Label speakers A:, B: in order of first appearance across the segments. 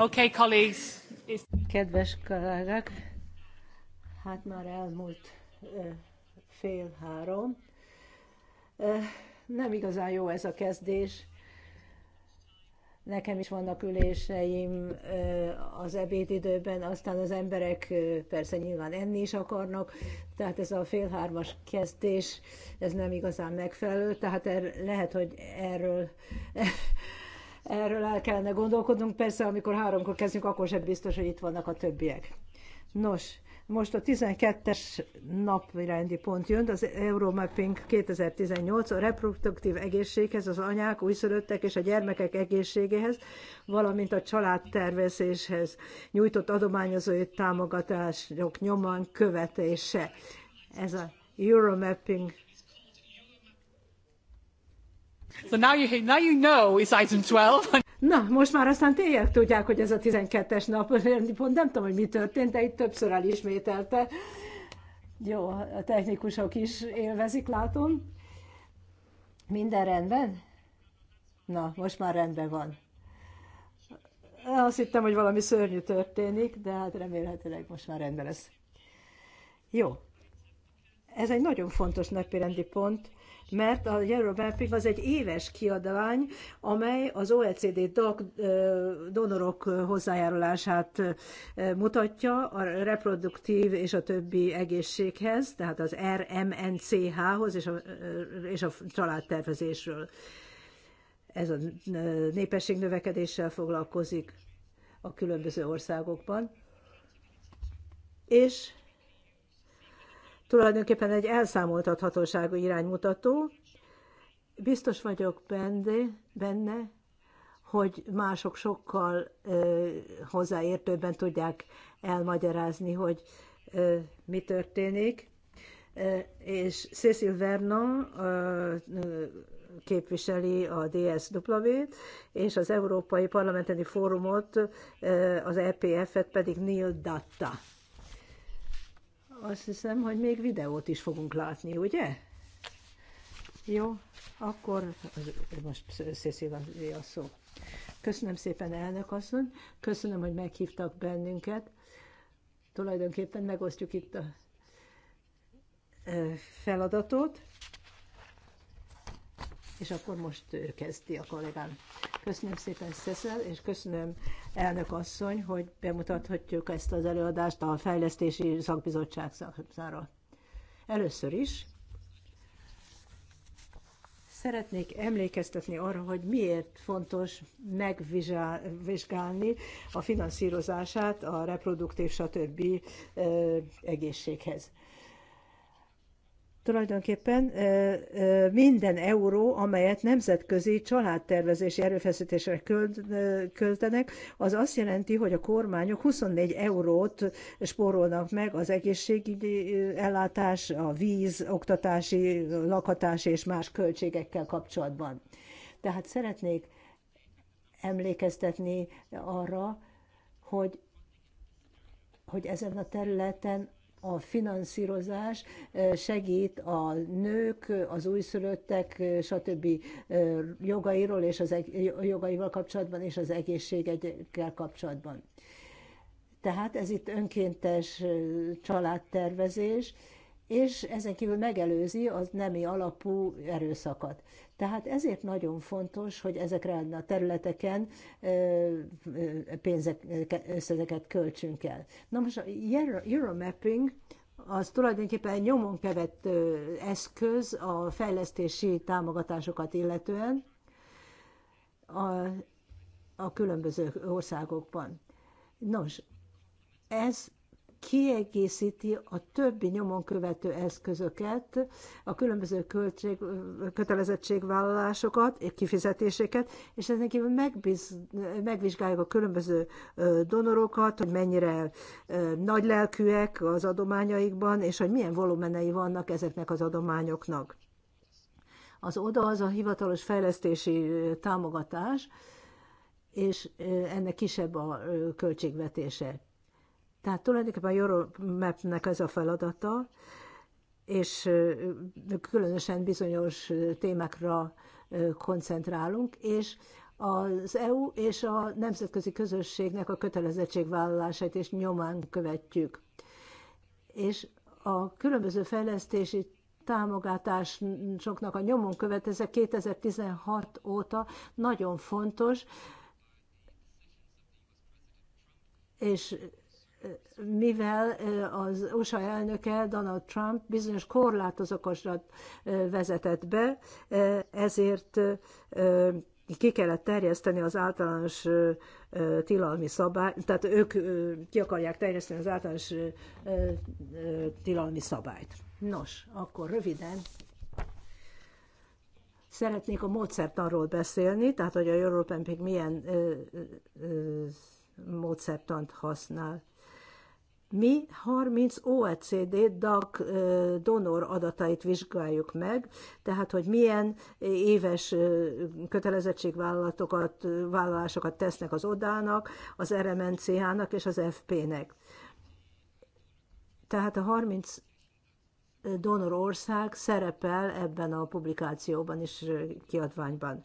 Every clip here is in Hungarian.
A: Okay, colleagues. Kedves kollégák, hát már elmúlt
B: fél három. Nem igazán jó ez a kezdés. Nekem is vannak üléseim az ebédidőben, aztán az emberek persze nyilván enni is akarnak, tehát ez a fél hármas kezdés, ez nem igazán megfelelő, tehát er, lehet, hogy erről Erről el kellene gondolkodnunk, persze amikor háromkor kezdünk, akkor sem biztos, hogy itt vannak a többiek. Nos, most a 12-es napirendi pont jön, az Euromapping 2018 a reproduktív egészséghez, az anyák, újszülöttek és a gyermekek egészségéhez, valamint a családtervezéshez nyújtott adományozói támogatások nyomán követése. Ez a Euromapping So
A: now you, now you know it's item 12.
B: Na, most már aztán tényleg tudják, hogy ez a 12-es nap, pont nem tudom, hogy mi történt, de itt többször elismételte. Jó, a technikusok is élvezik, látom. Minden rendben? Na, most már rendben van. Azt hittem, hogy valami szörnyű történik, de hát remélhetőleg most már rendben lesz. Jó. Ez egy nagyon fontos napirendi pont, mert a Euromapping az egy éves kiadvány, amely az OECD dok, donorok hozzájárulását mutatja a reproduktív és a többi egészséghez, tehát az RMNCH-hoz és a, és a családtervezésről. Ez a népesség növekedéssel foglalkozik a különböző országokban. És tulajdonképpen egy elszámoltathatóságú iránymutató. Biztos vagyok benne, benne hogy mások sokkal ö, hozzáértőbben tudják elmagyarázni, hogy ö, mi történik. Ö, és Cécile Vernon ö, képviseli a DSW-t, és az Európai Parlamenteni Fórumot, az EPF-et pedig Neil Datta. Azt hiszem, hogy még videót is fogunk látni, ugye? Jó, akkor most Cecilia a szó. Köszönöm szépen, elnök asszony, köszönöm, hogy meghívtak bennünket. Tulajdonképpen megosztjuk itt a e, feladatot, és akkor most ő kezdi a kollégám. Köszönöm szépen, Szeszel, és köszönöm elnök asszony, hogy bemutathatjuk ezt az előadást a Fejlesztési Szakbizottság számára. Először is szeretnék emlékeztetni arra, hogy miért fontos megvizsgálni a finanszírozását a reproduktív, stb. egészséghez tulajdonképpen minden euró, amelyet nemzetközi családtervezési erőfeszítésre költenek, az azt jelenti, hogy a kormányok 24 eurót spórolnak meg az egészségügyi ellátás, a víz, oktatási, lakhatási és más költségekkel kapcsolatban. Tehát szeretnék emlékeztetni arra, hogy, hogy ezen a területen a finanszírozás segít a nők, az újszülöttek, stb. jogairól és az jogaival kapcsolatban és az egészségekkel kapcsolatban. Tehát ez itt önkéntes családtervezés, és ezen kívül megelőzi az nemi alapú erőszakat. Tehát ezért nagyon fontos, hogy ezekre a területeken pénzek, összegeket költsünk el. Na most a Euromapping az tulajdonképpen nyomon kevett eszköz a fejlesztési támogatásokat illetően a, a különböző országokban. Nos, ez kiegészíti a többi nyomon követő eszközöket, a különböző költség, kötelezettségvállalásokat, kifizetéseket, és ezen kívül megbiz, megvizsgáljuk a különböző donorokat, hogy mennyire nagy lelkűek az adományaikban, és hogy milyen volumenei vannak ezeknek az adományoknak. Az ODA az a hivatalos fejlesztési támogatás, és ennek kisebb a költségvetése tehát tulajdonképpen a Euromapnek ez a feladata, és különösen bizonyos témákra koncentrálunk, és az EU és a nemzetközi közösségnek a kötelezettségvállalásait és nyomán követjük. És a különböző fejlesztési támogatásoknak a nyomon követése 2016 óta nagyon fontos, és mivel az USA elnöke Donald Trump bizonyos korlátozókat vezetett be, ezért ki kellett terjeszteni az általános tilalmi szabály, tehát ők ki akarják terjeszteni az általános tilalmi szabályt. Nos, akkor röviden szeretnék a módszertanról beszélni, tehát hogy a Európán még milyen módszertant használ. Mi 30 OECD DAC donor adatait vizsgáljuk meg, tehát hogy milyen éves kötelezettségvállalatokat, vállalásokat tesznek az odának, az RMNCH-nak és az FP-nek. Tehát a 30 donor ország szerepel ebben a publikációban és kiadványban.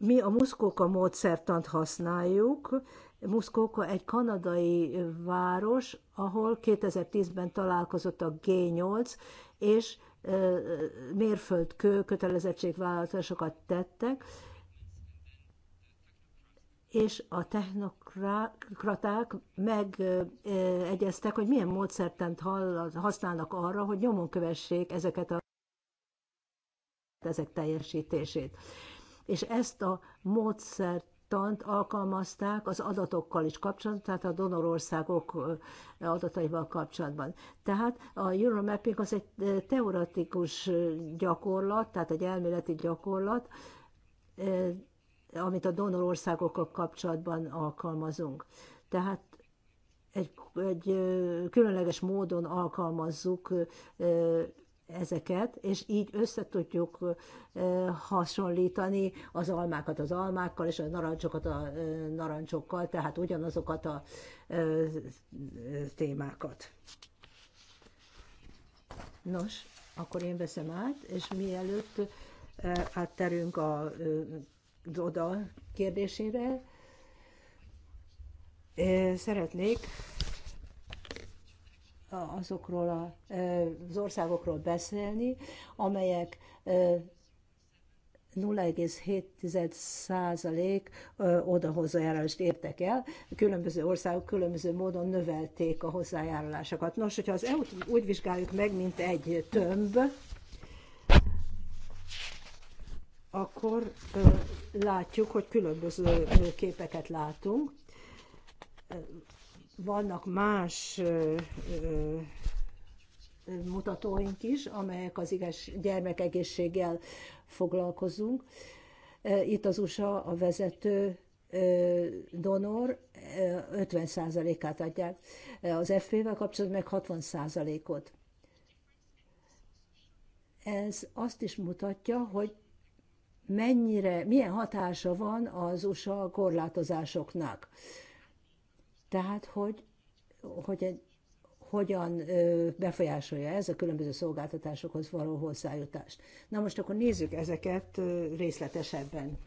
B: Mi a muszkóka módszertant használjuk, Muskoka egy kanadai város, ahol 2010-ben találkozott a G8, és mérföldkő kötelezettségvállalatásokat tettek, és a technokraták megegyeztek, hogy milyen módszertent használnak arra, hogy nyomon kövessék ezeket a ezek teljesítését. És ezt a módszert tant alkalmazták az adatokkal is kapcsolatban, tehát a donorországok adataival kapcsolatban. Tehát a Euromapping az egy teoretikus gyakorlat, tehát egy elméleti gyakorlat, amit a donorországokkal kapcsolatban alkalmazunk. Tehát egy, egy különleges módon alkalmazzuk ezeket, és így összetudjuk hasonlítani az almákat az almákkal, és a narancsokat a narancsokkal, tehát ugyanazokat a témákat. Nos, akkor én veszem át, és mielőtt átterünk a oda kérdésére, szeretnék azokról a, az országokról beszélni, amelyek 0,7% oda hozzájárulást értek el. Különböző országok különböző módon növelték a hozzájárulásokat. Nos, hogyha az EU-t úgy vizsgáljuk meg, mint egy tömb, akkor látjuk, hogy különböző képeket látunk vannak más mutatóink is, amelyek az igaz gyermekegészséggel foglalkozunk. Itt az USA a vezető donor 50%-át adják, az FP-vel kapcsolatban meg 60%-ot. Ez azt is mutatja, hogy mennyire, milyen hatása van az USA korlátozásoknak tehát, hogy, hogy egy, hogyan befolyásolja ez a különböző szolgáltatásokhoz való hozzájutást. Na most akkor nézzük ezeket részletesebben.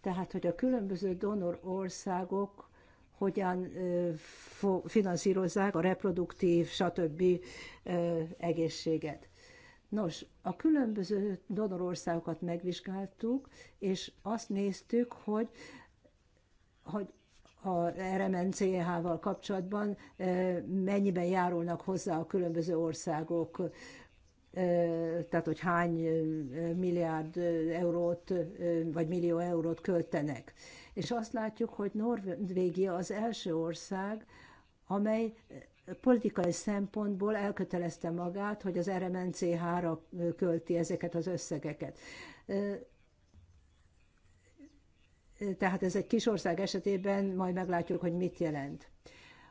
B: Tehát, hogy a különböző donor országok hogyan finanszírozzák a reproduktív, stb. egészséget. Nos, a különböző donorországokat megvizsgáltuk, és azt néztük, hogy, hogy a RMNCH-val kapcsolatban, mennyiben járulnak hozzá a különböző országok, tehát hogy hány milliárd eurót vagy millió eurót költenek. És azt látjuk, hogy Norvégia az első ország, amely politikai szempontból elkötelezte magát, hogy az RMNCH-ra költi ezeket az összegeket. Tehát ez egy kis ország esetében majd meglátjuk, hogy mit jelent.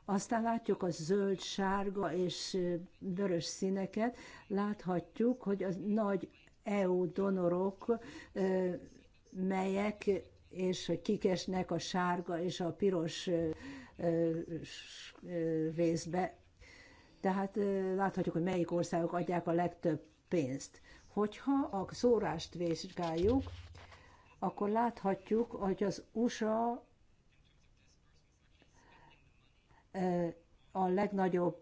B: Aztán látjuk a zöld, sárga és vörös színeket, láthatjuk, hogy a nagy EU donorok, melyek és hogy kikesnek a sárga és a piros részbe. Tehát láthatjuk, hogy melyik országok adják a legtöbb pénzt. Hogyha a szórást vizsgáljuk, akkor láthatjuk, hogy az USA a legnagyobb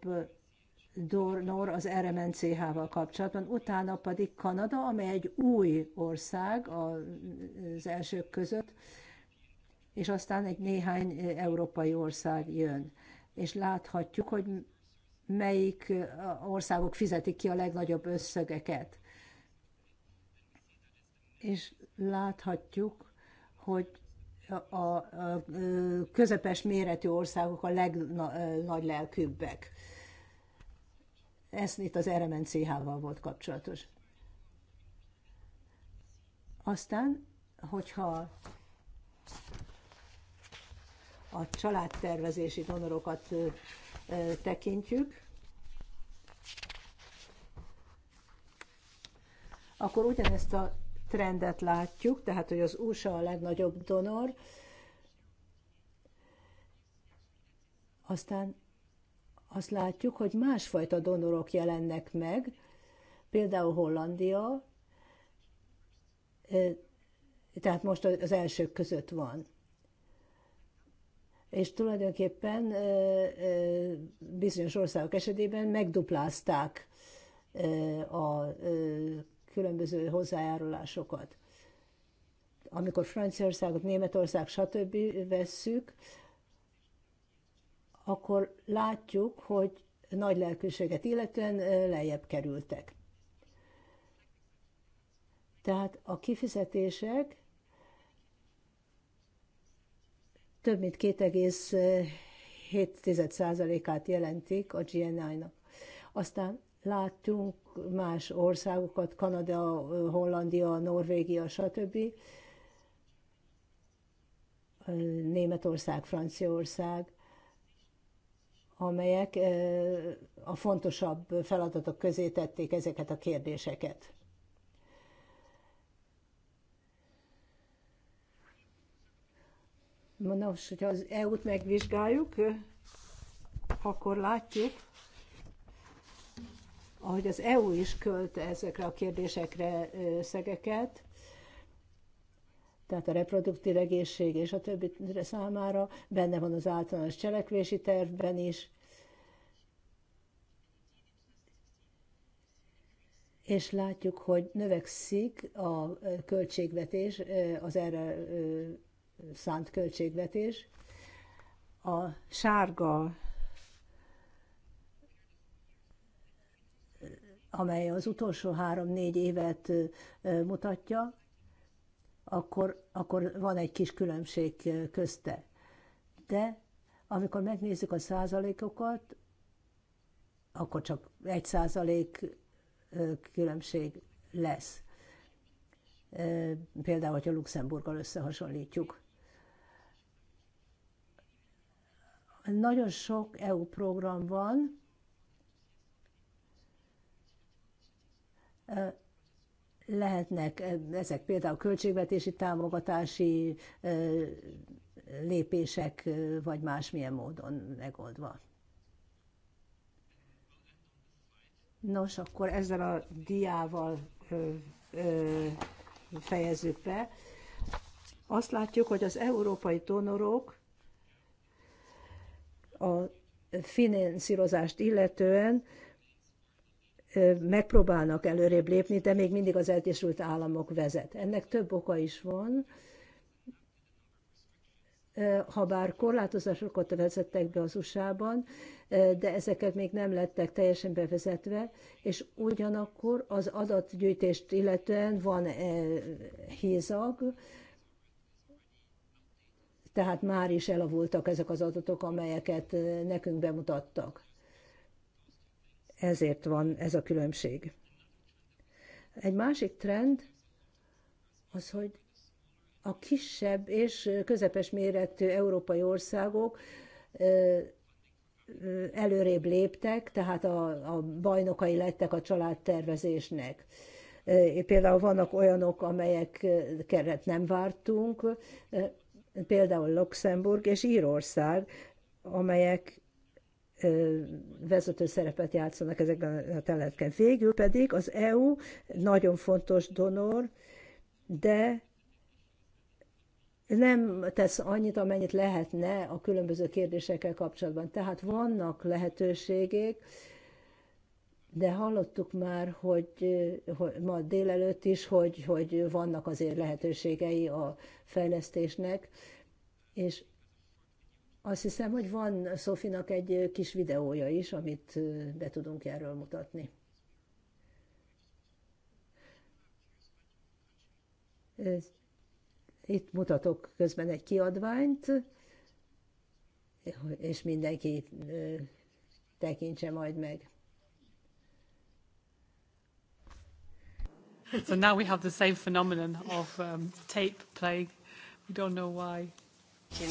B: donor az RMNCH-val kapcsolatban, utána pedig Kanada, amely egy új ország az elsők között, és aztán egy néhány európai ország jön. És láthatjuk, hogy melyik országok fizetik ki a legnagyobb összegeket és láthatjuk, hogy a, közepes méretű országok a legnagylelkűbbek. Ez itt az RMNCH-val volt kapcsolatos. Aztán, hogyha a családtervezési donorokat tekintjük, akkor ugyanezt a trendet látjuk, tehát hogy az USA a legnagyobb donor, aztán azt látjuk, hogy másfajta donorok jelennek meg, például Hollandia, tehát most az elsők között van. És tulajdonképpen bizonyos országok esetében megduplázták a különböző hozzájárulásokat. Amikor Franciaországot, Németország, stb. vesszük, akkor látjuk, hogy nagy lelkűséget illetően lejjebb kerültek. Tehát a kifizetések több mint 2,7%-át jelentik a GNI-nak. Aztán látunk más országokat, Kanada, Hollandia, Norvégia, stb. Németország, Franciaország, amelyek a fontosabb feladatok közé tették ezeket a kérdéseket. Nos, hogyha az EU-t megvizsgáljuk, akkor látjuk, ahogy az EU is költ ezekre a kérdésekre szegeket, tehát a reproduktív egészség és a többi számára, benne van az általános cselekvési tervben is, és látjuk, hogy növekszik a költségvetés, az erre szánt költségvetés. A sárga amely az utolsó három-négy évet mutatja, akkor, akkor van egy kis különbség közte. De amikor megnézzük a százalékokat, akkor csak egy százalék különbség lesz. Például, hogyha Luxemburggal összehasonlítjuk. Nagyon sok EU program van, lehetnek eh, ezek például költségvetési támogatási eh, lépések, eh, vagy másmilyen módon megoldva. Nos, akkor ezzel a diával ö, ö, fejezzük be. Azt látjuk, hogy az európai donorok a finanszírozást illetően megpróbálnak előrébb lépni, de még mindig az Egyesült Államok vezet. Ennek több oka is van. Habár korlátozásokat vezettek be az USA-ban, de ezeket még nem lettek teljesen bevezetve, és ugyanakkor az adatgyűjtést illetően van hízag, tehát már is elavultak ezek az adatok, amelyeket nekünk bemutattak. Ezért van ez a különbség. Egy másik trend az, hogy a kisebb és közepes méretű európai országok előrébb léptek, tehát a, a bajnokai lettek a családtervezésnek. Például vannak olyanok, amelyeket nem vártunk, például Luxemburg és Írország, amelyek vezető szerepet játszanak ezekben a területeken. Végül pedig az EU nagyon fontos donor, de nem tesz annyit, amennyit lehetne a különböző kérdésekkel kapcsolatban. Tehát vannak lehetőségek, de hallottuk már, hogy, hogy ma délelőtt is, hogy, hogy vannak azért lehetőségei a fejlesztésnek, és azt hiszem, hogy van Szofinak egy kis videója is, amit be tudunk erről mutatni. Itt mutatok közben egy kiadványt, és mindenki
A: tekintse majd meg. So now we have the same phenomenon of um, tape playing. We don't know why.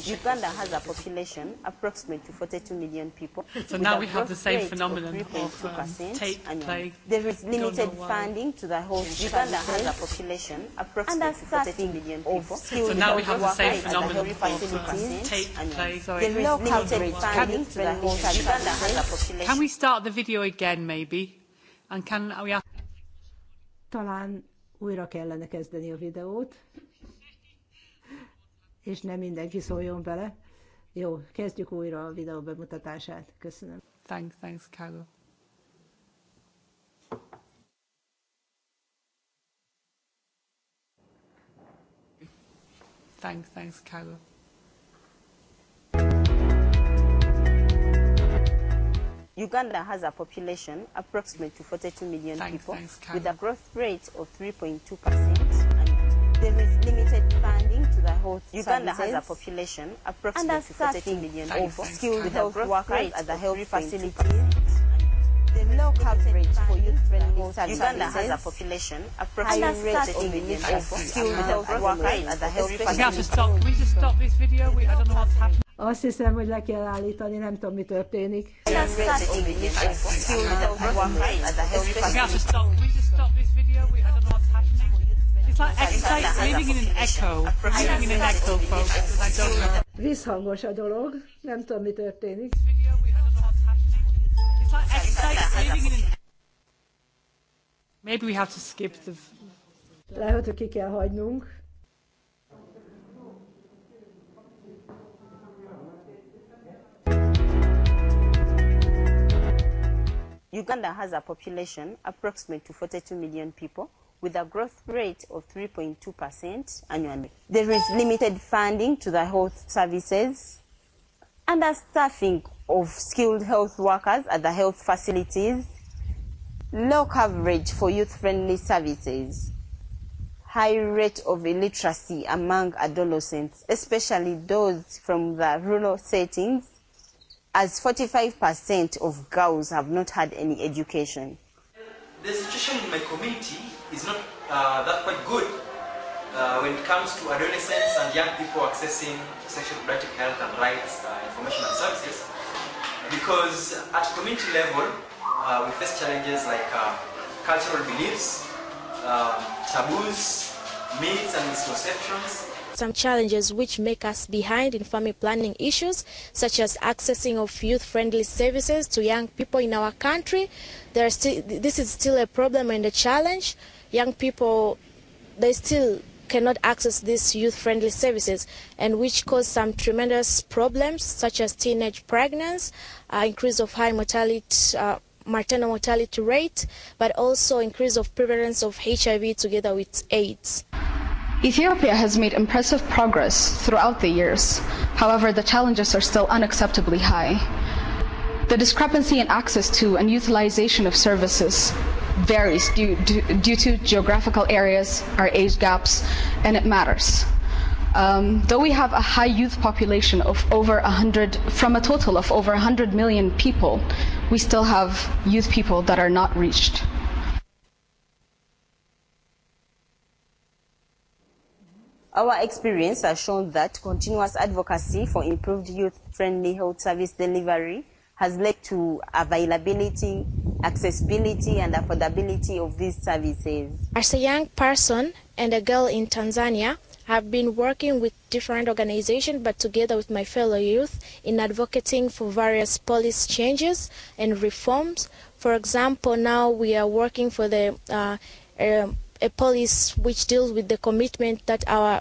C: Uganda has a population approximately 42 million people. So now we have the same phenomenon of, of um, tape play. There is limited funding to the whole Uganda has a population approximately 42 million people. So now we have the same phenomenon of um, tape play. There is limited funding to the whole Uganda has a
A: population. Can we start the video again maybe? And can we talán újra kellene kezdeni a videót és
B: nem mindenki szóljon bele. Jó, kezdjük újra a videó bemutatását. Köszönöm.
A: Thanks, thanks, Kágo. Thanks, thanks, Kágo.
C: Uganda has a population approximately to 42 million thanks, people thanks, with a growth rate of 3.2%. There is limited to the health Uganda services. has a population approximately 40 million of skilled health workers at the health facilities. The low coverage for youth-friendly services. Uganda has a population approximately 30 million of skilled uh, health workers at the health facilities. Can
A: we just stop this video? We, I don't know what's happening.
B: Azt hiszem, hogy le kell állítani, nem tudom, mi történik. Visszhangos a dolog, nem tudom, mi történik.
A: Maybe we have to skip the... Lehet, hogy ki kell hagynunk.
C: Uganda has a population approximately to 42 million people with a growth rate of 3.2% annually. There is limited funding to the health services, understaffing of skilled health workers at the health facilities, low coverage for youth-friendly services, high rate of illiteracy among adolescents, especially those from the rural settings, as 45% of girls have not had any education.
D: The situation in my community is not uh, that quite good uh, when it comes to adolescents and young people accessing sexual reproductive health and rights uh, information and services. Because at community level, uh, we face challenges like uh, cultural beliefs, um, taboos, myths, and misconceptions. Some challenges which make us behind in family planning issues, such as accessing of youth-friendly services to young people in our country. There are still, this is still a problem and a challenge young people, they still cannot access these youth-friendly services, and which cause some tremendous problems, such as teenage pregnancy, uh, increase of high mortality, uh, maternal mortality rate, but also increase of prevalence of HIV together with AIDS. Ethiopia has made impressive progress throughout the years. However, the challenges are still unacceptably high. The discrepancy in access to and utilization of services varies due, due, due to geographical areas, our age gaps, and it matters. Um, though we have a high youth population of over 100, from a total of over 100 million people, we still have youth people that are not reached.
C: Our experience has shown that continuous advocacy for improved youth-friendly health service delivery has led to availability, accessibility, and affordability of these services.
D: As a young person and a girl in Tanzania, I've been working with different organizations, but together with my fellow youth, in advocating for various policy changes and reforms. For example, now we are working for the uh, uh, a policy which deals with the commitment that our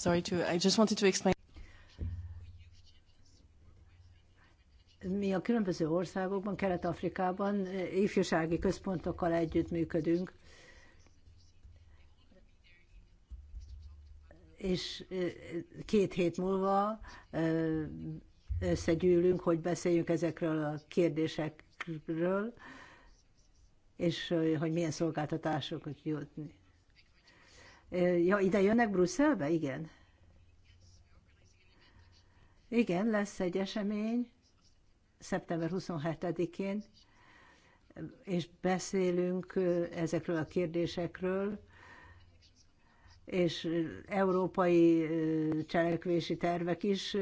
A: Sorry to, I just wanted to explain.
B: Mi a különböző országokban, Kelet-Afrikában eh, ifjúsági központokkal együttműködünk, és eh, két hét múlva eh, összegyűlünk, hogy beszéljünk ezekről a kérdésekről, és hogy milyen szolgáltatásokhoz jutni. Ja, ide jönnek Brüsszelbe? Igen. Igen, lesz egy esemény szeptember 27-én, és beszélünk ezekről a kérdésekről, és európai cselekvési tervek is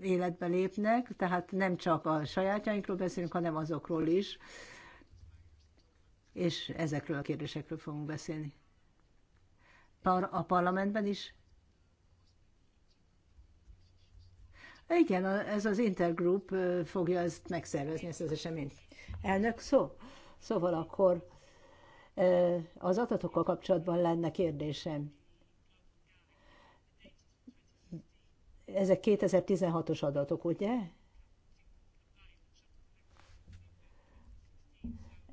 B: életbe lépnek, tehát nem csak a sajátjainkról beszélünk, hanem azokról is, és ezekről a kérdésekről fogunk beszélni. a parlamentben is? Igen, ez az Intergroup fogja ezt megszervezni, ezt az eseményt. Elnök szó? Szóval akkor az adatokkal kapcsolatban lenne kérdésem. Ezek 2016-os adatok, ugye?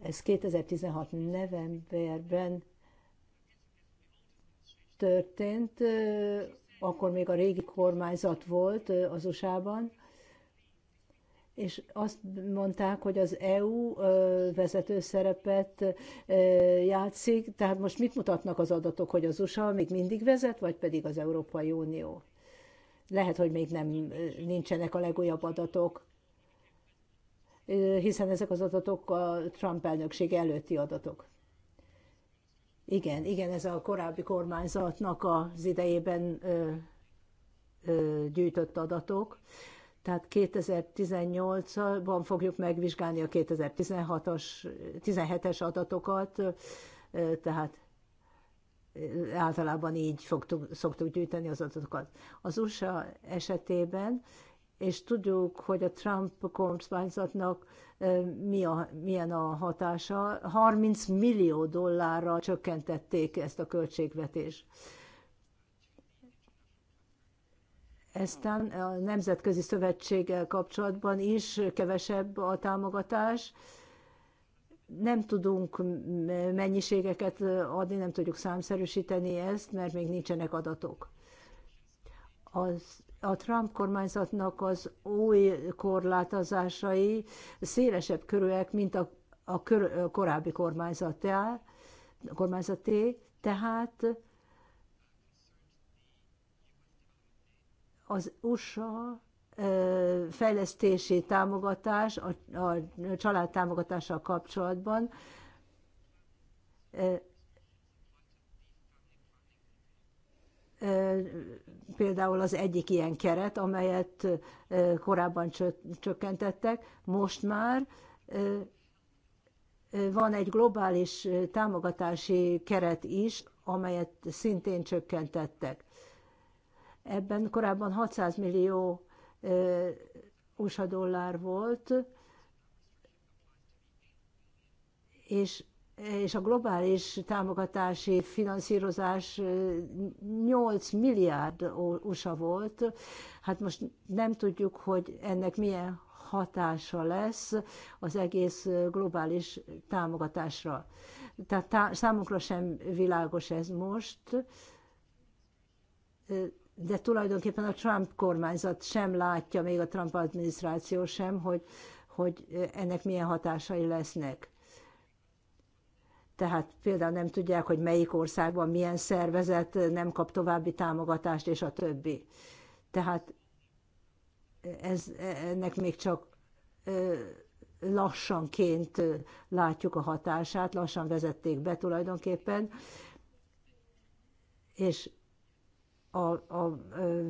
B: Ez 2016 novemberben történt, akkor még a régi kormányzat volt az USA-ban, és azt mondták, hogy az EU vezető szerepet játszik, tehát most mit mutatnak az adatok, hogy az USA még mindig vezet, vagy pedig az Európai Unió? Lehet, hogy még nem nincsenek a legújabb adatok, hiszen ezek az adatok a Trump elnökség előtti adatok. Igen, igen, ez a korábbi kormányzatnak az idejében ö, ö, gyűjtött adatok. Tehát 2018-ban fogjuk megvizsgálni a 2016 17-es adatokat, ö, tehát általában így fogtuk, szoktuk gyűjteni az adatokat. Az USA esetében és tudjuk, hogy a Trump kormányzatnak mi a, milyen a hatása. 30 millió dollárra csökkentették ezt a költségvetést. Eztán a Nemzetközi Szövetséggel kapcsolatban is kevesebb a támogatás. Nem tudunk mennyiségeket adni, nem tudjuk számszerűsíteni ezt, mert még nincsenek adatok. Az a Trump kormányzatnak az új korlátozásai szélesebb körűek, mint a, a, kör, a korábbi kormányzatá, kormányzaté, tehát az USA fejlesztési támogatás, a, a támogatással kapcsolatban például az egyik ilyen keret, amelyet korábban csökkentettek, most már van egy globális támogatási keret is, amelyet szintén csökkentettek. Ebben korábban 600 millió USA dollár volt, és és a globális támogatási finanszírozás 8 milliárd USA volt. Hát most nem tudjuk, hogy ennek milyen hatása lesz az egész globális támogatásra. Tehát tá- számunkra sem világos ez most, de tulajdonképpen a Trump kormányzat sem látja, még a Trump adminisztráció sem, hogy, hogy ennek milyen hatásai lesznek tehát például nem tudják, hogy melyik országban milyen szervezet nem kap további támogatást, és a többi. Tehát ez, ennek még csak lassanként látjuk a hatását, lassan vezették be tulajdonképpen, és a, a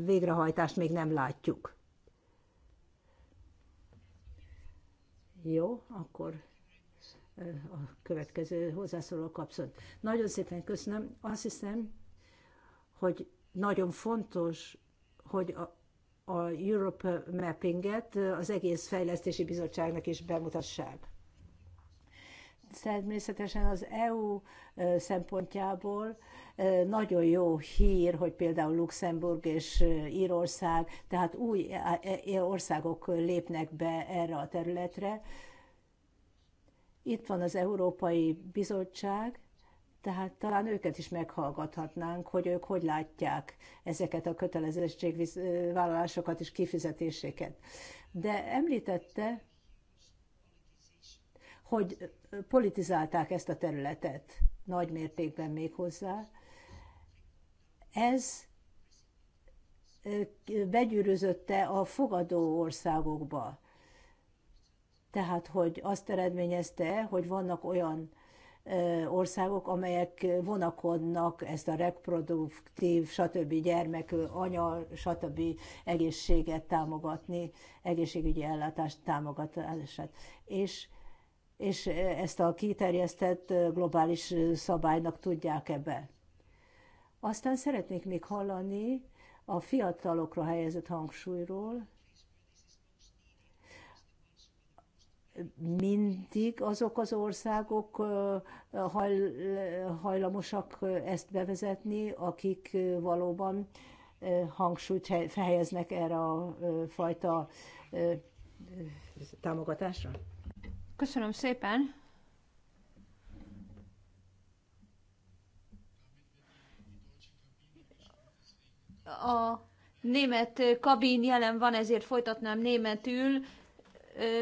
B: végrehajtást még nem látjuk. Jó, akkor a következő hozzászóló kapszon. Nagyon szépen köszönöm. Azt hiszem, hogy nagyon fontos, hogy a, a Europe Mappinget az egész fejlesztési bizottságnak is bemutassák. Természetesen az EU szempontjából nagyon jó hír, hogy például Luxemburg és Írország, tehát új e, e, országok lépnek be erre a területre, itt van az Európai Bizottság, tehát talán őket is meghallgathatnánk, hogy ők hogy látják ezeket a kötelezettségvállalásokat és kifizetéséket. De említette, hogy politizálták ezt a területet nagy mértékben még hozzá. Ez begyűrözötte a fogadó országokba tehát hogy azt eredményezte, hogy vannak olyan országok, amelyek vonakodnak ezt a reproduktív, stb. gyermek, anya, stb. egészséget támogatni, egészségügyi ellátást támogatását. És, és ezt a kiterjesztett globális szabálynak tudják ebbe. Aztán szeretnék még hallani a fiatalokra helyezett hangsúlyról, mindig azok az országok hajlamosak ezt bevezetni, akik valóban hangsúlyt helyeznek erre a fajta támogatásra?
E: Köszönöm szépen! A német kabin jelen van, ezért folytatnám németül.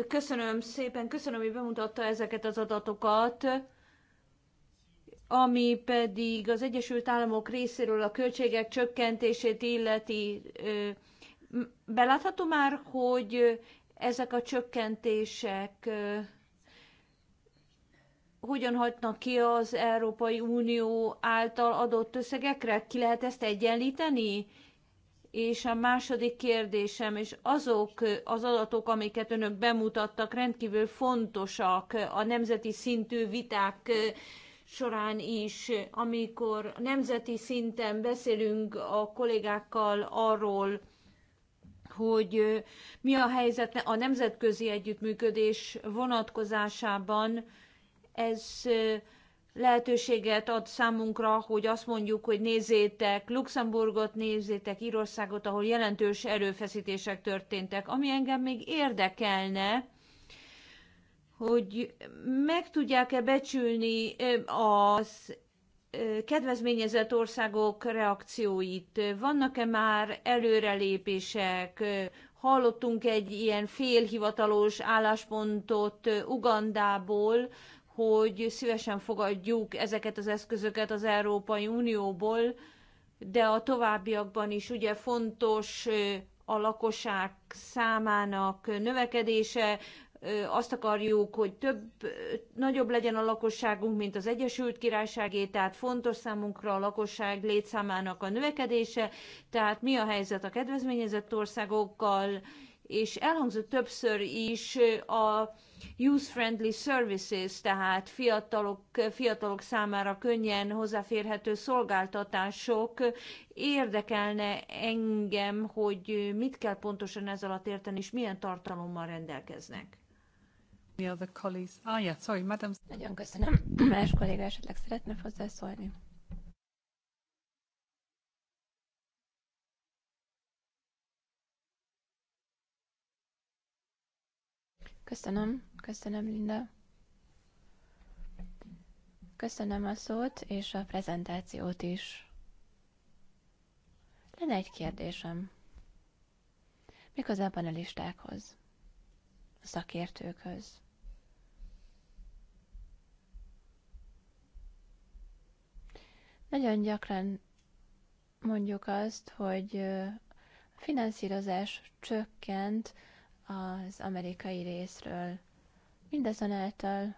E: Köszönöm szépen, köszönöm, hogy bemutatta ezeket az adatokat, ami pedig az Egyesült Államok részéről a költségek csökkentését illeti. Belátható már, hogy ezek a csökkentések hogyan hagynak ki az Európai Unió által adott összegekre? Ki lehet ezt egyenlíteni? És a második kérdésem, és azok az adatok, amiket önök bemutattak, rendkívül fontosak a nemzeti szintű viták során is, amikor nemzeti szinten beszélünk a kollégákkal arról, hogy mi a helyzet a nemzetközi együttműködés vonatkozásában, ez lehetőséget ad számunkra, hogy azt mondjuk, hogy nézzétek Luxemburgot, nézzétek Írországot, ahol jelentős erőfeszítések történtek. Ami engem még érdekelne, hogy meg tudják-e becsülni az kedvezményezett országok reakcióit? Vannak-e már előrelépések? Hallottunk egy ilyen félhivatalos álláspontot Ugandából, hogy szívesen fogadjuk ezeket az eszközöket az Európai Unióból, de a továbbiakban is ugye fontos a lakosság számának növekedése, azt akarjuk, hogy több, nagyobb legyen a lakosságunk, mint az Egyesült Királyságé, tehát fontos számunkra a lakosság létszámának a növekedése, tehát mi a helyzet a kedvezményezett országokkal, és elhangzott többször is a youth-friendly services, tehát fiatalok, fiatalok számára könnyen hozzáférhető szolgáltatások. Érdekelne engem, hogy mit kell pontosan ez alatt érteni, és milyen tartalommal rendelkeznek.
A: The other colleagues. Ah, yeah, sorry, madam.
F: Nagyon köszönöm. Más kolléga esetleg szeretne hozzászólni. Köszönöm, köszönöm Linda. Köszönöm a szót és a prezentációt is. Lenne egy kérdésem. Méghozzá a panelistákhoz, a szakértőkhöz. Nagyon gyakran mondjuk azt, hogy a finanszírozás csökkent, az amerikai részről. Mindazonáltal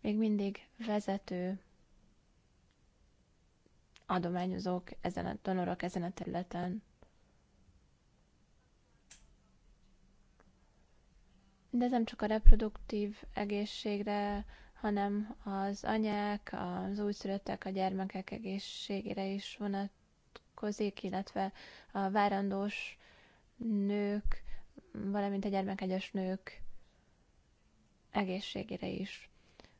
F: még mindig vezető adományozók ezen a donorok ezen a területen. De ez nem csak a reproduktív egészségre, hanem az anyák, az újszülöttek, a gyermekek egészségére is vonatkozik, illetve a várandós nők, valamint a gyermekegyes nők egészségére is.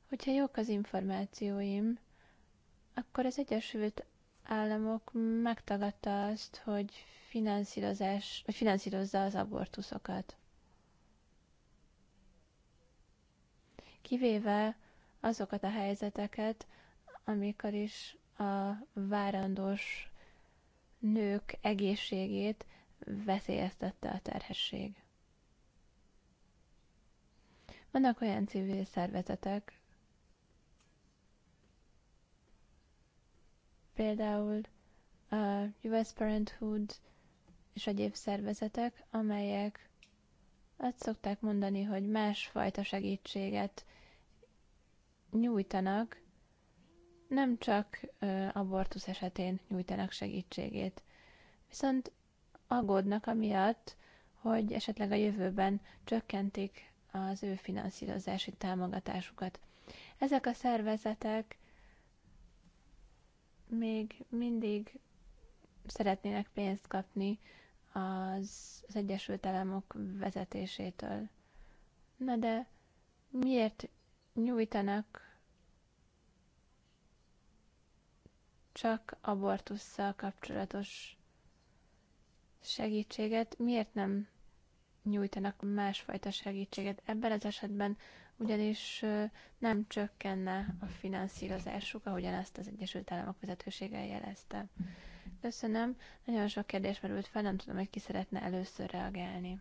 F: Hogyha jók az információim, akkor az Egyesült Államok megtagadta azt, hogy, finanszírozás, vagy finanszírozza az abortuszokat. Kivéve azokat a helyzeteket, amikor is a várandós nők egészségét veszélyeztette a terhesség. Vannak olyan civil szervezetek, például a US Parenthood és egyéb szervezetek, amelyek azt szokták mondani, hogy másfajta segítséget nyújtanak, nem csak abortusz esetén nyújtanak segítségét. Viszont aggódnak amiatt, hogy esetleg a jövőben csökkentik az ő finanszírozási támogatásukat. Ezek a szervezetek még mindig szeretnének pénzt kapni az, az Egyesült Államok vezetésétől. Na de miért nyújtanak csak abortusszal kapcsolatos segítséget, miért nem nyújtanak másfajta segítséget? Ebben az esetben ugyanis nem csökkenne a finanszírozásuk, ahogyan ezt az Egyesült Államok vezetősége jelezte. Köszönöm. Nagyon sok kérdés merült fel, nem tudom, hogy ki szeretne először reagálni.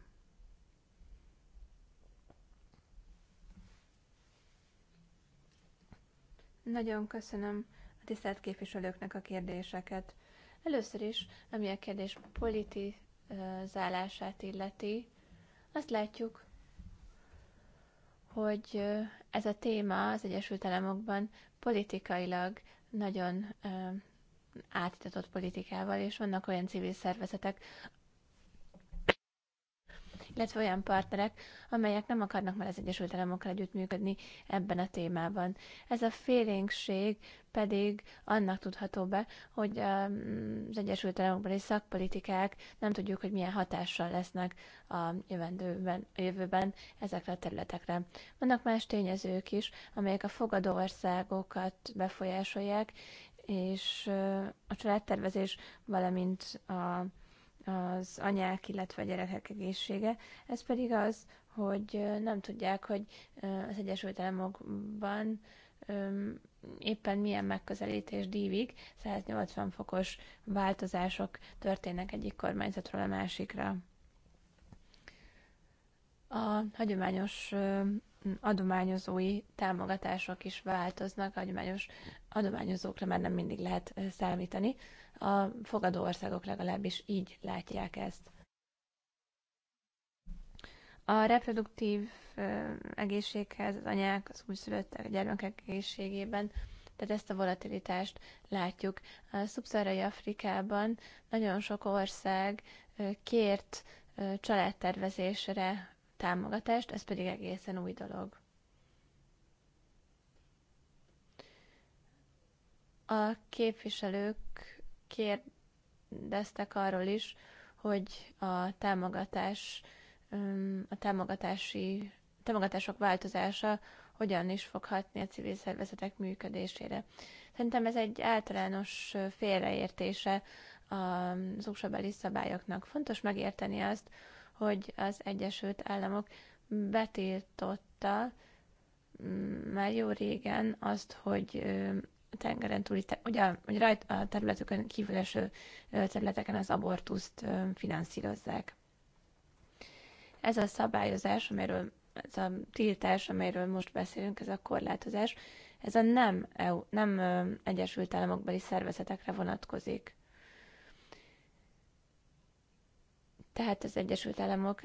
F: Nagyon köszönöm a tisztelt képviselőknek a kérdéseket. Először is, ami a kérdés politizálását illeti, azt látjuk, hogy ez a téma az Egyesült Államokban politikailag nagyon átitatott politikával, és vannak olyan civil szervezetek, illetve olyan partnerek, amelyek nem akarnak már az Egyesült Államokkal együttműködni ebben a témában. Ez a félénkség pedig annak tudható be, hogy um, az Egyesült államokban Államokbeli szakpolitikák nem tudjuk, hogy milyen hatással lesznek a jövendőben, a jövőben ezekre a területekre. Vannak más tényezők is, amelyek a fogadó országokat befolyásolják, és uh, a családtervezés, valamint a az anyák, illetve a gyerekek egészsége. Ez pedig az, hogy nem tudják, hogy az Egyesült Államokban éppen milyen megközelítés dívik, 180 fokos változások történnek egyik kormányzatról a másikra. A hagyományos adományozói támogatások is változnak, hagyományos adományozókra már nem mindig lehet számítani. A fogadó országok legalábbis így látják ezt. A reproduktív egészséghez az anyák, az újszülöttek, a gyermekek egészségében, tehát ezt a volatilitást látjuk. A szubszarai Afrikában nagyon sok ország kért családtervezésre támogatást, ez pedig egészen új dolog. A képviselők kérdeztek arról is, hogy a támogatás, a támogatási, támogatások változása hogyan is fog hatni a civil szervezetek működésére. Szerintem ez egy általános félreértése az usa szabályoknak. Fontos megérteni azt, hogy az Egyesült Államok betiltotta mm, már jó régen azt, hogy tengeren túli, hogy, a, hogy rajt a területükön kívüleső területeken az abortuszt finanszírozzák. Ez a szabályozás, amiről ez a tiltás, amiről most beszélünk, ez a korlátozás, ez a nem, EU, nem Egyesült Államokbeli szervezetekre vonatkozik. tehát az Egyesült Államok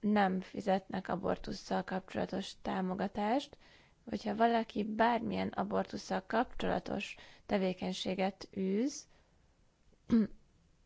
F: nem fizetnek abortussal kapcsolatos támogatást, hogyha valaki bármilyen abortussal kapcsolatos tevékenységet űz,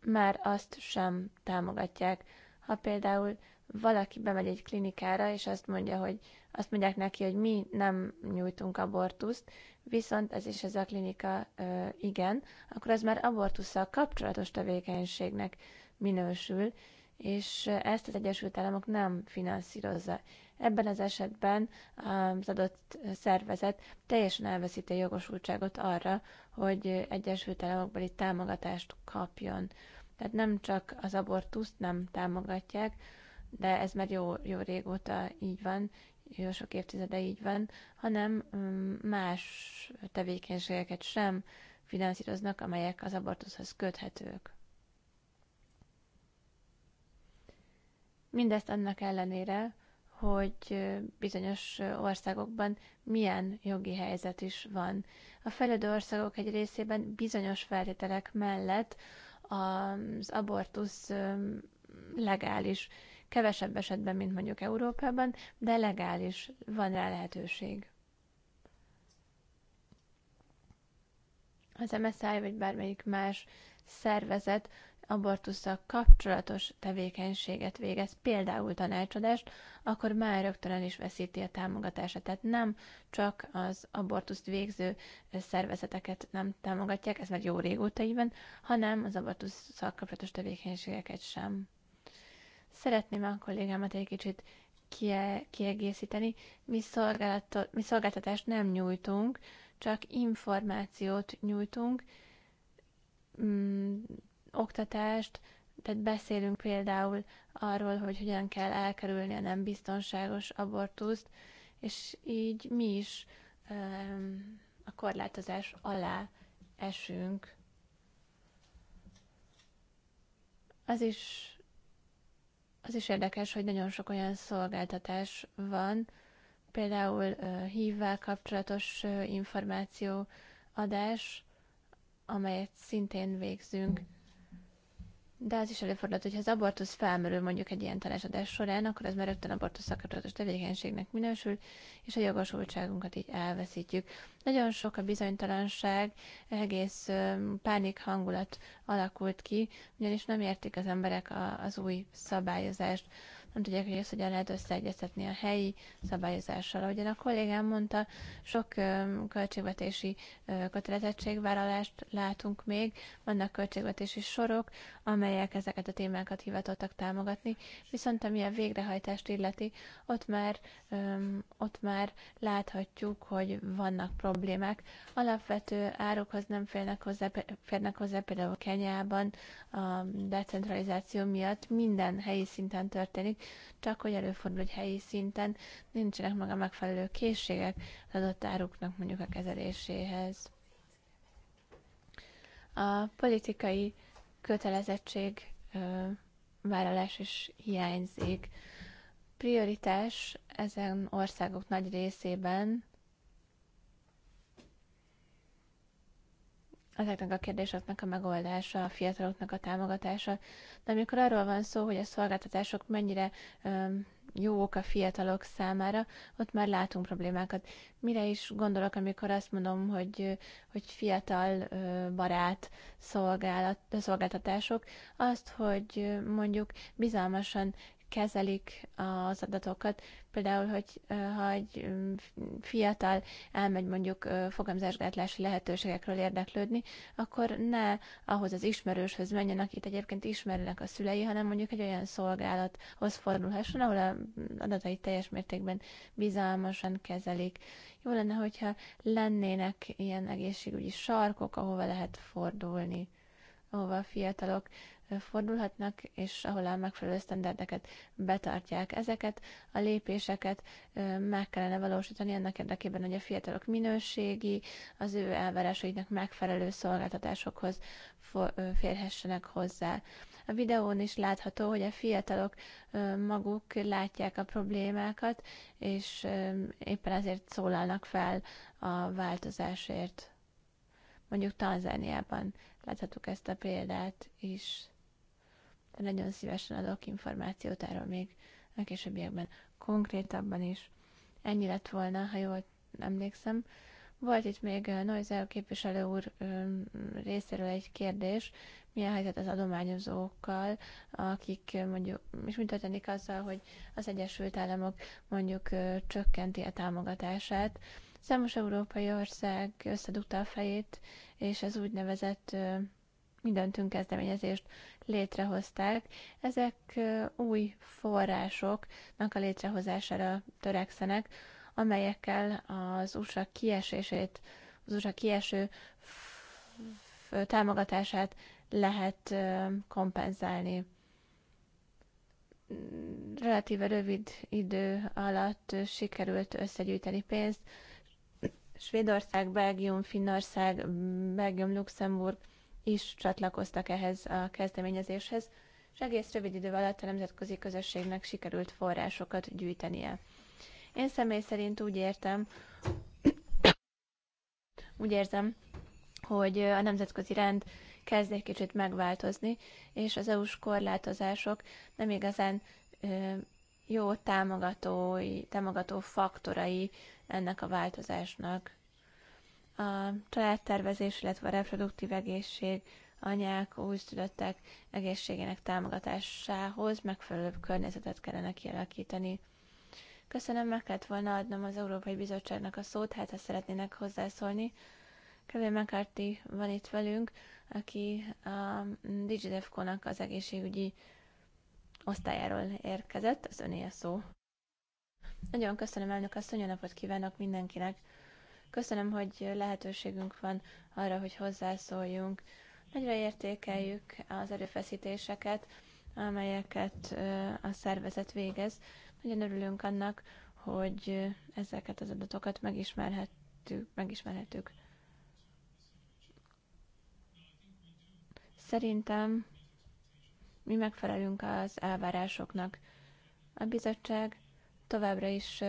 F: már azt sem támogatják. Ha például valaki bemegy egy klinikára, és azt mondja, hogy azt mondják neki, hogy mi nem nyújtunk abortuszt, viszont ez is ez a klinika ö, igen, akkor ez már abortussal kapcsolatos tevékenységnek minősül, és ezt az Egyesült Államok nem finanszírozza. Ebben az esetben az adott szervezet teljesen elveszíti a jogosultságot arra, hogy Egyesült Államokbeli támogatást kapjon. Tehát nem csak az abortuszt nem támogatják, de ez már jó, jó régóta így van, jó sok évtizede így van, hanem mm, más tevékenységeket sem finanszíroznak, amelyek az abortuszhoz köthetők. Mindezt annak ellenére, hogy bizonyos országokban milyen jogi helyzet is van. A fejlődő országok egy részében bizonyos feltételek mellett az abortusz legális, kevesebb esetben, mint mondjuk Európában, de legális, van rá lehetőség. Az MSI vagy bármelyik más szervezet abortusszal kapcsolatos tevékenységet végez, például tanácsadást, akkor már rögtön el is veszíti a támogatását. Tehát nem csak az abortuszt végző szervezeteket nem támogatják, ez már jó régóta így van, hanem az abortusszal kapcsolatos tevékenységeket sem. Szeretném a kollégámat egy kicsit kiegészíteni. Mi, mi szolgáltatást nem nyújtunk, csak információt nyújtunk, mm, oktatást, tehát beszélünk például arról, hogy hogyan kell elkerülni a nem biztonságos abortuszt, és így mi is um, a korlátozás alá esünk. Az is, az is érdekes, hogy nagyon sok olyan szolgáltatás van, például uh, hívvel kapcsolatos uh, információ adás, amelyet szintén végzünk. De az is előfordulhat, hogy ha az abortusz felmerül mondjuk egy ilyen tanácsadás során, akkor ez már rögtön abortusz szakadatos tevékenységnek minősül, és a jogosultságunkat így elveszítjük. Nagyon sok a bizonytalanság, egész pánik hangulat alakult ki, ugyanis nem értik az emberek az új szabályozást nem tudják, hogy ezt hogyan lehet összeegyeztetni a helyi szabályozással. Ahogyan a kollégám mondta, sok költségvetési kötelezettségvállalást látunk még, vannak költségvetési sorok, amelyek ezeket a témákat hivatottak támogatni, viszont ami a végrehajtást illeti, ott már, ott már láthatjuk, hogy vannak problémák. Alapvető árukhoz nem férnek hozzá, férnek hozzá például Kenyában a decentralizáció miatt minden helyi szinten történik, csak hogy előfordul, hogy helyi szinten nincsenek meg a megfelelő készségek az adott áruknak mondjuk a kezeléséhez. A politikai kötelezettség vállalás is hiányzik. Prioritás ezen országok nagy részében ezeknek a kérdéseknek a megoldása, a fiataloknak a támogatása. De amikor arról van szó, hogy a szolgáltatások mennyire öm, jók a fiatalok számára, ott már látunk problémákat. Mire is gondolok, amikor azt mondom, hogy, hogy fiatal barát szolgálat, szolgáltatások, azt, hogy mondjuk bizalmasan kezelik az adatokat. Például, hogy ha egy fiatal elmegy mondjuk fogamzásgátlási lehetőségekről érdeklődni, akkor ne ahhoz az ismerőshöz menjen, akit egyébként ismernek a szülei, hanem mondjuk egy olyan szolgálathoz fordulhasson, ahol a adatait teljes mértékben bizalmasan kezelik. Jó lenne, hogyha lennének ilyen egészségügyi sarkok, ahova lehet fordulni ahova a fiatalok fordulhatnak, és ahol a megfelelő sztenderdeket betartják ezeket, a lépéseket meg kellene valósítani annak érdekében, hogy a fiatalok minőségi, az ő elvárásaiknak megfelelő szolgáltatásokhoz férhessenek hozzá. A videón is látható, hogy a fiatalok maguk látják a problémákat, és éppen ezért szólalnak fel a változásért. Mondjuk Tanzániában láthatjuk ezt a példát is. Nagyon szívesen adok információt erről még a későbbiekben konkrétabban is. Ennyi lett volna, ha jól emlékszem. Volt itt még eh, Noizel képviselő úr részéről egy kérdés, milyen helyzet az adományozókkal, akik eh, mondjuk, és mi történik azzal, hogy az Egyesült Államok mondjuk eh, csökkenti a támogatását. Számos európai ország összedugta a fejét, és az úgynevezett mindentünk kezdeményezést létrehozták. Ezek új forrásoknak a létrehozására törekszenek, amelyekkel az USA kiesését, az USA kieső támogatását lehet kompenzálni. Relatíve rövid idő alatt sikerült összegyűjteni pénzt. Svédország, Belgium, Finnország, Belgium, Luxemburg, is csatlakoztak ehhez a kezdeményezéshez, és egész rövid idő alatt a nemzetközi közösségnek sikerült forrásokat gyűjtenie. Én személy szerint úgy értem, úgy érzem, hogy a nemzetközi rend kezd egy kicsit megváltozni, és az EU-s korlátozások nem igazán jó támogatói, támogató faktorai ennek a változásnak a családtervezés, illetve a reproduktív egészség, anyák, újszülöttek egészségének támogatásához megfelelőbb környezetet kellene kialakítani. Köszönöm, meg kellett volna adnom az Európai Bizottságnak a szót, hát ha szeretnének hozzászólni. Kevin McCarthy van itt velünk, aki a DigiDevCon-nak az egészségügyi osztályáról érkezett, az öné a szó. Nagyon köszönöm, elnök asszony, napot kívánok mindenkinek! Köszönöm, hogy lehetőségünk van arra, hogy hozzászóljunk. Nagyra értékeljük az erőfeszítéseket, amelyeket a szervezet végez. Nagyon örülünk annak, hogy ezeket az adatokat megismerhettük. megismerhettük. Szerintem mi megfelelünk az elvárásoknak. A bizottság továbbra is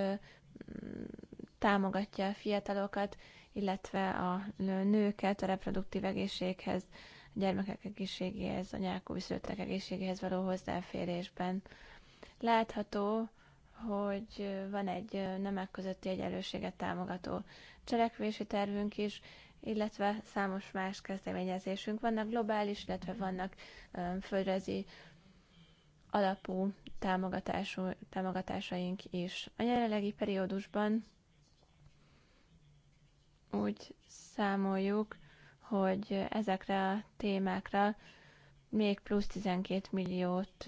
F: támogatja a fiatalokat, illetve a nőket a reproduktív egészséghez, a gyermekek egészségéhez, a szülöttek egészségéhez való hozzáférésben. Látható, hogy van egy nemek közötti egyenlőséget támogató cselekvési tervünk is, illetve számos más kezdeményezésünk. Vannak globális, illetve vannak földrajzi alapú támogatású, támogatásaink is. A jelenlegi periódusban úgy számoljuk, hogy ezekre a témákra még plusz 12 milliót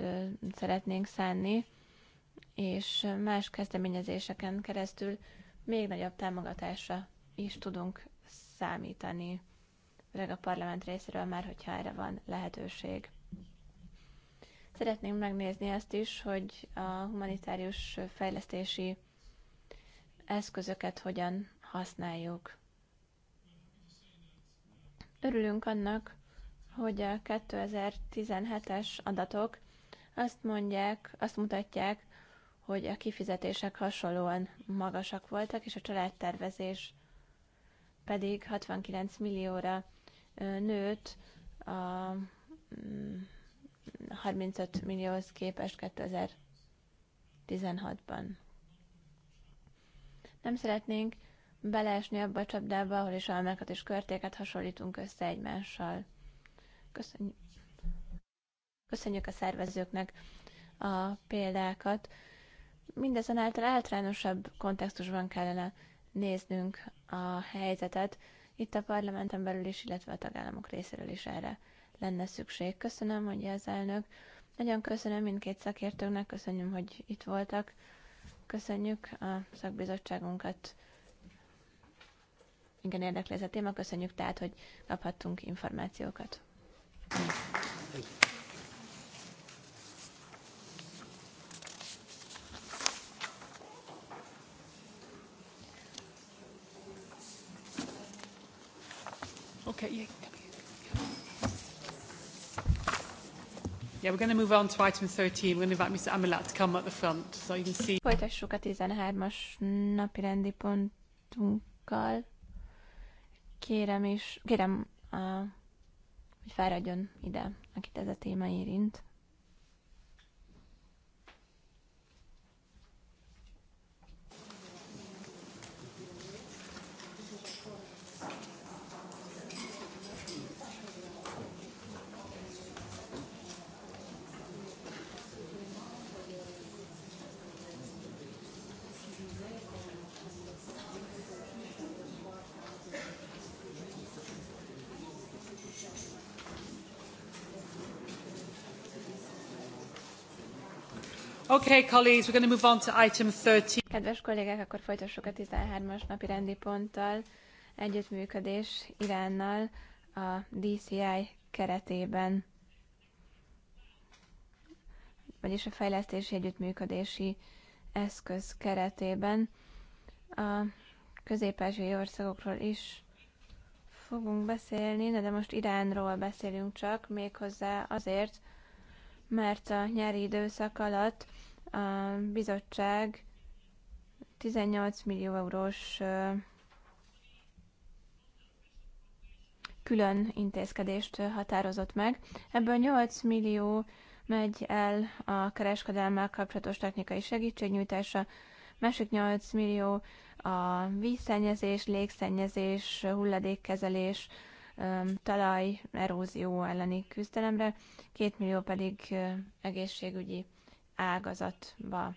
F: szeretnénk szánni, és más kezdeményezéseken keresztül még nagyobb támogatásra is tudunk számítani, főleg a parlament részéről már, hogyha erre van lehetőség. Szeretném megnézni azt is, hogy a humanitárius fejlesztési eszközöket hogyan használjuk. Örülünk annak, hogy a 2017-es adatok azt mondják, azt mutatják, hogy a kifizetések hasonlóan magasak voltak, és a családtervezés pedig 69 millióra nőtt a 35 mm, millióhoz képest 2016-ban. Nem szeretnénk beleesni abba a csapdába, ahol is almákat és körtéket hasonlítunk össze egymással. Köszönjük, Köszönjük a szervezőknek a példákat. Mindezen által általánosabb kontextusban kellene néznünk a helyzetet, itt a parlamenten belül is, illetve a tagállamok részéről is erre lenne szükség. Köszönöm, mondja az elnök. Nagyon köszönöm mindkét szakértőnek, köszönjük, hogy itt voltak. Köszönjük a szakbizottságunkat igen érdekli ez a téma. Köszönjük tehát, hogy kaphattunk információkat.
A: Okay, Yeah, we're going to move on to item 13. We're going to invite Mr. Amilat to come at the front so you can see.
F: Folytassuk a 13-as napi rendi pontunkkal. Kérem is, kérem, hogy fáradjon ide, akit ez a téma érint.
A: Okay, colleagues, we're going to move on to item 13. Kedves kollégák, akkor folytassuk a
F: 13-as napi rendi ponttal együttműködés Iránnal a DCI keretében, vagyis a fejlesztési együttműködési eszköz keretében a közép-ázsiai országokról is fogunk beszélni, de, de most Iránról beszélünk csak, méghozzá azért, mert a nyári időszak alatt a bizottság 18 millió eurós külön intézkedést határozott meg. Ebből 8 millió megy el a kereskedelmmel kapcsolatos technikai segítségnyújtása másik 8 millió a vízszennyezés, légszennyezés, hulladékkezelés, talaj, erózió elleni küzdelemre, 2 millió pedig egészségügyi ágazatba.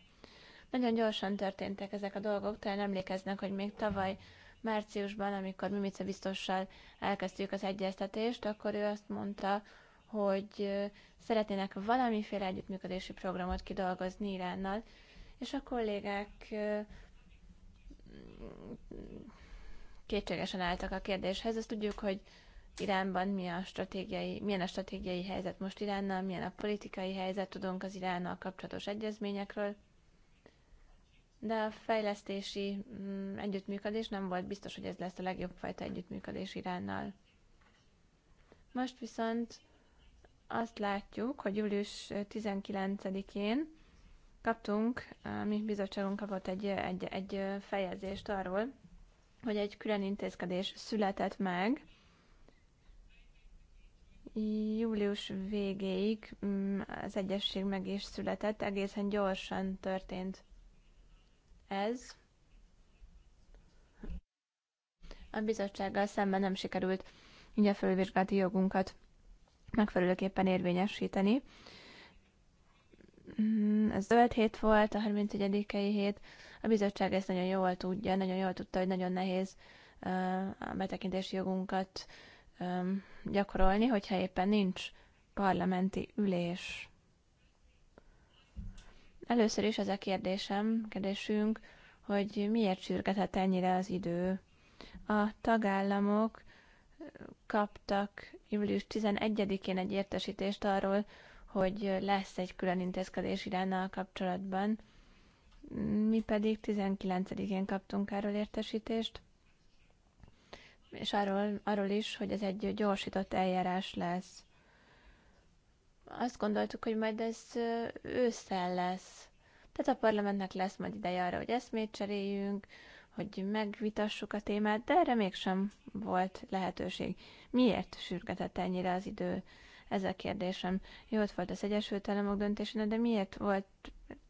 F: Nagyon gyorsan történtek ezek a dolgok, talán emlékeznek, hogy még tavaly márciusban, amikor Mimice biztossal elkezdtük az egyeztetést, akkor ő azt mondta, hogy szeretnének valamiféle együttműködési programot kidolgozni Iránnal, és a kollégák kétségesen álltak a kérdéshez. Azt tudjuk, hogy Iránban mi a stratégiai, milyen a stratégiai helyzet most Iránnal, milyen a politikai helyzet, tudunk az Iránnal kapcsolatos egyezményekről, de a fejlesztési mm, együttműködés nem volt biztos, hogy ez lesz a legjobb fajta együttműködés Iránnal. Most viszont azt látjuk, hogy július 19-én kaptunk, a mi bizottságunk kapott egy, egy, egy fejezést arról, hogy egy külön intézkedés született meg, Július végéig mm, az egyesség meg is született, egészen gyorsan történt ez. A bizottsággal szemben nem sikerült így a fölvizsgálati jogunkat megfelelőképpen érvényesíteni. Mm, ez zöld hét volt, a 31 hét. A bizottság ezt nagyon jól tudja, nagyon jól tudta, hogy nagyon nehéz a betekintési jogunkat gyakorolni, hogyha éppen nincs parlamenti ülés. Először is ez a kérdésem, kérdésünk, hogy miért sürgetett ennyire az idő. A tagállamok kaptak július 11-én egy értesítést arról, hogy lesz egy külön intézkedés Iránnal kapcsolatban. Mi pedig 19-én kaptunk erről értesítést és arról, arról is, hogy ez egy gyorsított eljárás lesz. Azt gondoltuk, hogy majd ez ősszel lesz. Tehát a parlamentnek lesz majd ideje arra, hogy eszmét cseréljünk, hogy megvitassuk a témát, de erre mégsem volt lehetőség. Miért sürgetett ennyire az idő? Ez a kérdésem. Jó, ott volt az Egyesült Államok döntésén, de miért volt,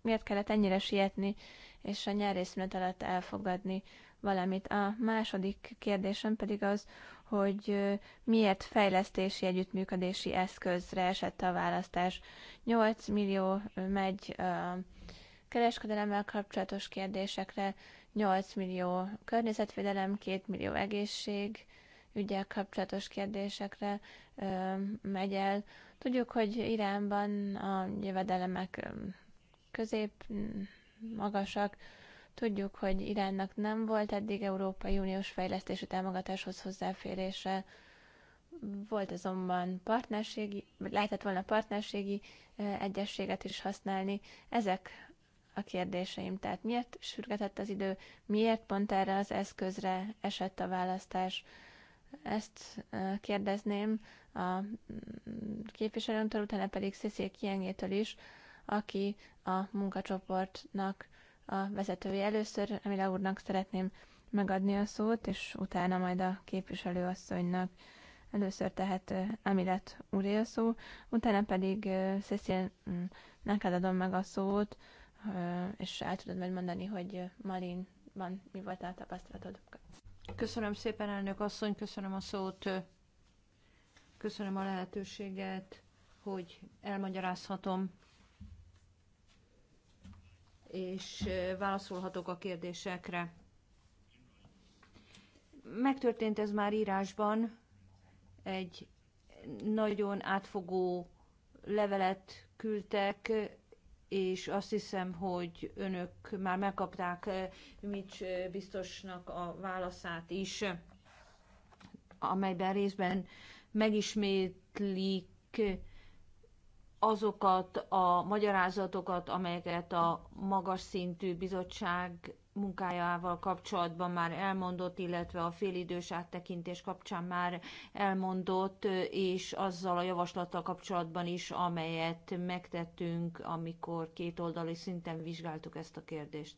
F: miért kellett ennyire sietni, és a nyári szünet alatt elfogadni valamit. A második kérdésem pedig az, hogy miért fejlesztési együttműködési eszközre esett a választás. 8 millió megy kereskedelemmel kapcsolatos kérdésekre, 8 millió környezetvédelem, 2 millió egészség, ügyel kapcsolatos kérdésekre ö, megy el. Tudjuk, hogy Iránban a jövedelemek közép magasak, Tudjuk, hogy Iránnak nem volt eddig Európai Uniós fejlesztési támogatáshoz hozzáférése, volt azonban partnerségi, lehetett volna partnerségi egyességet is használni. Ezek a kérdéseim, tehát miért sürgetett az idő, miért pont erre az eszközre esett a választás. Ezt kérdezném a mm, képviselőmtől, utána pedig Szeszél Kiengétől is, aki a munkacsoportnak a vezetője. Először Emile úrnak szeretném megadni a szót, és utána majd a képviselőasszonynak. Először tehát Emilet úré a szó, utána pedig Cecil, mm, neked adom meg a szót, és el tudod majd mondani, hogy van, mi volt a tapasztalatod. Köszönöm szépen, elnök asszony, köszönöm a szót,
E: köszönöm a lehetőséget, hogy elmagyarázhatom és válaszolhatok a kérdésekre. Megtörtént ez már írásban, egy nagyon átfogó levelet küldtek, és azt hiszem, hogy önök már megkapták Mics biztosnak a válaszát is, amelyben részben megismétlik azokat a magyarázatokat, amelyeket a magas szintű bizottság munkájával kapcsolatban már elmondott, illetve a félidős áttekintés kapcsán már elmondott, és azzal a javaslattal kapcsolatban is, amelyet megtettünk, amikor kétoldalú szinten vizsgáltuk ezt a kérdést.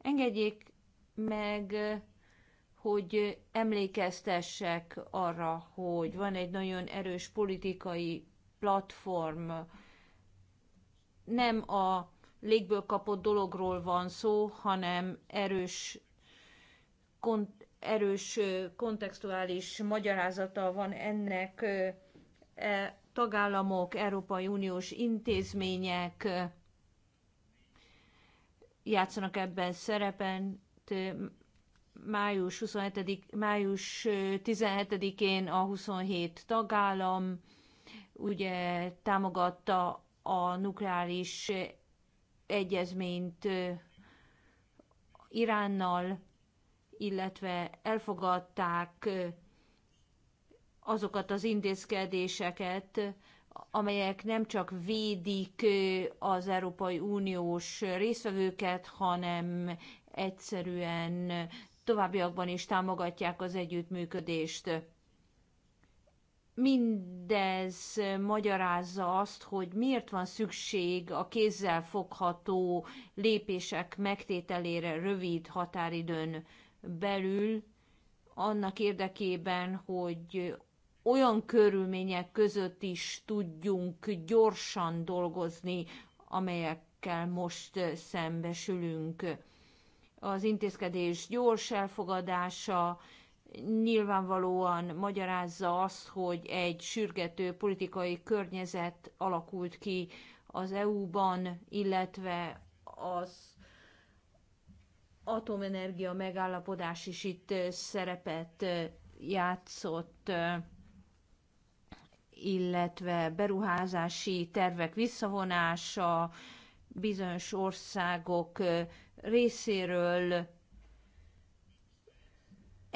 E: Engedjék meg, hogy emlékeztessek arra, hogy van egy nagyon erős politikai platform. Nem a légből kapott dologról van szó, hanem erős, kont- erős kontextuális magyarázata van ennek e, tagállamok, Európai Uniós intézmények játszanak ebben szerepen. Május, 27, május 17-én a 27 tagállam ugye támogatta a nukleáris egyezményt Iránnal, illetve elfogadták azokat az intézkedéseket, amelyek nem csak védik az Európai Uniós résztvevőket, hanem egyszerűen továbbiakban is támogatják az együttműködést mindez magyarázza azt, hogy miért van szükség a kézzel fogható lépések megtételére rövid határidőn belül, annak érdekében, hogy olyan körülmények között is tudjunk gyorsan dolgozni, amelyekkel most szembesülünk. Az intézkedés gyors elfogadása, nyilvánvalóan magyarázza azt, hogy egy sürgető politikai környezet alakult ki az EU-ban, illetve az atomenergia megállapodás is itt szerepet játszott, illetve beruházási tervek visszavonása bizonyos országok részéről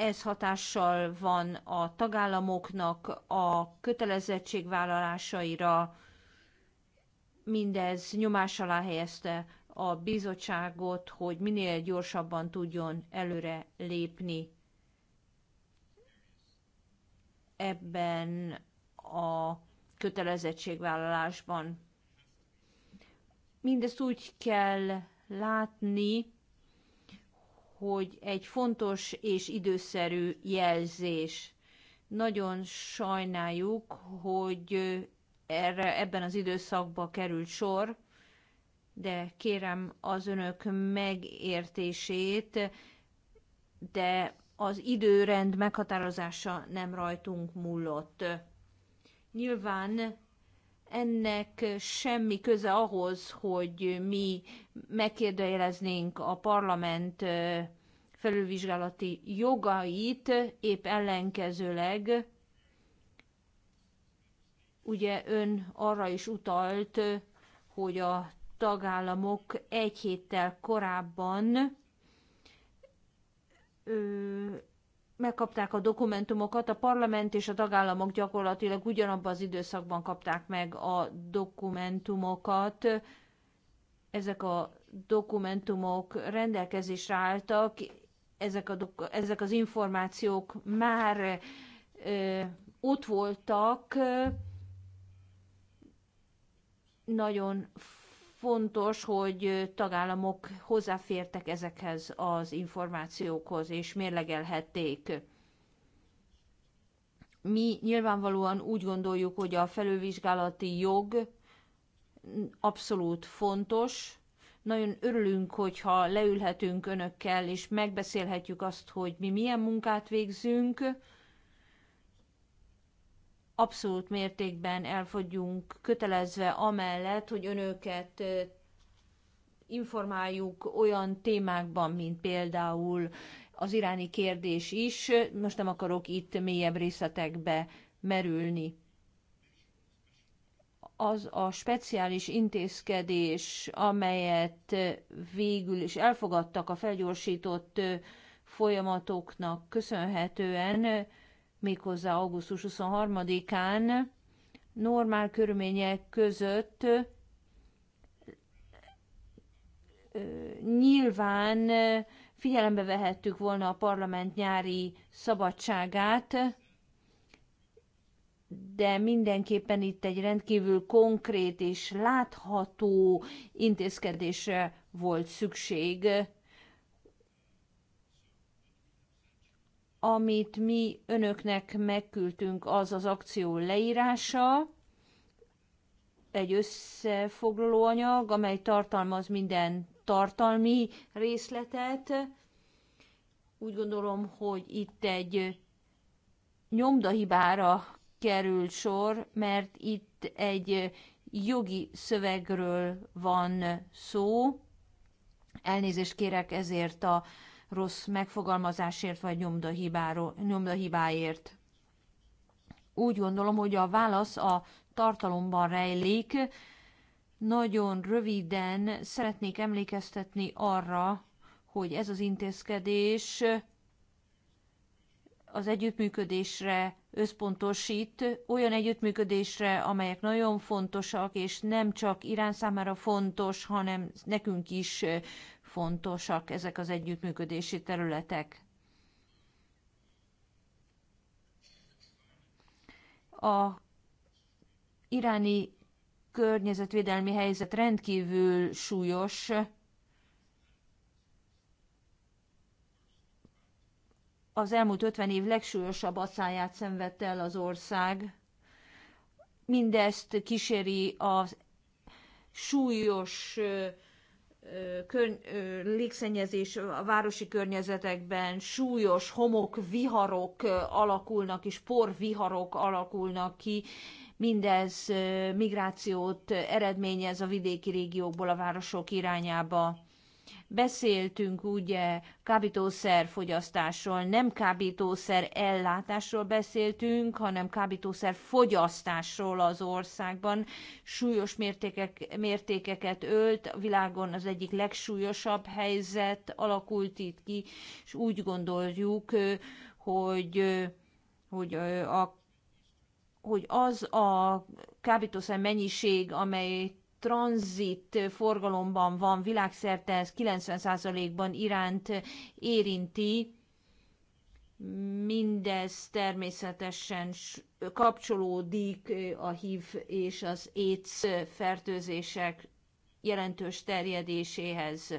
E: ez hatással van a tagállamoknak a kötelezettségvállalásaira, mindez nyomás alá helyezte a bizottságot, hogy minél gyorsabban tudjon előre lépni ebben a kötelezettségvállalásban. Mindezt úgy kell látni, hogy egy fontos és időszerű jelzés. Nagyon sajnáljuk, hogy erre, ebben az időszakban került sor, de kérem az önök megértését, de az időrend meghatározása nem rajtunk múlott. Nyilván ennek semmi köze ahhoz, hogy mi megkérdőjeleznénk a parlament felülvizsgálati jogait, épp ellenkezőleg ugye ön arra is utalt, hogy a tagállamok egy héttel korábban ö, megkapták a dokumentumokat, a parlament és a tagállamok gyakorlatilag ugyanabban az időszakban kapták meg a dokumentumokat, ezek a dokumentumok rendelkezésre álltak, ezek, a ezek az információk már ö, ott voltak, nagyon fontos, hogy tagállamok hozzáfértek ezekhez az információkhoz, és mérlegelhették. Mi nyilvánvalóan úgy gondoljuk, hogy a felülvizsgálati jog abszolút fontos. Nagyon örülünk, hogyha leülhetünk önökkel, és megbeszélhetjük azt, hogy mi milyen munkát végzünk. Abszolút mértékben elfogyunk kötelezve amellett, hogy önöket informáljuk olyan témákban, mint például az iráni kérdés is. Most nem akarok itt mélyebb részletekbe merülni az a speciális intézkedés, amelyet végül is elfogadtak a felgyorsított folyamatoknak köszönhetően, méghozzá augusztus 23-án, normál körülmények között nyilván figyelembe vehettük volna a parlament nyári szabadságát, de mindenképpen itt egy rendkívül konkrét és látható intézkedésre volt szükség, amit mi önöknek megküldtünk, az az akció leírása, egy összefoglaló anyag, amely tartalmaz minden tartalmi részletet. Úgy gondolom, hogy itt egy nyomdahibára kerül sor, mert itt egy jogi szövegről van szó. Elnézést kérek ezért a rossz megfogalmazásért vagy nyomdahibáért. Úgy gondolom, hogy a válasz a tartalomban rejlik. Nagyon röviden szeretnék emlékeztetni arra, hogy ez az intézkedés az együttműködésre összpontosít, olyan együttműködésre, amelyek nagyon fontosak, és nem csak Irán számára fontos, hanem nekünk is fontosak ezek az együttműködési területek. A iráni környezetvédelmi helyzet rendkívül súlyos, az elmúlt 50 év legsúlyosabb asszáját szenvedte el az ország. Mindezt kíséri a súlyos körny- légszennyezés a városi környezetekben, súlyos viharok alakulnak és porviharok alakulnak ki, mindez migrációt eredményez a vidéki régiókból a városok irányába. Beszéltünk ugye kábítószer fogyasztásról, nem kábítószer ellátásról beszéltünk, hanem kábítószer fogyasztásról az országban. Súlyos mértékek, mértékeket ölt, a világon az egyik legsúlyosabb helyzet alakult itt ki, és úgy gondoljuk, hogy, hogy a hogy az a kábítószer mennyiség, amely tranzit forgalomban van világszerte, ez 90%-ban iránt érinti. Mindez természetesen kapcsolódik a HIV és az AIDS fertőzések jelentős terjedéséhez.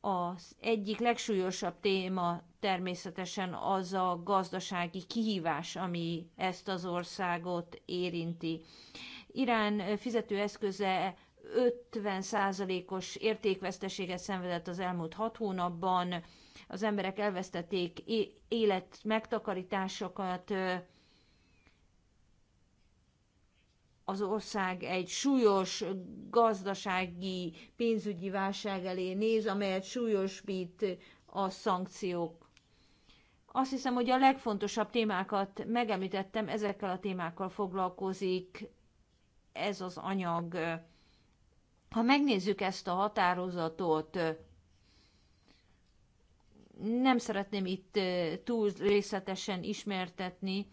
E: Az egyik legsúlyosabb téma természetesen az a gazdasági kihívás, ami ezt az országot érinti. Irán fizetőeszköze 50%-os értékveszteséget szenvedett az elmúlt hat hónapban, az emberek elvesztették élet megtakarításokat, az ország egy súlyos gazdasági, pénzügyi válság elé néz, amelyet súlyosbít a szankciók. Azt hiszem, hogy a legfontosabb témákat megemlítettem, ezekkel a témákkal foglalkozik ez az anyag. Ha megnézzük ezt a határozatot, nem szeretném itt túl részletesen ismertetni,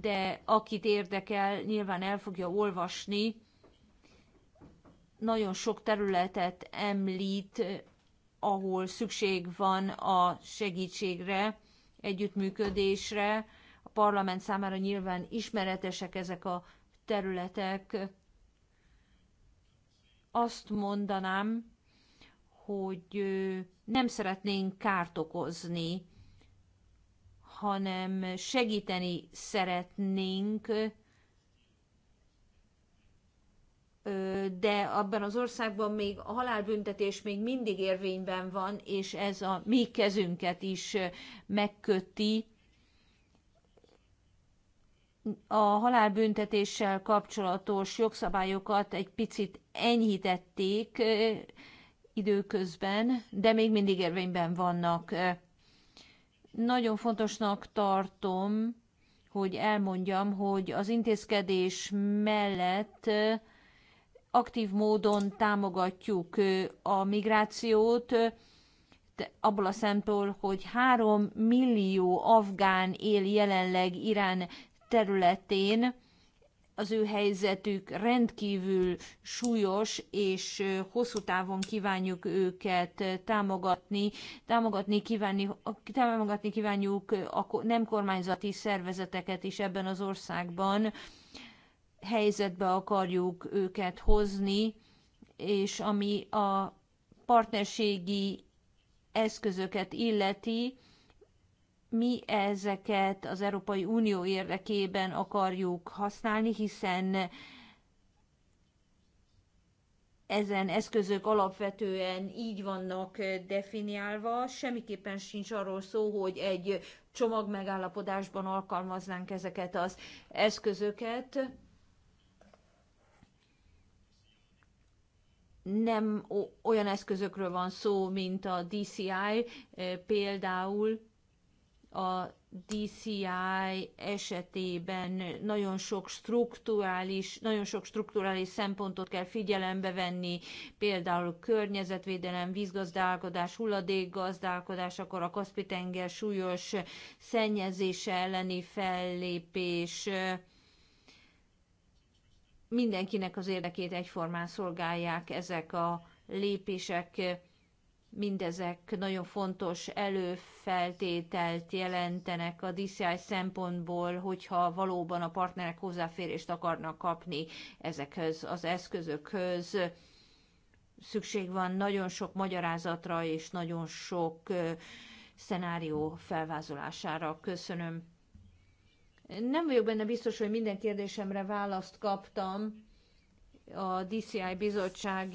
E: de akit érdekel, nyilván el fogja olvasni. Nagyon sok területet említ, ahol szükség van a segítségre, együttműködésre. A parlament számára nyilván ismeretesek ezek a területek. Azt mondanám, hogy nem szeretnénk kárt okozni, hanem segíteni szeretnénk, de abban az országban még a halálbüntetés még mindig érvényben van, és ez a mi kezünket is megköti, a halálbüntetéssel kapcsolatos jogszabályokat egy picit enyhítették időközben, de még mindig érvényben vannak. Nagyon fontosnak tartom, hogy elmondjam, hogy az intézkedés mellett aktív módon támogatjuk a migrációt, abból a szempontból, hogy három millió afgán él jelenleg Irán területén az ő helyzetük rendkívül súlyos, és hosszú távon kívánjuk őket támogatni, támogatni, kívánni, támogatni kívánjuk a nem kormányzati szervezeteket is ebben az országban, helyzetbe akarjuk őket hozni, és ami a partnerségi eszközöket illeti, mi ezeket az Európai Unió érdekében akarjuk használni, hiszen ezen eszközök alapvetően így vannak definiálva, semmiképpen sincs arról szó, hogy egy csomag megállapodásban alkalmaznánk ezeket az eszközöket. Nem olyan eszközökről van szó, mint a DCI eh, például, a DCI esetében nagyon sok strukturális, nagyon sok strukturális szempontot kell figyelembe venni, például környezetvédelem, vízgazdálkodás, hulladékgazdálkodás, akkor a Kaszpi-tenger súlyos szennyezése elleni fellépés, mindenkinek az érdekét egyformán szolgálják ezek a lépések mindezek nagyon fontos előfeltételt jelentenek a DCI szempontból, hogyha valóban a partnerek hozzáférést akarnak kapni ezekhez az eszközökhöz. Szükség van nagyon sok magyarázatra és nagyon sok szenárió felvázolására. Köszönöm. Nem vagyok benne biztos, hogy minden kérdésemre választ kaptam. A DCI bizottság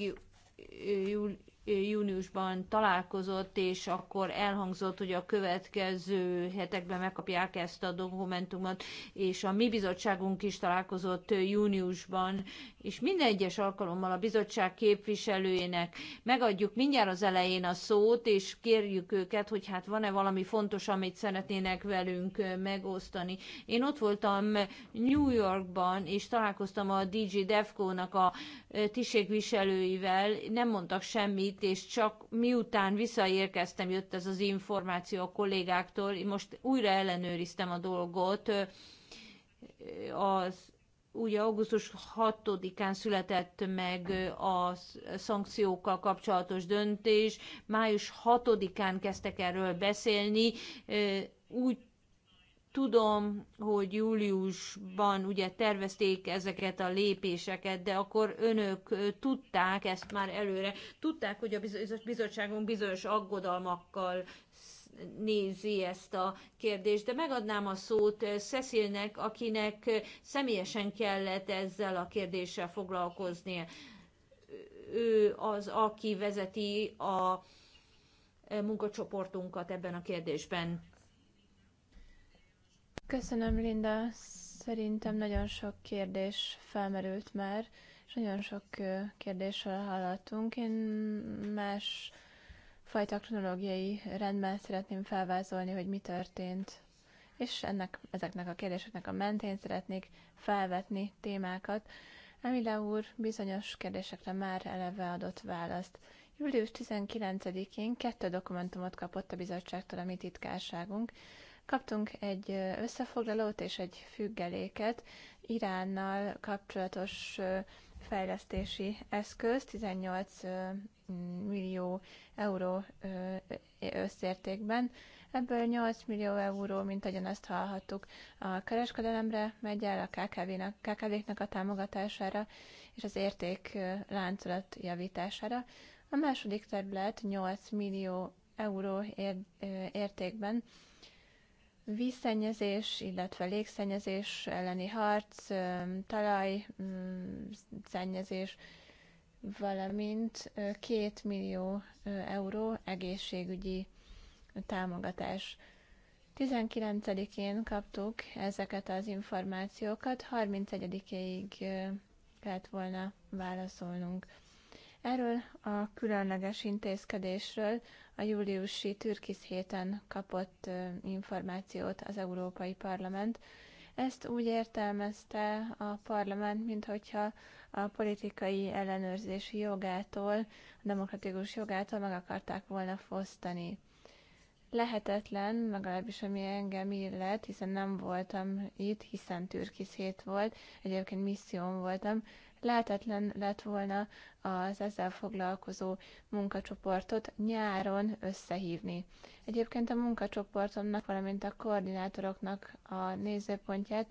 E: júniusban találkozott, és akkor elhangzott, hogy a következő hetekben megkapják ezt a dokumentumot, és a mi bizottságunk is találkozott júniusban, és minden egyes alkalommal a bizottság képviselőjének megadjuk mindjárt az elején a szót, és kérjük őket, hogy hát van-e valami fontos, amit szeretnének velünk megosztani. Én ott voltam New Yorkban, és találkoztam a DJ Defco-nak a tisztségviselőivel, nem mondtak semmit, megközelítés, csak miután visszaérkeztem, jött ez az információ a kollégáktól, most újra ellenőriztem a dolgot, az ugye augusztus 6-án született meg a szankciókkal kapcsolatos döntés, május 6-án kezdtek erről beszélni, úgy Tudom, hogy júliusban ugye tervezték ezeket a lépéseket, de akkor önök tudták ezt már előre, tudták, hogy a bizottságunk bizonyos aggodalmakkal nézi ezt a kérdést, de megadnám a szót Cecilnek, akinek személyesen kellett ezzel a kérdéssel foglalkoznia. Ő az, aki vezeti a munkacsoportunkat ebben a kérdésben.
F: Köszönöm, Linda. Szerintem nagyon sok kérdés felmerült már, és nagyon sok kérdésről hallottunk. Én más fajta kronológiai rendben szeretném felvázolni, hogy mi történt és ennek, ezeknek a kérdéseknek a mentén szeretnék felvetni témákat. Emile úr bizonyos kérdésekre már eleve adott választ. Július 19-én kettő dokumentumot kapott a bizottságtól a mi titkárságunk. Kaptunk egy összefoglalót és egy függeléket Iránnal kapcsolatos fejlesztési eszköz, 18 millió euró összértékben. Ebből 8 millió euró, mint ahogyan azt hallhattuk, a kereskedelemre megy el, a kkv knek a támogatására és az érték láncolat javítására. A második terület 8 millió euró értékben vízszennyezés, illetve légszennyezés elleni harc, talajszennyezés, valamint két millió euró egészségügyi támogatás. 19-én kaptuk ezeket az információkat, 31-ig kellett volna válaszolnunk. Erről a különleges intézkedésről, a júliusi Türkisz héten kapott információt az Európai Parlament. Ezt úgy értelmezte a parlament, mintha a politikai ellenőrzési jogától, a demokratikus jogától meg akarták volna fosztani. Lehetetlen, legalábbis ami engem illet, hiszen nem voltam itt, hiszen Türkisz hét volt, egyébként misszión voltam, lehetetlen lett volna az ezzel foglalkozó munkacsoportot nyáron összehívni. Egyébként a munkacsoportomnak, valamint a koordinátoroknak a nézőpontját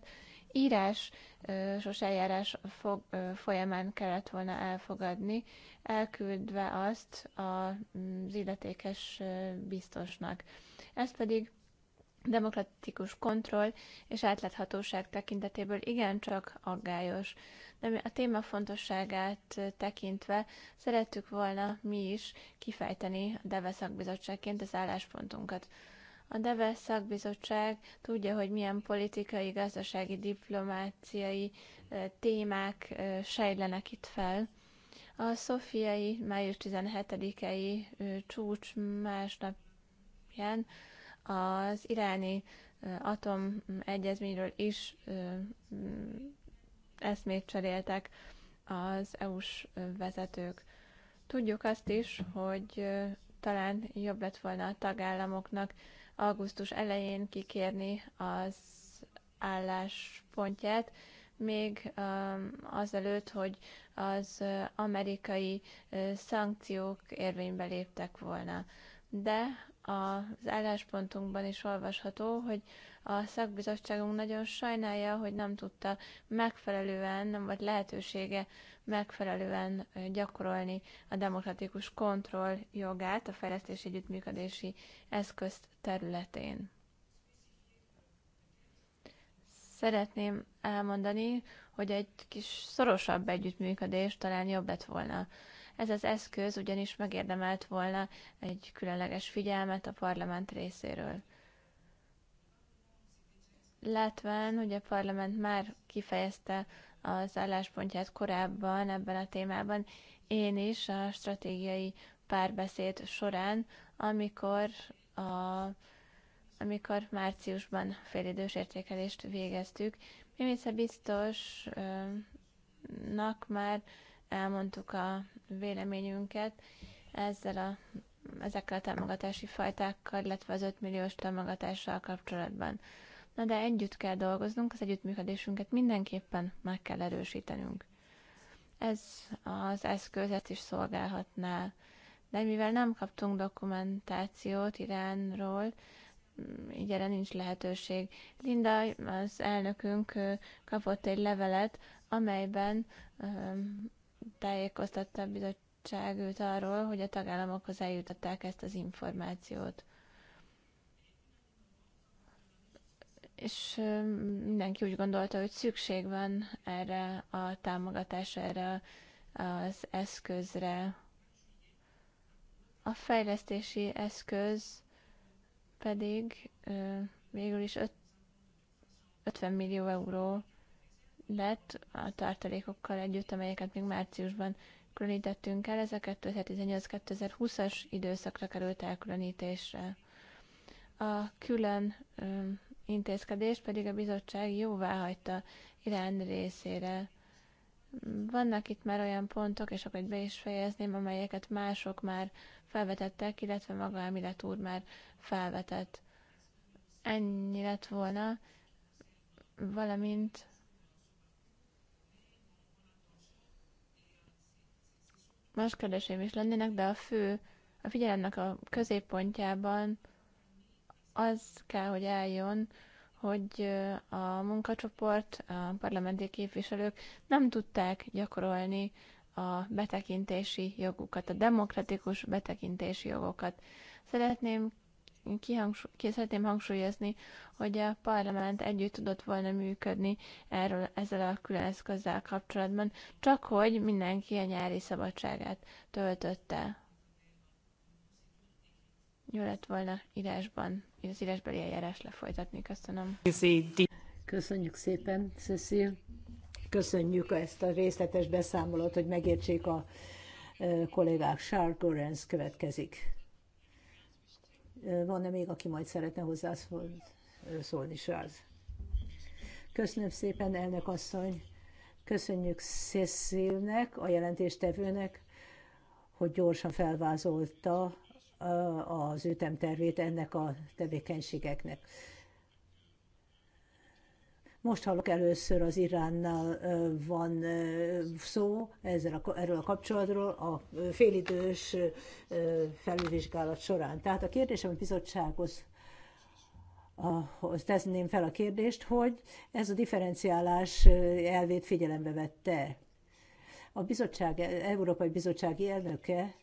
F: írásos eljárás fog, folyamán kellett volna elfogadni, elküldve azt az illetékes biztosnak. Ez pedig demokratikus kontroll és átláthatóság tekintetéből igencsak aggályos a téma fontosságát tekintve szerettük volna mi is kifejteni a DEVE szakbizottságként az álláspontunkat. A DEVE szakbizottság tudja, hogy milyen politikai, gazdasági, diplomáciai témák sejlenek itt fel. A szofiai május 17-i csúcs másnapján az iráni atomegyezményről is eszmét cseréltek az EU-s vezetők. Tudjuk azt is, hogy talán jobb lett volna a tagállamoknak augusztus elején kikérni az álláspontját, még azelőtt, hogy az amerikai szankciók érvénybe léptek volna. De az álláspontunkban is olvasható, hogy a szakbizottságunk nagyon sajnálja, hogy nem tudta megfelelően, nem volt lehetősége megfelelően gyakorolni a demokratikus kontroll jogát a fejlesztési együttműködési eszközt területén. Szeretném elmondani, hogy egy kis szorosabb együttműködés talán jobb lett volna. Ez az eszköz ugyanis megérdemelt volna egy különleges figyelmet a parlament részéről. Látván, hogy a parlament már kifejezte az álláspontját korábban ebben a témában, én is a stratégiai párbeszéd során, amikor a amikor márciusban félidős értékelést végeztük. Mimice biztosnak már elmondtuk a véleményünket ezzel a, ezekkel a támogatási fajtákkal, illetve az 5 milliós támogatással kapcsolatban. Na de együtt kell dolgoznunk, az együttműködésünket mindenképpen meg kell erősítenünk. Ez az eszközet is szolgálhatná. De mivel nem kaptunk dokumentációt Iránról, mm, így erre nincs lehetőség. Linda, az elnökünk kapott egy levelet, amelyben tájékoztatta a bizottság őt arról, hogy a tagállamokhoz eljutották ezt az információt. és mindenki úgy gondolta, hogy szükség van erre a támogatásra, erre az eszközre. A fejlesztési eszköz pedig végül is 50 millió euró lett a tartalékokkal együtt, amelyeket még márciusban különítettünk el. Ezek 2018-2020-as időszakra került elkülönítésre. A külön intézkedést pedig a bizottság jóvá hagyta Irán részére. Vannak itt már olyan pontok, és akkor be is fejezném, amelyeket mások már felvetettek, illetve maga Emilet úr már felvetett. Ennyi lett volna, valamint más kérdéseim is lennének, de a fő, a figyelemnek a középpontjában az kell, hogy álljon, hogy a munkacsoport, a parlamenti képviselők nem tudták gyakorolni a betekintési jogukat, a demokratikus betekintési jogokat. Szeretném, kihangsú, ki szeretném hangsúlyozni, hogy a parlament együtt tudott volna működni erről, ezzel a külön eszközzel kapcsolatban, csak hogy mindenki a nyári szabadságát töltötte jó lett volna írásban, az írásbeli eljárás lefolytatni. Köszönöm.
B: Köszönjük szépen, Cecil. Köszönjük ezt a részletes beszámolót, hogy megértsék a e, kollégák. Charles Gorenz következik. E, van-e még, aki majd szeretne hozzászólni, Charles? Köszönöm szépen, elnök asszony. Köszönjük Cecilnek, a jelentéstevőnek, hogy gyorsan felvázolta az ütemtervét ennek a tevékenységeknek. Most hallok először az Iránnal van szó ezzel a, erről a kapcsolatról a félidős felülvizsgálat során. Tehát a kérdésem a bizottsághoz ahhoz tenném fel a kérdést, hogy ez a differenciálás elvét figyelembe vette. A bizottság, Európai Bizottsági elnöke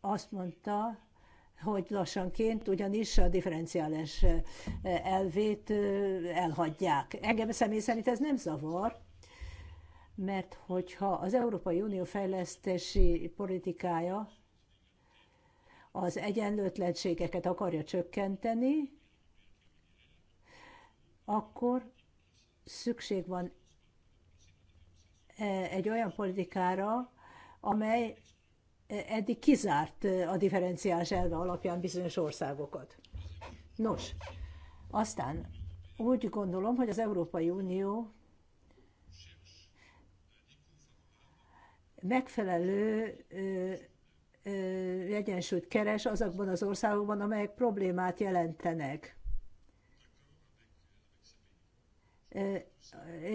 B: azt mondta, hogy lassanként ugyanis a differenciális elvét elhagyják. Engem személy szerint ez nem zavar, mert hogyha az Európai Unió fejlesztési politikája az egyenlőtlenségeket akarja csökkenteni, akkor szükség van Eh, egy olyan politikára, amely eh, eddig kizárt eh, a differenciás elve alapján bizonyos országokat. Nos, aztán úgy gondolom, hogy az Európai Unió megfelelő egyensúlyt keres azokban az országokban, amelyek problémát jelentenek.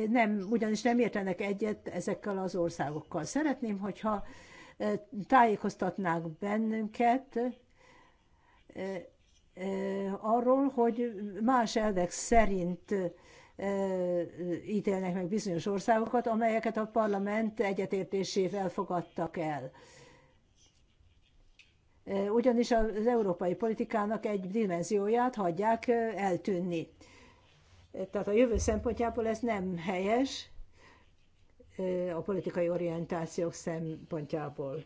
B: nem, ugyanis nem értenek egyet ezekkel az országokkal. Szeretném, hogyha tájékoztatnák bennünket arról, hogy más elvek szerint ítélnek meg bizonyos országokat, amelyeket a parlament egyetértésével fogadtak el. Ugyanis az európai politikának egy dimenzióját hagyják eltűnni tehát a jövő szempontjából ez nem helyes a politikai orientációk szempontjából.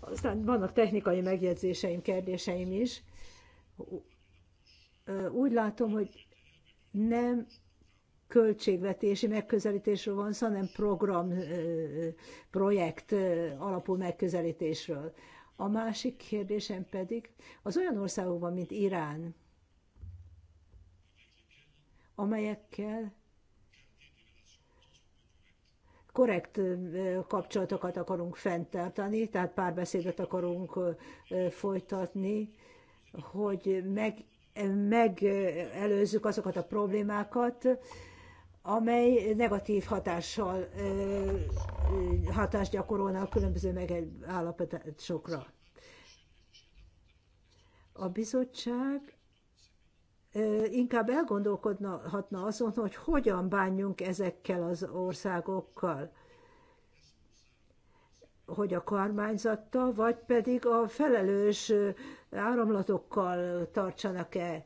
B: Aztán vannak technikai megjegyzéseim, kérdéseim is. Úgy látom, hogy nem költségvetési megközelítésről van szó, hanem program, projekt alapú megközelítésről. A másik kérdésem pedig az olyan országokban, mint Irán, amelyekkel korrekt kapcsolatokat akarunk fenntartani, tehát párbeszédet akarunk folytatni, hogy meg, megelőzzük azokat a problémákat, amely negatív hatással hatást gyakorolna a különböző megállapodásokra. A bizottság inkább elgondolkodhatna azon, hogy hogyan bánjunk ezekkel az országokkal hogy a kormányzattal, vagy pedig a felelős áramlatokkal tartsanak-e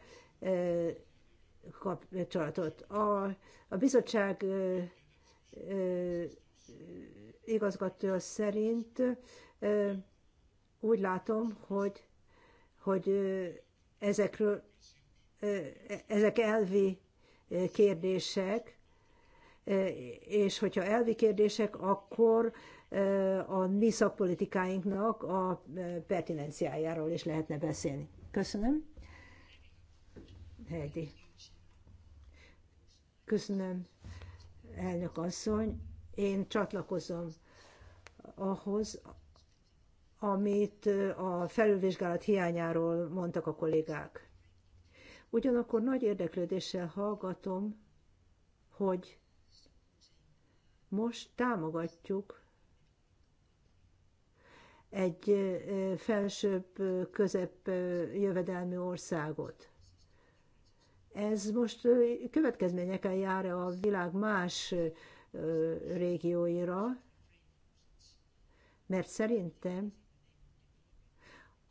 B: kapcsolatot. A, a bizottság igazgatója szerint úgy látom, hogy, hogy ezekről E, ezek elvi e, kérdések, e, és hogyha elvi kérdések, akkor a mi szakpolitikáinknak a pertinenciájáról is lehetne beszélni. Köszönöm. Heidi. Köszönöm, elnök asszony. Én csatlakozom ahhoz, amit a felülvizsgálat hiányáról mondtak a kollégák. Ugyanakkor nagy érdeklődéssel hallgatom, hogy most támogatjuk egy felsőbb, közepp jövedelmi országot. Ez most következményekkel jár a világ más régióira, mert szerintem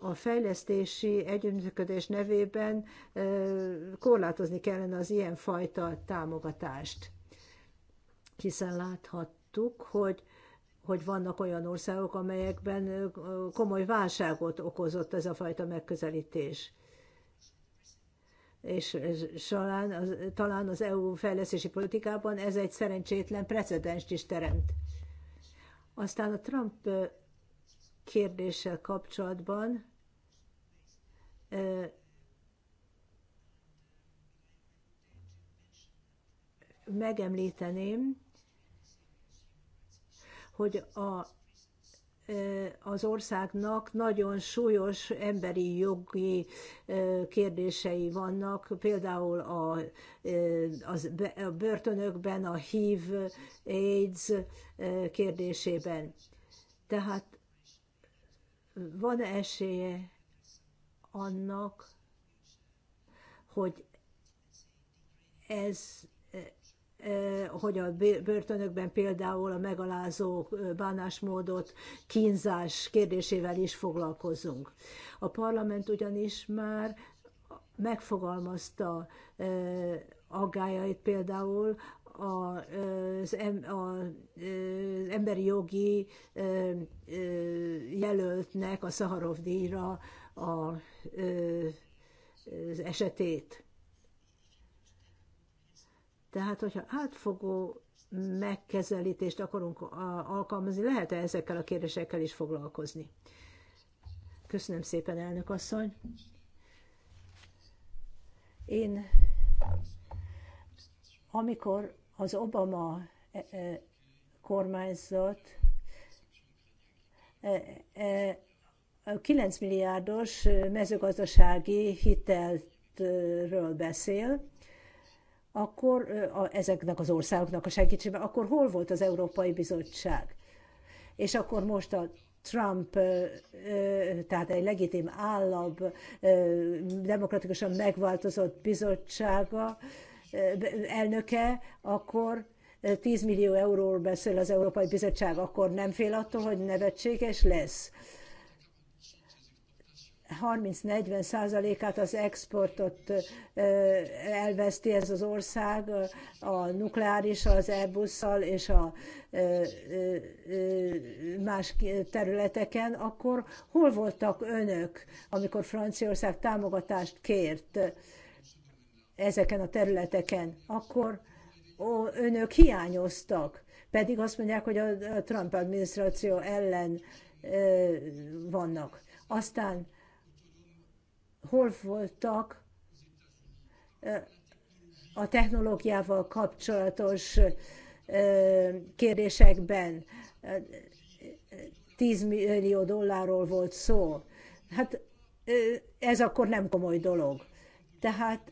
B: a fejlesztési együttműködés nevében korlátozni kellene az ilyenfajta támogatást. Hiszen láthattuk, hogy hogy vannak olyan országok, amelyekben komoly válságot okozott ez a fajta megközelítés. És talán az, talán az EU fejlesztési politikában ez egy szerencsétlen precedens is teremt. Aztán a Trump kérdéssel kapcsolatban megemlíteném, hogy a, az országnak nagyon súlyos emberi jogi kérdései vannak, például a, az, a börtönökben, a HIV, AIDS kérdésében. Tehát van-e esélye annak, hogy ez e, hogy a börtönökben például a megalázó bánásmódot, kínzás kérdésével is foglalkozunk. A parlament ugyanis már megfogalmazta e, aggájait például az, emberi jogi jelöltnek a Szaharov díjra az esetét. Tehát, hogyha átfogó megkezelítést akarunk alkalmazni, lehet-e ezekkel a kérdésekkel is foglalkozni? Köszönöm szépen, elnök asszony. Én amikor az Obama e, e, kormányzat 9 e, milliárdos mezőgazdasági hitelről beszél, akkor a, ezeknek az országoknak a segítségében, akkor hol volt az Európai Bizottság? És akkor most a Trump, tehát egy legitim állam, demokratikusan megváltozott bizottsága, elnöke, akkor 10 eh, millió euróról beszél az Európai Bizottság, akkor nem fél attól, hogy nevetséges lesz. 30-40 százalékát az exportot eh, elveszti ez az ország a nukleáris, az Airbusszal és a eh, más területeken, akkor hol voltak önök, amikor Franciaország támogatást kért? ezeken a területeken, akkor ó, önök hiányoztak. Pedig azt mondják, hogy a Trump adminisztráció ellen ö, vannak. Aztán hol voltak a technológiával kapcsolatos ö, kérdésekben? 10 millió dollárról volt szó. Hát ez akkor nem komoly dolog. Tehát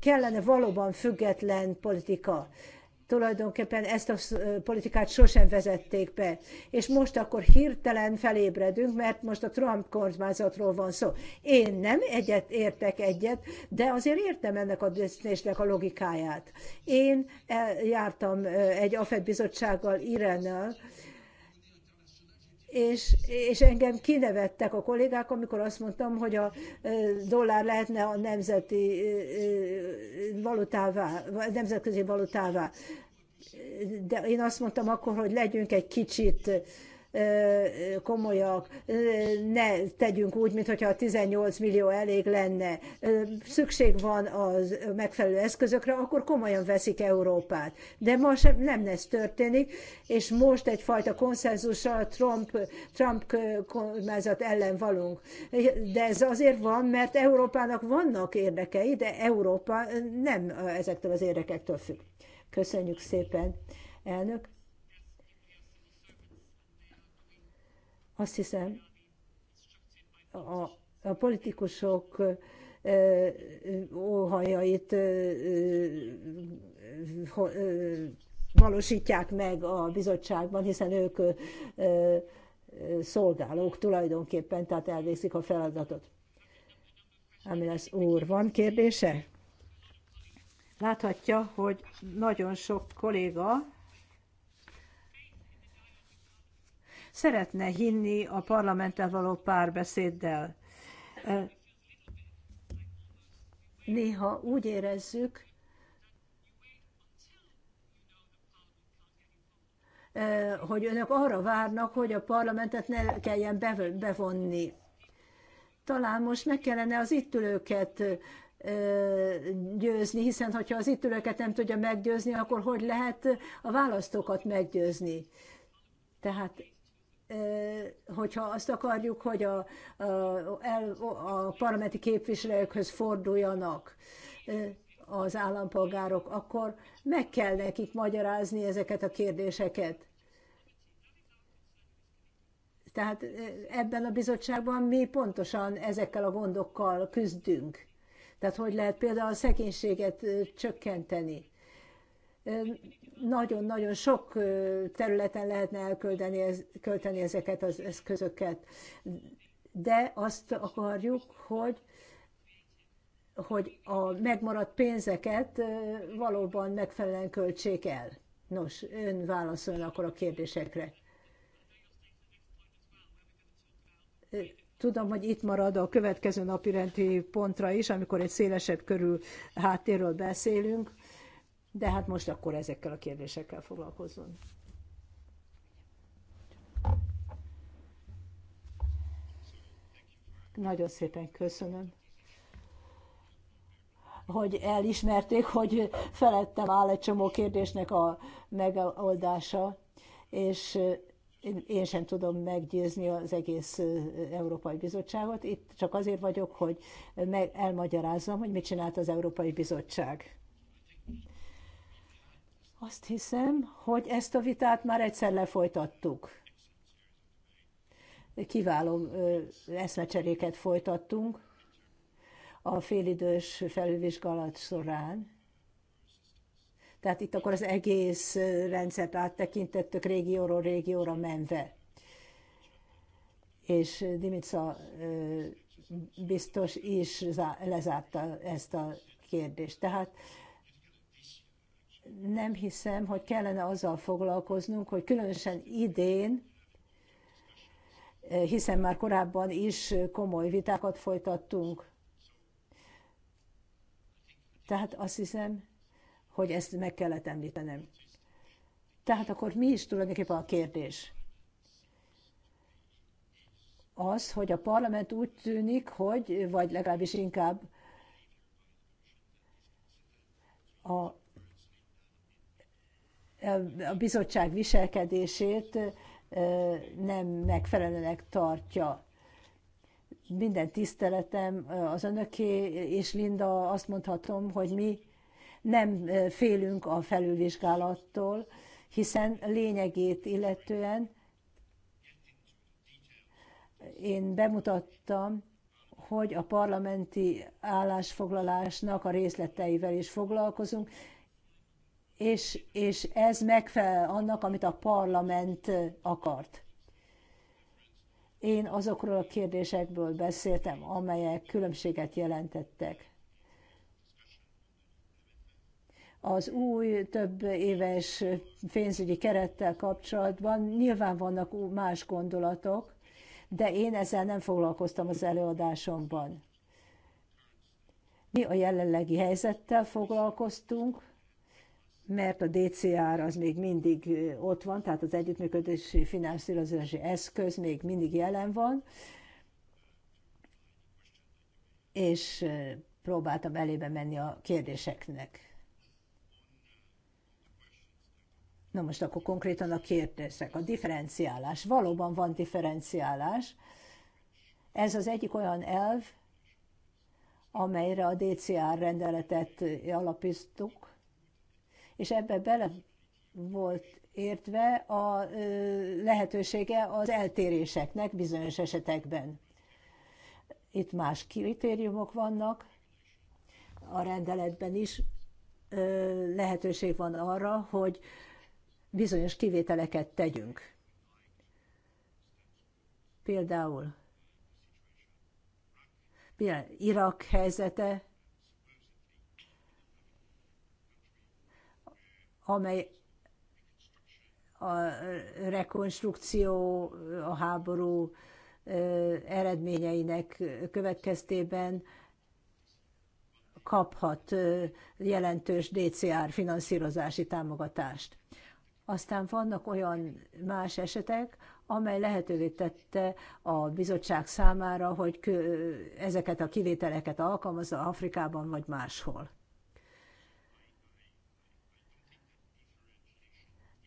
B: Kellene valóban független politika. Tulajdonképpen ezt a politikát sosem vezették be. És most akkor hirtelen felébredünk, mert most a Trump kormányzatról van szó. Én nem egyet értek egyet, de azért értem ennek a döntésnek a logikáját. Én e, jártam egy AFED bizottsággal Irennel, és, és engem kinevettek a kollégák, amikor azt mondtam, hogy a dollár lehetne a nemzeti valutává, nemzetközi valutává. De én azt mondtam akkor, hogy legyünk egy kicsit komolyak, ne tegyünk úgy, mintha a 18 millió elég lenne. Szükség van a megfelelő eszközökre, akkor komolyan veszik Európát. De ma sem, nem ez történik, és most egyfajta konszenzussal Trump, Trump kormányzat ellen valunk. De ez azért van, mert Európának vannak érdekei, de Európa nem ezektől az érdekektől függ. Köszönjük szépen, elnök. Azt hiszem, a, a politikusok óhajait valósítják meg a bizottságban, hiszen ők szolgálók tulajdonképpen, tehát elvégzik a feladatot. Ami lesz úr, van kérdése? Láthatja, hogy nagyon sok kolléga szeretne hinni a parlamenttel való párbeszéddel. Néha úgy érezzük, hogy önök arra várnak, hogy a parlamentet ne kelljen bevonni. Talán most meg kellene az itt ülőket győzni, hiszen ha az itt ülőket nem tudja meggyőzni, akkor hogy lehet a választókat meggyőzni? Tehát hogyha azt akarjuk, hogy a, a, a parlamenti képviselőkhöz forduljanak az állampolgárok, akkor meg kell nekik magyarázni ezeket a kérdéseket. Tehát ebben a bizottságban mi pontosan ezekkel a gondokkal küzdünk. Tehát hogy lehet például a szegénységet csökkenteni nagyon-nagyon sok területen lehetne elkölteni költeni ezeket az eszközöket. De azt akarjuk, hogy hogy a megmaradt pénzeket valóban megfelelően költsék el. Nos, ön válaszoljon akkor a kérdésekre. Tudom, hogy itt marad a következő napi rendi pontra is, amikor egy szélesebb körül háttérről beszélünk de hát most akkor ezekkel a kérdésekkel foglalkozzon. Nagyon szépen köszönöm hogy elismerték, hogy felettem áll egy csomó kérdésnek a megoldása, és eh, én sem tudom meggyőzni az egész eh, Európai Bizottságot. Itt csak azért vagyok, hogy elmagyarázzam, hogy mit csinált az Európai Bizottság. Azt hiszem, hogy ezt a vitát már egyszer lefolytattuk. Kiváló eszmecseréket folytattunk a félidős felülvizsgálat során. Tehát itt akkor az egész rendszert áttekintettük régióról régióra menve. És Dimitza biztos is lezárta ezt a kérdést. Tehát nem hiszem, hogy kellene azzal foglalkoznunk, hogy különösen idén, hiszen már korábban is komoly vitákat folytattunk. Tehát azt hiszem, hogy ezt meg kellett említenem. Tehát akkor mi is tulajdonképpen a kérdés? Az, hogy a parlament úgy tűnik, hogy, vagy legalábbis inkább a a bizottság viselkedését nem megfelelőnek tartja. Minden tiszteletem az önöké, és Linda azt mondhatom, hogy mi nem félünk a felülvizsgálattól, hiszen lényegét illetően én bemutattam, hogy a parlamenti állásfoglalásnak a részleteivel is foglalkozunk, és, és ez megfelel annak, amit a parlament akart. Én azokról a kérdésekből beszéltem, amelyek különbséget jelentettek. Az új több éves pénzügyi kerettel kapcsolatban nyilván vannak más gondolatok, de én ezzel nem foglalkoztam az előadásomban. Mi a jelenlegi helyzettel foglalkoztunk, mert a DCR az még mindig ott van, tehát az együttműködési finanszírozási eszköz még mindig jelen van, és próbáltam elébe menni a kérdéseknek. Na most akkor konkrétan a kérdések. A differenciálás. Valóban van differenciálás. Ez az egyik olyan elv, amelyre a DCR rendeletet alapíztuk, és ebbe bele volt értve a lehetősége az eltéréseknek bizonyos esetekben. Itt más kritériumok vannak, a rendeletben is lehetőség van arra, hogy bizonyos kivételeket tegyünk. Például Irak helyzete amely a rekonstrukció, a háború eredményeinek következtében kaphat jelentős DCR finanszírozási támogatást. Aztán vannak olyan más esetek, amely lehetővé tette a bizottság számára, hogy ezeket a kivételeket alkalmazza Afrikában vagy máshol.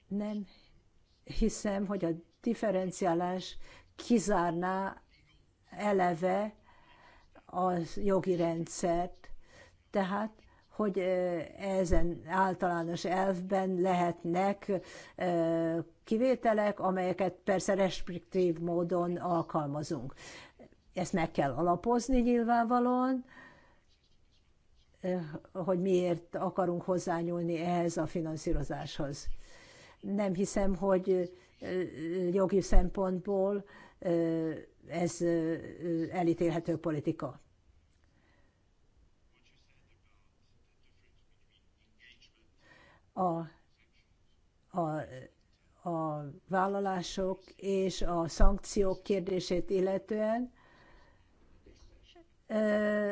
B: Nem hiszem, hogy a differenciálás kizárná eleve a jogi rendszert, tehát hogy ezen általános elvben lehetnek kivételek, amelyeket persze restriktív módon alkalmazunk. Ezt meg kell alapozni nyilvánvalóan, hogy miért akarunk hozzányúlni ehhez a finanszírozáshoz nem hiszem, hogy jogi szempontból ez elítélhető politika. A, a, a vállalások és a szankciók kérdését illetően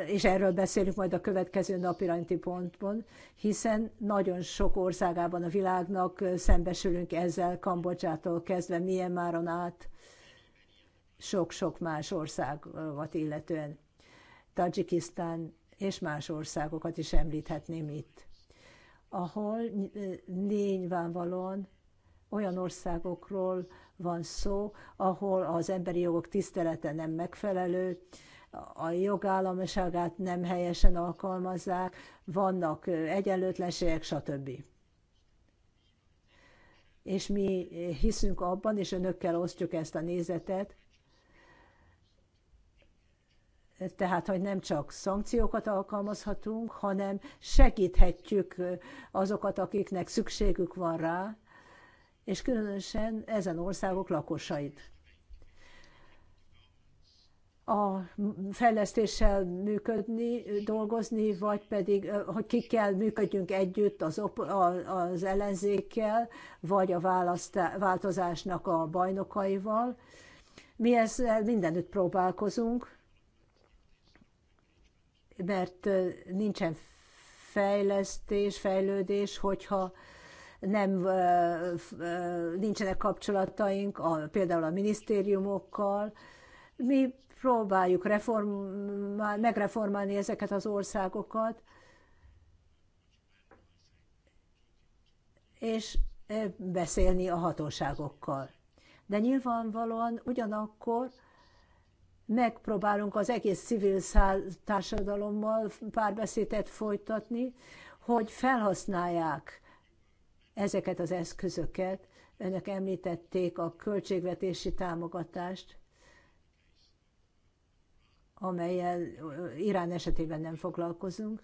B: és erről beszélünk majd a következő napirányti pontban, hiszen nagyon sok országában a világnak szembesülünk ezzel, Kambodzsától kezdve, Myanmaron át, sok-sok más országot illetően. Tajikisztán és más országokat is említhetném itt, ahol nyilvánvalóan olyan országokról van szó, ahol az emberi jogok tisztelete nem megfelelő, a jogállamiságát nem helyesen alkalmazzák, vannak egyenlőtlenségek, stb. És mi hiszünk abban, és önökkel osztjuk ezt a nézetet, tehát, hogy nem csak szankciókat alkalmazhatunk, hanem segíthetjük azokat, akiknek szükségük van rá, és különösen ezen országok lakosait a fejlesztéssel működni, dolgozni, vagy pedig, hogy ki kell működjünk együtt az, az ellenzékkel, vagy a választá, változásnak a bajnokaival. Mi ezzel mindenütt próbálkozunk, mert nincsen fejlesztés, fejlődés, hogyha nem nincsenek kapcsolataink a, például a minisztériumokkal. Mi próbáljuk reform, megreformálni ezeket az országokat, és beszélni a hatóságokkal. De nyilvánvalóan ugyanakkor megpróbálunk az egész civil társadalommal párbeszédet folytatni, hogy felhasználják ezeket az eszközöket. Önök említették a költségvetési támogatást amelyel Irán esetében nem foglalkozunk,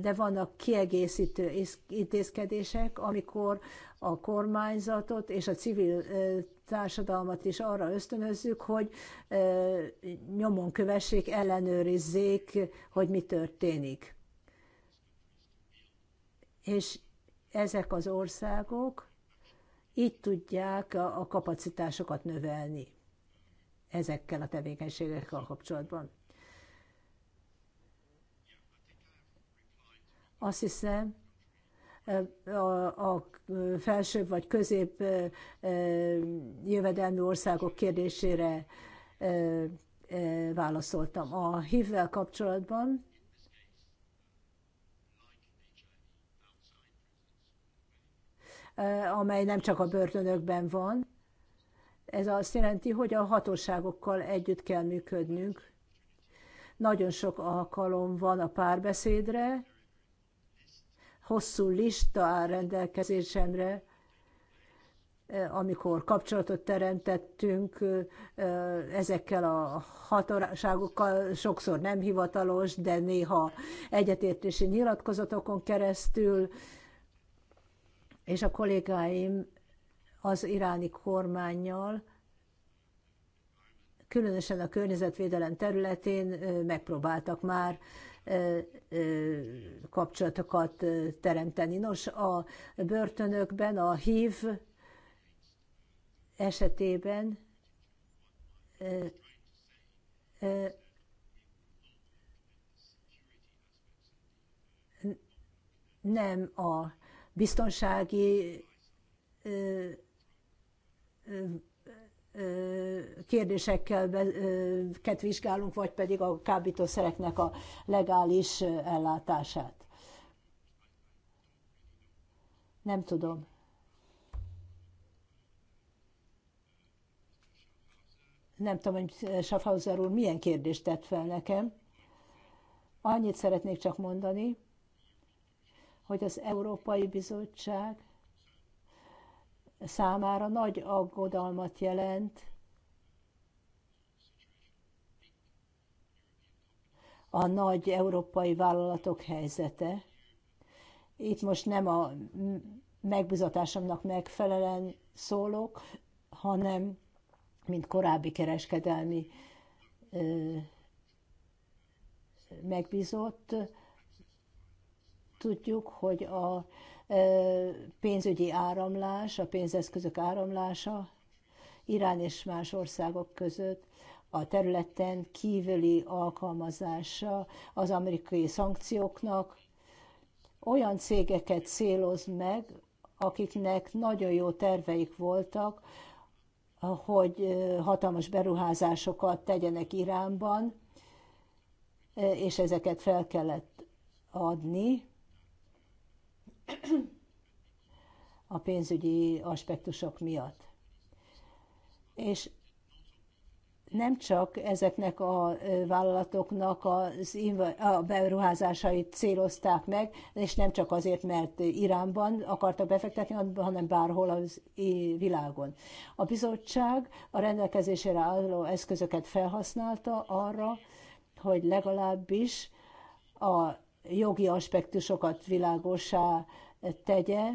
B: de vannak kiegészítő intézkedések, amikor a kormányzatot és a civil társadalmat is arra ösztönözzük, hogy nyomon kövessék, ellenőrizzék, hogy mi történik. És ezek az országok így tudják a kapacitásokat növelni ezekkel a tevékenységekkel kapcsolatban. Azt hiszem, a, a felsőbb vagy közép jövedelmi országok kérdésére válaszoltam. A hívvel kapcsolatban amely nem csak a börtönökben van, ez azt jelenti, hogy a hatóságokkal együtt kell működnünk. Nagyon sok alkalom van a párbeszédre, hosszú lista áll rendelkezésemre, amikor kapcsolatot teremtettünk ezekkel a hatóságokkal, sokszor nem hivatalos, de néha egyetértési nyilatkozatokon keresztül, és a kollégáim az iráni kormányjal, különösen a környezetvédelem területén megpróbáltak már kapcsolatokat teremteni. Nos, a börtönökben a HIV esetében nem a biztonsági kérdésekkel vizsgálunk, vagy pedig a kábítószereknek a legális ellátását. Nem tudom. Nem tudom, hogy Schaffhauser úr milyen kérdést tett fel nekem. Annyit szeretnék csak mondani, hogy az Európai Bizottság számára nagy aggodalmat jelent, a nagy európai vállalatok helyzete. Itt most nem a megbizatásomnak megfelelően szólok, hanem mint korábbi kereskedelmi megbízott, tudjuk, hogy a pénzügyi áramlás, a pénzeszközök áramlása Irán és más országok között, a területen kívüli alkalmazása az amerikai szankcióknak olyan cégeket céloz meg, akiknek nagyon jó terveik voltak, hogy hatalmas beruházásokat tegyenek Iránban, és ezeket fel kellett adni, a pénzügyi aspektusok miatt. És nem csak ezeknek a vállalatoknak az a beruházásait célozták meg, és nem csak azért, mert Iránban akartak befektetni, hanem bárhol az világon. A bizottság a rendelkezésére álló eszközöket felhasználta arra, hogy legalábbis a jogi aspektusokat világosá tegye,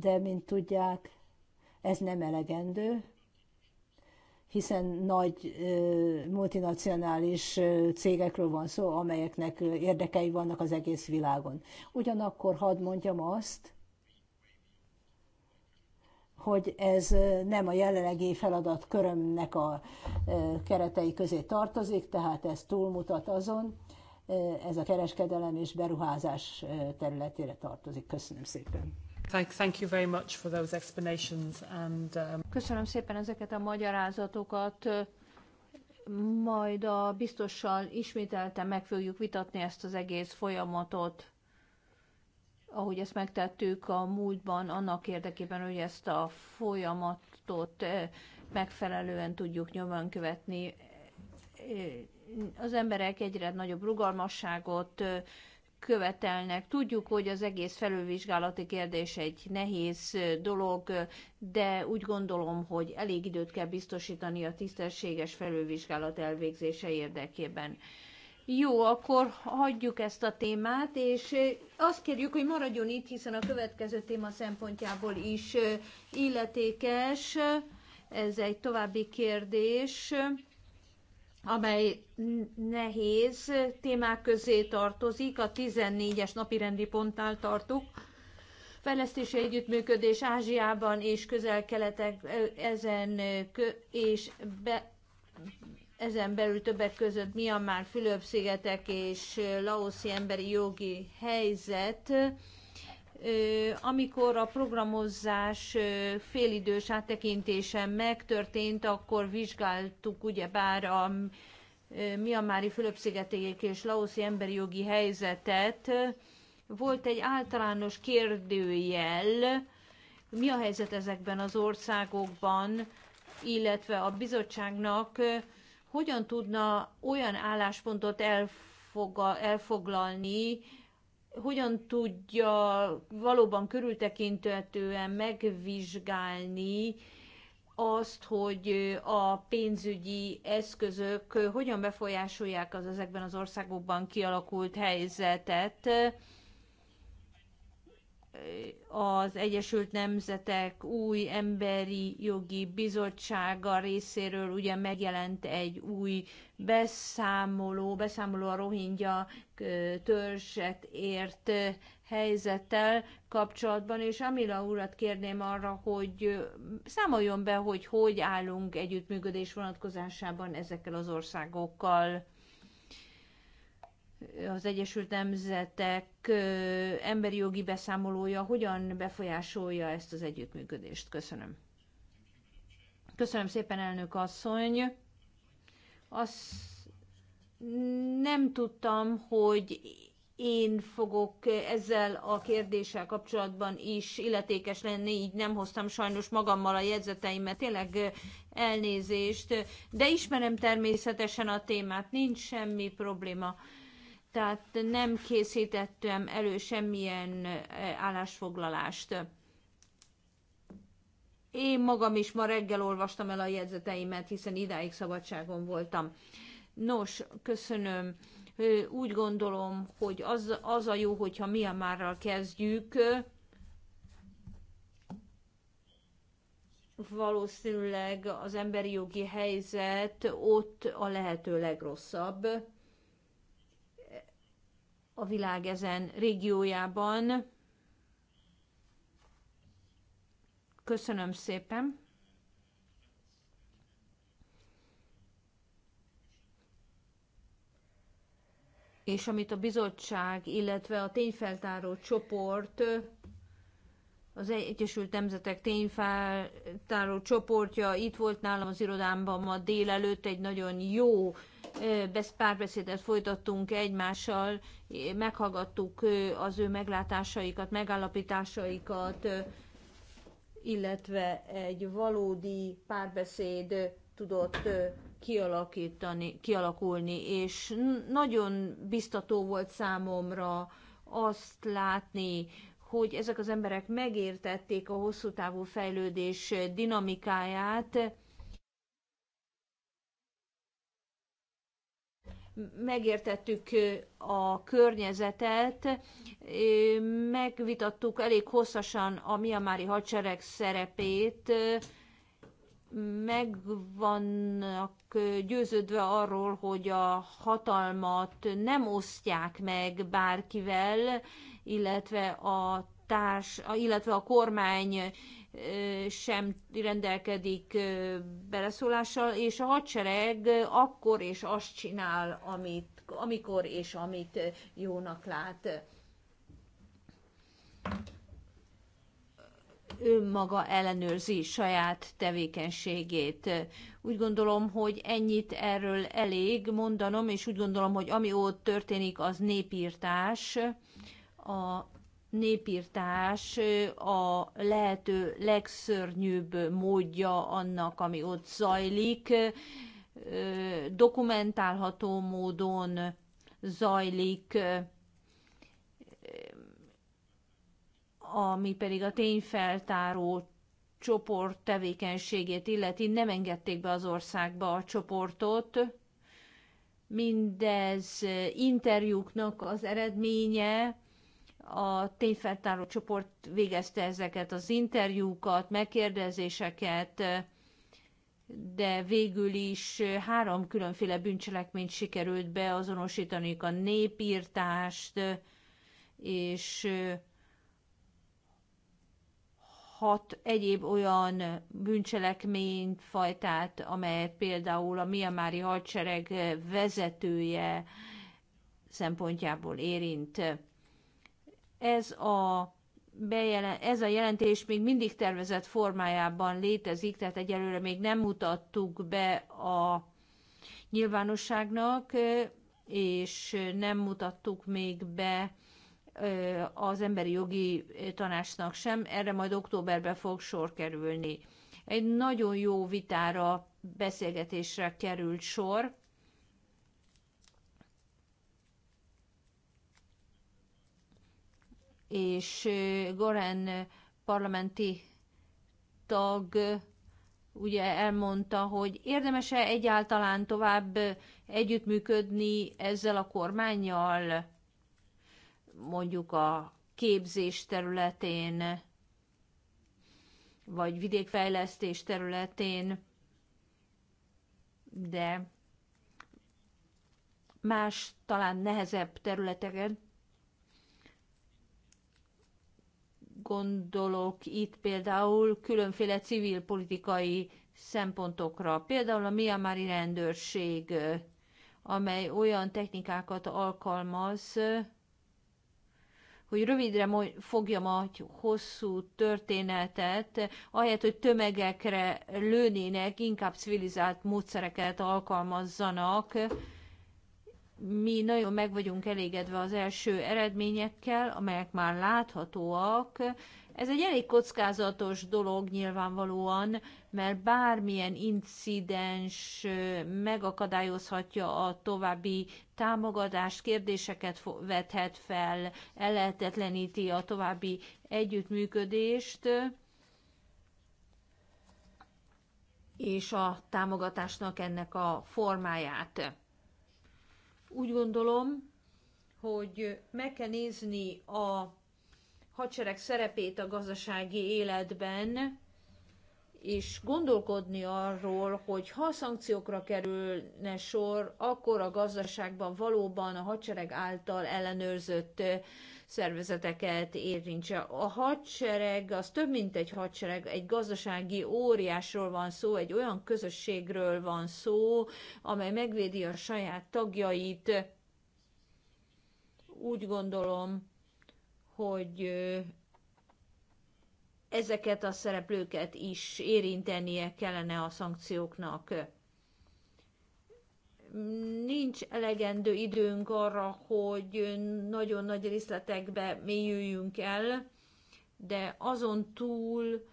B: de mint tudják, ez nem elegendő, hiszen nagy multinacionális cégekről van szó, amelyeknek érdekei vannak az egész világon. Ugyanakkor hadd mondjam azt, hogy ez nem a jelenlegi körömnek a keretei közé tartozik, tehát ez túlmutat azon, ez a kereskedelem és beruházás területére tartozik. Köszönöm
A: szépen. Thank, you very much for those explanations and, um... Köszönöm szépen ezeket
E: a magyarázatokat. Majd a biztossal ismételten meg fogjuk vitatni ezt az egész folyamatot ahogy ezt megtettük a múltban, annak érdekében, hogy ezt a folyamatot eh, megfelelően tudjuk nyomon követni. Eh, az emberek egyre nagyobb rugalmasságot eh, követelnek. Tudjuk, hogy az egész felülvizsgálati kérdés egy nehéz dolog, de úgy gondolom, hogy elég időt kell biztosítani a tisztességes felülvizsgálat elvégzése érdekében. Jó, akkor hagyjuk ezt a témát, és azt kérjük, hogy maradjon itt, hiszen a következő téma szempontjából is illetékes. Ez egy további kérdés, amely nehéz témák közé tartozik. A 14-es rendi pontnál tartok. fejlesztési együttműködés Ázsiában és közel keletek ezen és be, ezen belül többek között Myanmar, Fülöp-szigetek és laoszi emberi jogi helyzet, amikor a programozás félidős áttekintése megtörtént, akkor vizsgáltuk ugyebár a Miamári fülöp és laoszi emberi jogi helyzetet. Volt egy általános kérdőjel, mi a helyzet ezekben az országokban, illetve a bizottságnak hogyan tudna olyan álláspontot elfoga, elfoglalni, hogyan tudja valóban körültekintetően megvizsgálni azt, hogy a pénzügyi eszközök hogyan befolyásolják az ezekben az országokban kialakult helyzetet, az Egyesült Nemzetek új emberi jogi bizottsága részéről ugye megjelent egy új beszámoló, beszámoló a rohingya törzset ért helyzettel kapcsolatban, és Amila urat kérném arra, hogy számoljon be, hogy hogy állunk együttműködés vonatkozásában ezekkel az országokkal az Egyesült Nemzetek emberi jogi beszámolója hogyan befolyásolja ezt az együttműködést? Köszönöm. Köszönöm szépen, elnök asszony. Azt nem tudtam, hogy én fogok ezzel a kérdéssel kapcsolatban is illetékes lenni, így nem hoztam sajnos magammal a jegyzeteimet, tényleg elnézést, de ismerem természetesen a témát, nincs semmi probléma tehát nem készítettem elő semmilyen állásfoglalást. Én magam is ma reggel olvastam el a jegyzeteimet, hiszen idáig szabadságon voltam. Nos, köszönöm. Úgy gondolom, hogy az, az a jó, hogyha Miamárral kezdjük. Valószínűleg az emberi jogi helyzet ott a lehető legrosszabb a világ ezen régiójában. Köszönöm szépen! és amit a bizottság, illetve a tényfeltáró csoport, az Egyesült Nemzetek tényfeltáró csoportja itt volt nálam az irodámban ma délelőtt egy nagyon jó best párbeszédet folytattunk egymással, meghallgattuk az ő meglátásaikat, megállapításaikat, illetve egy valódi párbeszéd tudott kialakítani, kialakulni, és nagyon biztató volt számomra azt látni, hogy ezek az emberek megértették a hosszú távú fejlődés dinamikáját, megértettük a környezetet, megvitattuk elég hosszasan a miamári hadsereg szerepét, meg vannak győződve arról, hogy a hatalmat nem osztják meg bárkivel, illetve a társ, illetve a kormány sem rendelkedik beleszólással, és a hadsereg akkor és azt csinál, amit, amikor és amit jónak lát. ő maga ellenőrzi saját tevékenységét. Úgy gondolom, hogy ennyit erről elég mondanom, és úgy gondolom, hogy ami ott történik, az népírtás. A népírtás a lehető legszörnyűbb módja annak, ami ott zajlik, dokumentálható módon zajlik, ami pedig a tényfeltáró csoport tevékenységét illeti, nem engedték be az országba a csoportot. Mindez interjúknak az eredménye, a tényfeltáró csoport végezte ezeket az interjúkat, megkérdezéseket, de végül is három különféle bűncselekményt sikerült beazonosítani, a népírtást, és hat egyéb olyan bűncselekmény fajtát, amelyet például a miamári hadsereg vezetője szempontjából érint. Ez a Bejelen, ez a jelentés még mindig tervezett formájában létezik, tehát egyelőre még nem mutattuk be a nyilvánosságnak, és nem mutattuk még be az emberi jogi tanácsnak sem, erre majd októberben fog sor kerülni. Egy nagyon jó vitára, beszélgetésre került sor, és Goren parlamenti tag ugye elmondta, hogy érdemese egyáltalán tovább együttműködni ezzel a kormányjal, mondjuk a képzés területén, vagy vidékfejlesztés területén, de más, talán nehezebb területeken gondolok itt például különféle civil politikai szempontokra, például a Miamári rendőrség, amely olyan technikákat alkalmaz, hogy rövidre fogjam a hosszú történetet, ahelyett, hogy tömegekre lőnének, inkább civilizált módszereket alkalmazzanak, mi nagyon meg vagyunk elégedve az első eredményekkel, amelyek már láthatóak. Ez egy elég kockázatos dolog nyilvánvalóan, mert bármilyen incidens megakadályozhatja a további támogatást, kérdéseket vethet fel, ellehetetleníti a további együttműködést, és a támogatásnak ennek a formáját úgy gondolom, hogy meg kell nézni a hadsereg szerepét a gazdasági életben, és gondolkodni arról, hogy ha szankciókra kerülne sor, akkor a gazdaságban valóban a hadsereg által ellenőrzött szervezeteket érintse. A hadsereg, az több mint egy hadsereg, egy gazdasági óriásról van szó, egy olyan közösségről van szó, amely megvédi a saját tagjait. Úgy gondolom, hogy ezeket a szereplőket is érintenie kellene a szankcióknak nincs elegendő időnk arra, hogy nagyon nagy részletekbe mélyüljünk el, de azon túl,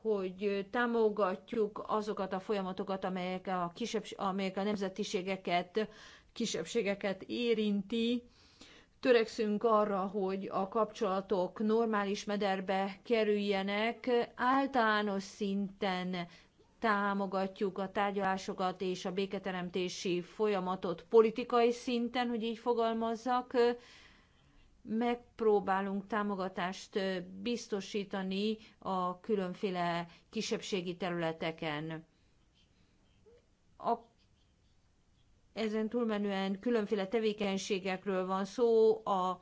E: hogy támogatjuk azokat a folyamatokat, amelyek a, kisebb, amelyek a nemzetiségeket, kisebbségeket érinti, törekszünk arra, hogy a kapcsolatok normális mederbe kerüljenek, általános szinten támogatjuk a tárgyalásokat és a béketeremtési folyamatot politikai szinten, hogy így fogalmazzak, megpróbálunk támogatást biztosítani a különféle kisebbségi területeken. A ezen túlmenően különféle tevékenységekről van szó, a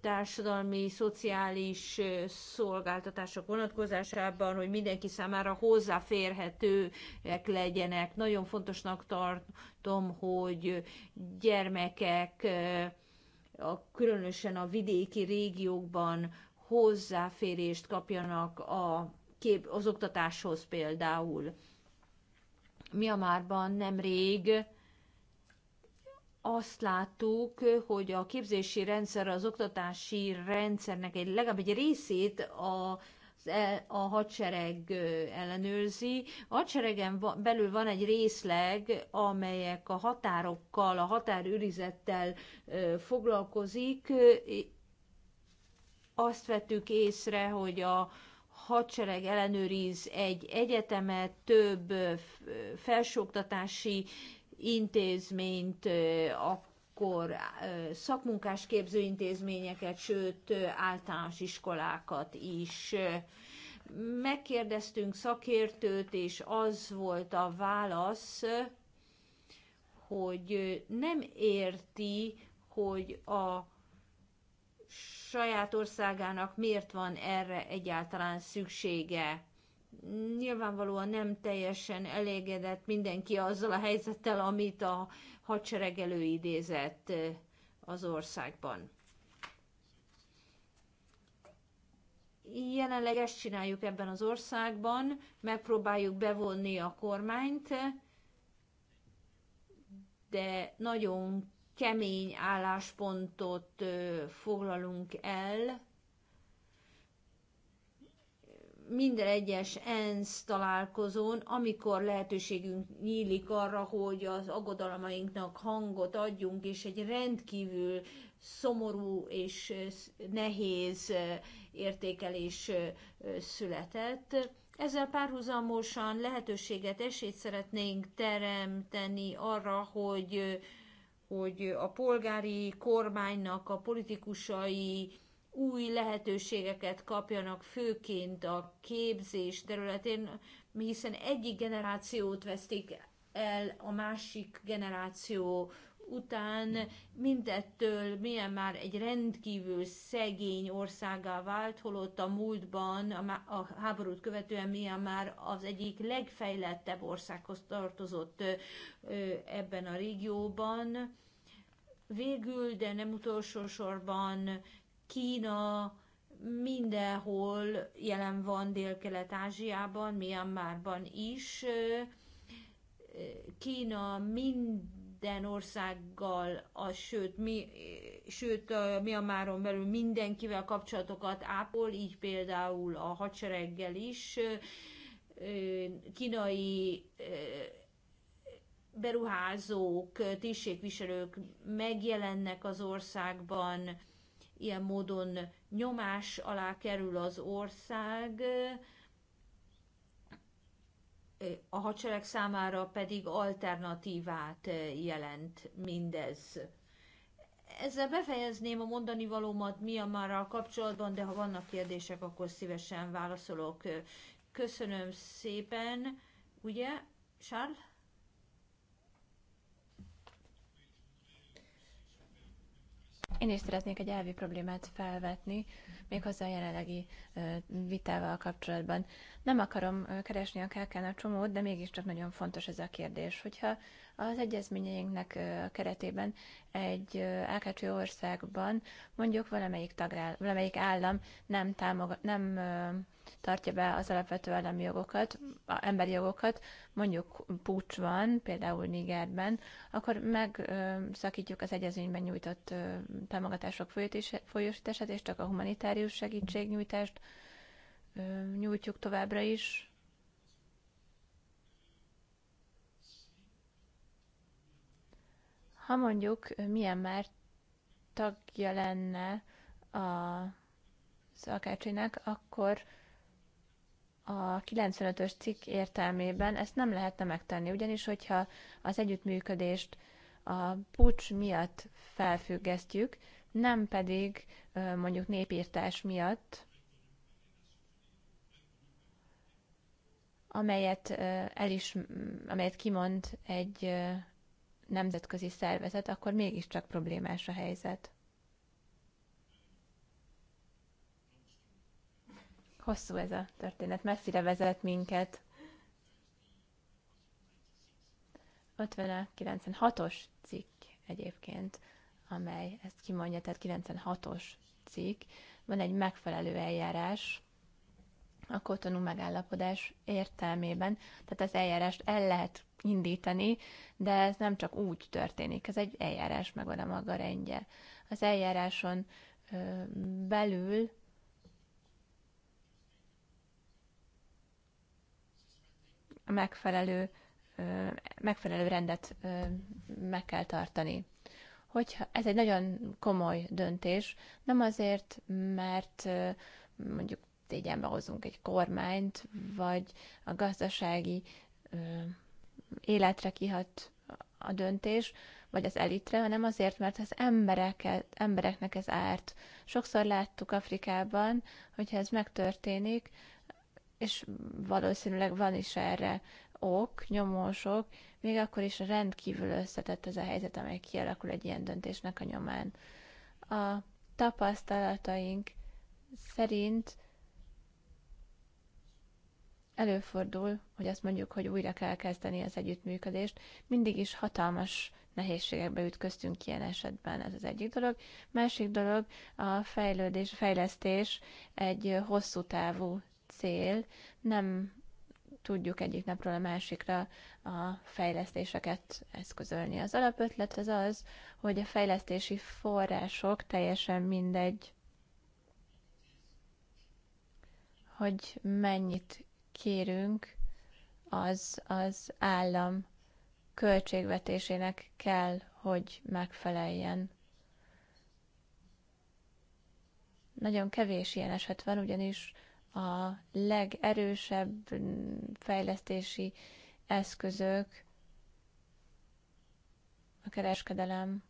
E: társadalmi, szociális szolgáltatások vonatkozásában, hogy mindenki számára hozzáférhetőek legyenek. Nagyon fontosnak tartom, hogy gyermekek a, különösen a vidéki régiókban hozzáférést kapjanak a kép, az oktatáshoz például. márban nemrég azt láttuk, hogy a képzési rendszer, az oktatási rendszernek egy, legalább egy részét a, e, a hadsereg ellenőrzi. A hadseregen belül van egy részleg, amelyek a határokkal, a határőrizettel foglalkozik. Azt vettük észre, hogy a hadsereg ellenőriz egy egyetemet, több felsőoktatási intézményt, akkor szakmunkás képzőintézményeket, sőt általános iskolákat is megkérdeztünk szakértőt, és az volt a válasz, hogy nem érti, hogy a saját országának miért van erre egyáltalán szüksége nyilvánvalóan nem teljesen elégedett mindenki azzal a helyzettel, amit a hadsereg előidézett az országban. Jelenleg ezt csináljuk ebben az országban, megpróbáljuk bevonni a kormányt, de nagyon kemény álláspontot foglalunk el, minden egyes ENSZ találkozón, amikor lehetőségünk nyílik arra, hogy az aggodalmainknak hangot adjunk, és egy rendkívül szomorú és nehéz értékelés született. Ezzel párhuzamosan lehetőséget, esélyt szeretnénk teremteni arra, hogy, hogy a polgári kormánynak a politikusai új lehetőségeket kapjanak, főként a képzés területén, hiszen egyik generációt vesztik el a másik generáció után, mindettől milyen már egy rendkívül szegény országá vált, holott a múltban, a háborút követően milyen már az egyik legfejlettebb országhoz tartozott ebben a régióban. Végül, de nem utolsó sorban Kína mindenhol jelen van Dél-Kelet-Ázsiában, Myanmarban is. Kína minden országgal, a, sőt, mi, sőt Myanmaron belül mindenkivel kapcsolatokat ápol, így például a hadsereggel is. Kínai beruházók, tisztségviselők megjelennek az országban, ilyen módon nyomás alá kerül az ország, a hadsereg számára pedig alternatívát jelent mindez. Ezzel befejezném a mondani valómat Myanmarral kapcsolatban, de ha vannak kérdések, akkor szívesen válaszolok. Köszönöm szépen. Ugye,
F: Charles? Én is szeretnék egy elvi problémát felvetni, méghozzá a jelenlegi vitával kapcsolatban. Nem akarom keresni a kákán a csomót, de mégiscsak nagyon fontos ez a kérdés. Hogyha az egyezményeinknek keretében egy AKC országban mondjuk valamelyik, tagrál, valamelyik állam nem, támogat, nem tartja be az alapvető állami jogokat, a emberi jogokat, mondjuk pucs van, például Nigerben, akkor megszakítjuk az egyezményben nyújtott támogatások folyósítását, és csak a humanitárius segítségnyújtást nyújtjuk továbbra is, Ha mondjuk milyen már tagja lenne a, az akkor a 95-ös cikk értelmében ezt nem lehetne megtenni, ugyanis hogyha az együttműködést a pucs miatt felfüggesztjük, nem pedig mondjuk népírtás miatt, amelyet, el is, amelyet kimond egy nemzetközi szervezet, akkor mégiscsak problémás a helyzet. Hosszú ez a történet, messzire vezet minket. 50 96-os cikk egyébként, amely ezt kimondja, tehát 96-os cikk. Van egy megfelelő eljárás, a kotonú megállapodás értelmében, tehát az eljárást el lehet indítani, de ez nem csak úgy történik, ez egy eljárás meg a maga rendje. Az eljáráson belül a megfelelő, megfelelő rendet meg kell tartani. Hogyha, ez egy nagyon komoly döntés, nem azért, mert mondjuk tégyenbe hozunk egy kormányt, vagy a gazdasági életre kihat a döntés, vagy az elitre, hanem azért, mert az embereket, embereknek ez árt. Sokszor láttuk Afrikában, hogyha ez megtörténik, és valószínűleg van is erre ok, nyomósok, még akkor is rendkívül összetett ez a helyzet, amely kialakul egy ilyen döntésnek a nyomán. A tapasztalataink szerint Előfordul, hogy azt mondjuk, hogy újra kell kezdeni az együttműködést, mindig is hatalmas nehézségekbe ütköztünk ilyen esetben, ez az egyik dolog. Másik dolog a fejlődés, fejlesztés egy hosszú távú cél, nem tudjuk egyik napról a másikra a fejlesztéseket eszközölni. Az alapötlet az az, hogy a fejlesztési források teljesen mindegy, hogy mennyit kérünk, az az állam költségvetésének kell, hogy megfeleljen. Nagyon kevés ilyen eset van, ugyanis a legerősebb fejlesztési eszközök a kereskedelem,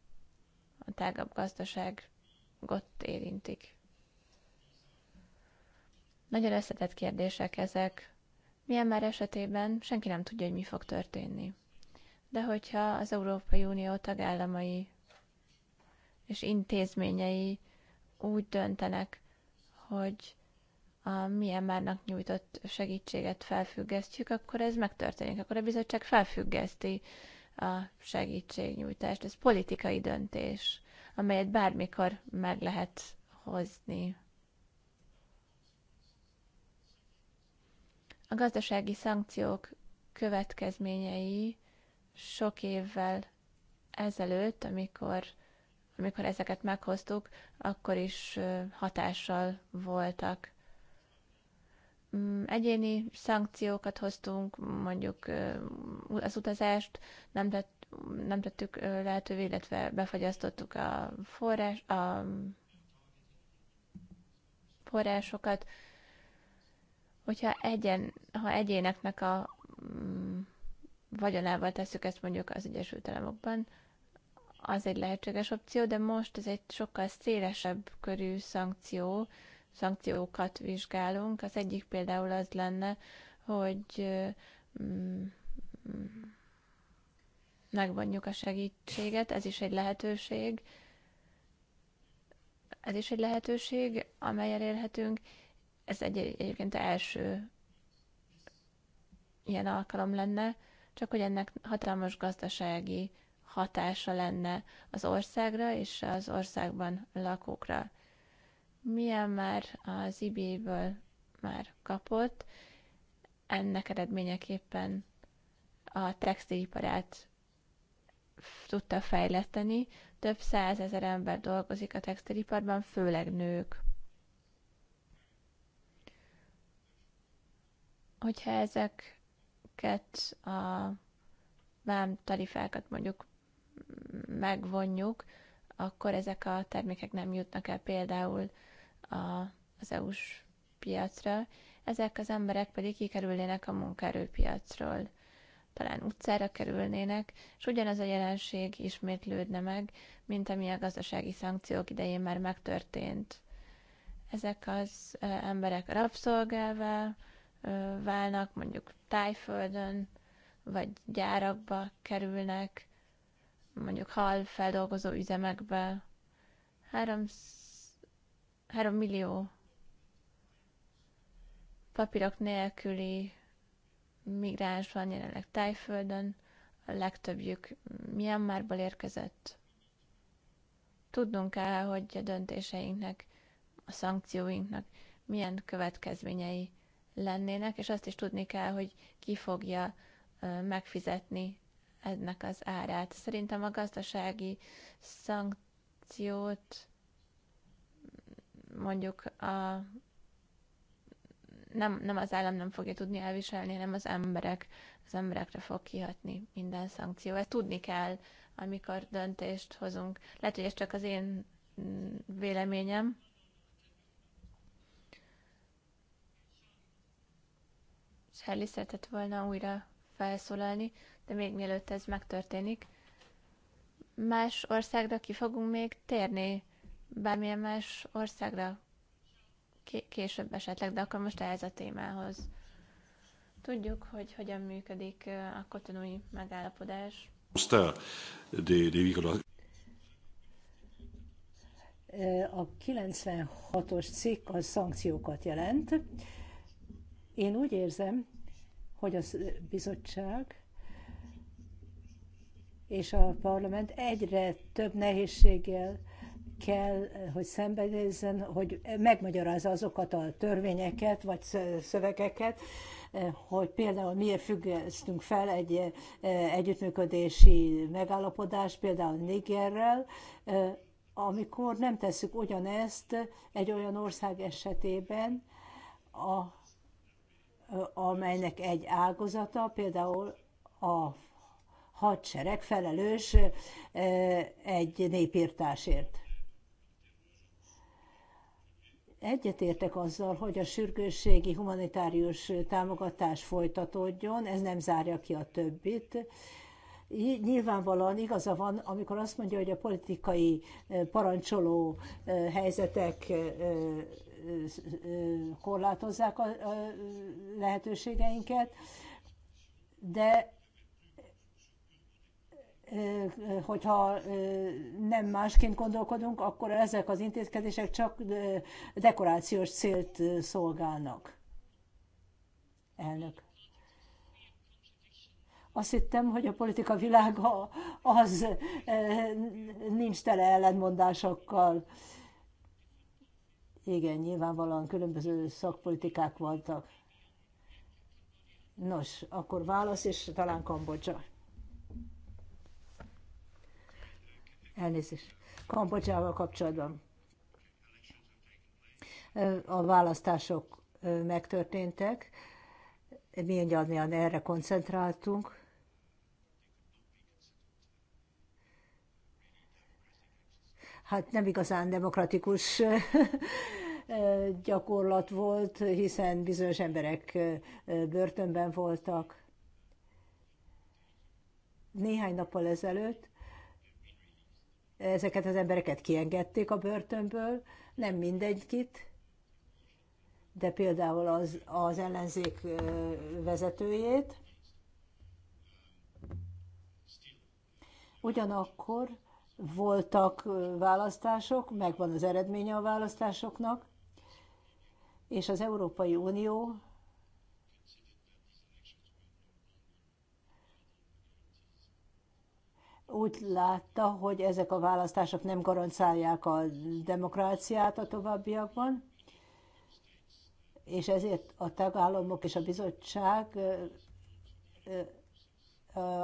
F: a tágabb gazdaságot érintik. Nagyon összetett kérdések ezek. Milyen már esetében senki nem tudja, hogy mi fog történni. De hogyha az Európai Unió tagállamai és intézményei úgy döntenek, hogy a Myanmarnak nyújtott segítséget felfüggesztjük, akkor ez megtörténik. Akkor a bizottság felfüggeszti a segítségnyújtást. Ez politikai döntés, amelyet bármikor meg lehet hozni. A gazdasági szankciók következményei sok évvel ezelőtt, amikor, amikor ezeket meghoztuk, akkor is hatással voltak. Mm, egyéni szankciókat hoztunk, mondjuk az utazást nem, tett, nem tettük lehetővé, illetve befagyasztottuk a forrás, a forrásokat, Hogyha egyen, ha egyéneknek a mm, vagyonával tesszük ezt mondjuk az Egyesült Államokban, az egy lehetséges opció, de most ez egy sokkal szélesebb körű szankció, szankciókat vizsgálunk. Az egyik például az lenne, hogy mm, megvonjuk a segítséget, ez is egy lehetőség, ez is egy lehetőség, amely elérhetünk, ez egy, egyébként első ilyen alkalom lenne, csak hogy ennek hatalmas gazdasági hatása lenne az országra és az országban lakókra. Milyen már az IB-ből már kapott, ennek eredményeképpen a textiliparát tudta fejleszteni. Több százezer ember dolgozik a textiliparban, főleg nők. hogyha ezeket a vám tarifákat mondjuk megvonjuk, akkor ezek a termékek nem jutnak el például a, az EU-s piacra, ezek az emberek pedig kikerülnének a munkaerőpiacról. Talán utcára kerülnének, és ugyanaz a jelenség ismétlődne meg, mint ami a gazdasági szankciók idején már megtörtént. Ezek az emberek rabszolgálva, válnak, mondjuk tájföldön, vagy gyárakba kerülnek, mondjuk hal feldolgozó üzemekbe. 3, 3 millió papírok nélküli migráns van jelenleg Tájföldön, a legtöbbjük Myanmarból érkezett. Tudnunk kell, hogy a döntéseinknek, a szankcióinknak milyen következményei lennének, és azt is tudni kell, hogy ki fogja megfizetni ennek az árát. Szerintem a gazdasági szankciót mondjuk a nem, nem az állam nem fogja tudni elviselni, hanem az emberek, az emberekre fog kihatni minden szankció. Ezt tudni kell, amikor döntést hozunk. Lehet, hogy ez csak az én mm, véleményem, Charlie szeretett volna újra felszólalni, de még mielőtt ez megtörténik, más országra ki fogunk még térni, bármilyen más országra később esetleg, de akkor most ehhez a témához. Tudjuk, hogy hogyan működik a kotonói megállapodás.
B: A 96-os cikk a szankciókat jelent, én úgy érzem, hogy a bizottság és a parlament egyre több nehézséggel kell, hogy szembenézzen, hogy megmagyarázza azokat a törvényeket vagy szövegeket, hogy például miért függesztünk fel egy eh, együttműködési megállapodást, például Nigerrel, eh, amikor nem tesszük ugyanezt egy olyan ország esetében, a, amelynek egy ágazata, például a hadsereg felelős egy népírtásért. Egyetértek azzal, hogy a sürgősségi humanitárius támogatás folytatódjon, ez nem zárja ki a többit. Nyilvánvalóan igaza van, amikor azt mondja, hogy a politikai parancsoló helyzetek korlátozzák a lehetőségeinket, de hogyha nem másként gondolkodunk, akkor ezek az intézkedések csak dekorációs célt szolgálnak. Elnök. Azt hittem, hogy a politika világa az nincs tele ellenmondásokkal. Igen, nyilvánvalóan különböző szakpolitikák voltak. Nos, akkor válasz, és talán Kambodzsa. Elnézést. Kambodzsával kapcsolatban. A választások megtörténtek, mi mindjárt erre koncentráltunk, hát nem igazán demokratikus gyakorlat volt, hiszen bizonyos emberek börtönben voltak. Néhány nappal ezelőtt ezeket az embereket kiengedték a börtönből, nem mindegyikit, de például az, az ellenzék vezetőjét. Ugyanakkor voltak választások, megvan az eredménye a választásoknak, és az Európai Unió úgy látta, hogy ezek a választások nem garancálják a demokráciát a továbbiakban, és ezért a tagállamok és a bizottság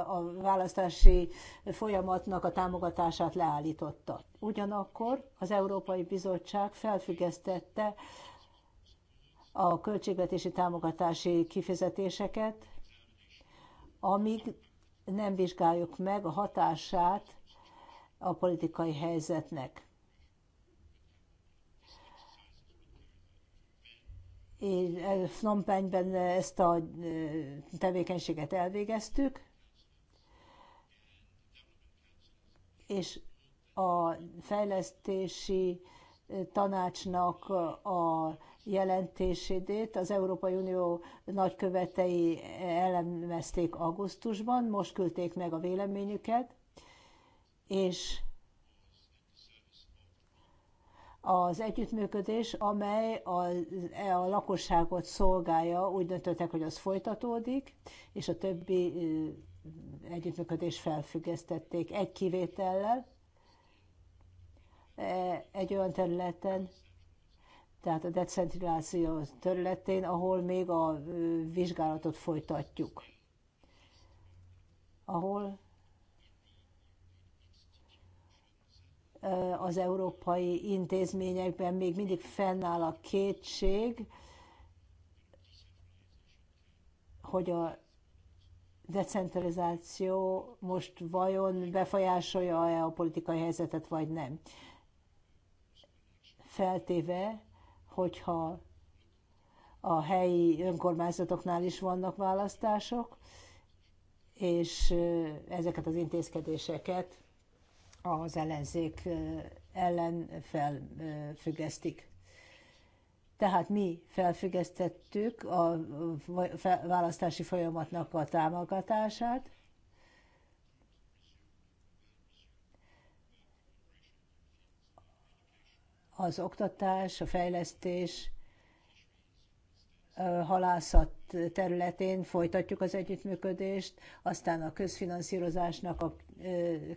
B: a választási folyamatnak a támogatását leállította. Ugyanakkor az Európai Bizottság felfüggesztette a költségvetési támogatási kifizetéseket, amíg nem vizsgáljuk meg a hatását a politikai helyzetnek. Phnom Penhben ezt a tevékenységet elvégeztük, és a fejlesztési tanácsnak a jelentését az Európai Unió nagykövetei elemezték augusztusban, most küldték meg a véleményüket, és az együttműködés, amely a, a lakosságot szolgálja, úgy döntöttek, hogy az folytatódik, és a többi együttműködést felfüggesztették egy kivétellel, e, egy olyan területen, tehát a decentralizáció területén, ahol még a vizsgálatot folytatjuk. Ahol e, az európai intézményekben még mindig fennáll a kétség, hogy a decentralizáció most vajon befolyásolja-e a politikai helyzetet, vagy nem. Feltéve, hogyha a helyi önkormányzatoknál is vannak választások, és ezeket az intézkedéseket az ellenzék ellen felfüggesztik. Tehát mi felfüggesztettük a választási folyamatnak a támogatását, az oktatás, a fejlesztés, halászat területén folytatjuk az együttműködést, aztán a közfinanszírozásnak a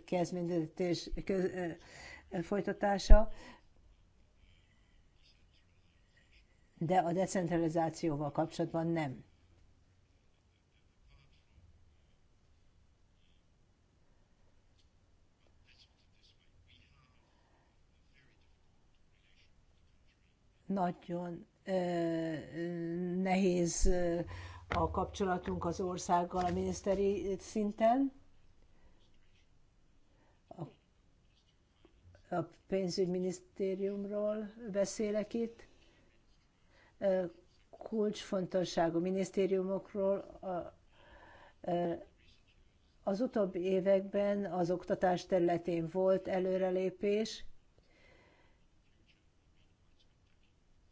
B: kezdeményezés folytatása, de a decentralizációval kapcsolatban nem. Nagyon ö, nehéz a kapcsolatunk az országgal a miniszteri szinten. a pénzügyminisztériumról beszélek itt kulcsfontosságú minisztériumokról az utóbbi években az oktatás területén volt előrelépés,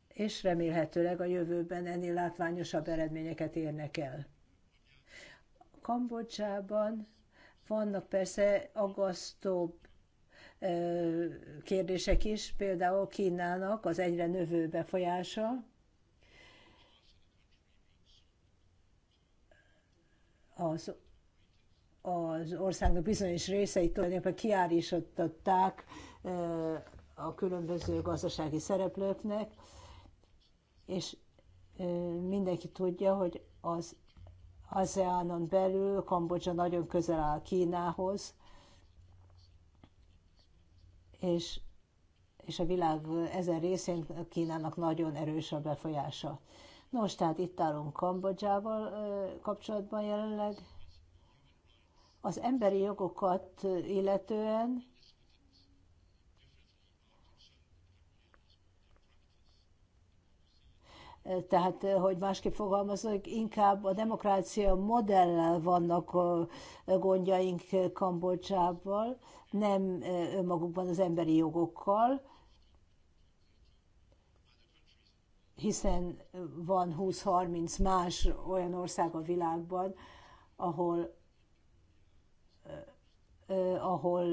B: és remélhetőleg a jövőben ennél látványosabb eredményeket érnek el. Kambodzsában vannak persze aggasztóbb kérdések is, például Kínának az egyre növő befolyása, az, az országnak bizonyos részeit tulajdonképpen kiárisították a különböző gazdasági szereplőknek, és mindenki tudja, hogy az ASEAN-on belül Kambodzsa nagyon közel áll Kínához, és, és a világ ezen részén Kínának nagyon erős a befolyása. Nos, tehát itt állunk Kambodzsával kapcsolatban jelenleg. Az emberi jogokat illetően tehát, hogy másképp fogalmazok, inkább a demokrácia modellel vannak a gondjaink Kambodzsával, nem önmagukban az emberi jogokkal hiszen van 20-30 más olyan ország a világban, ahol ahol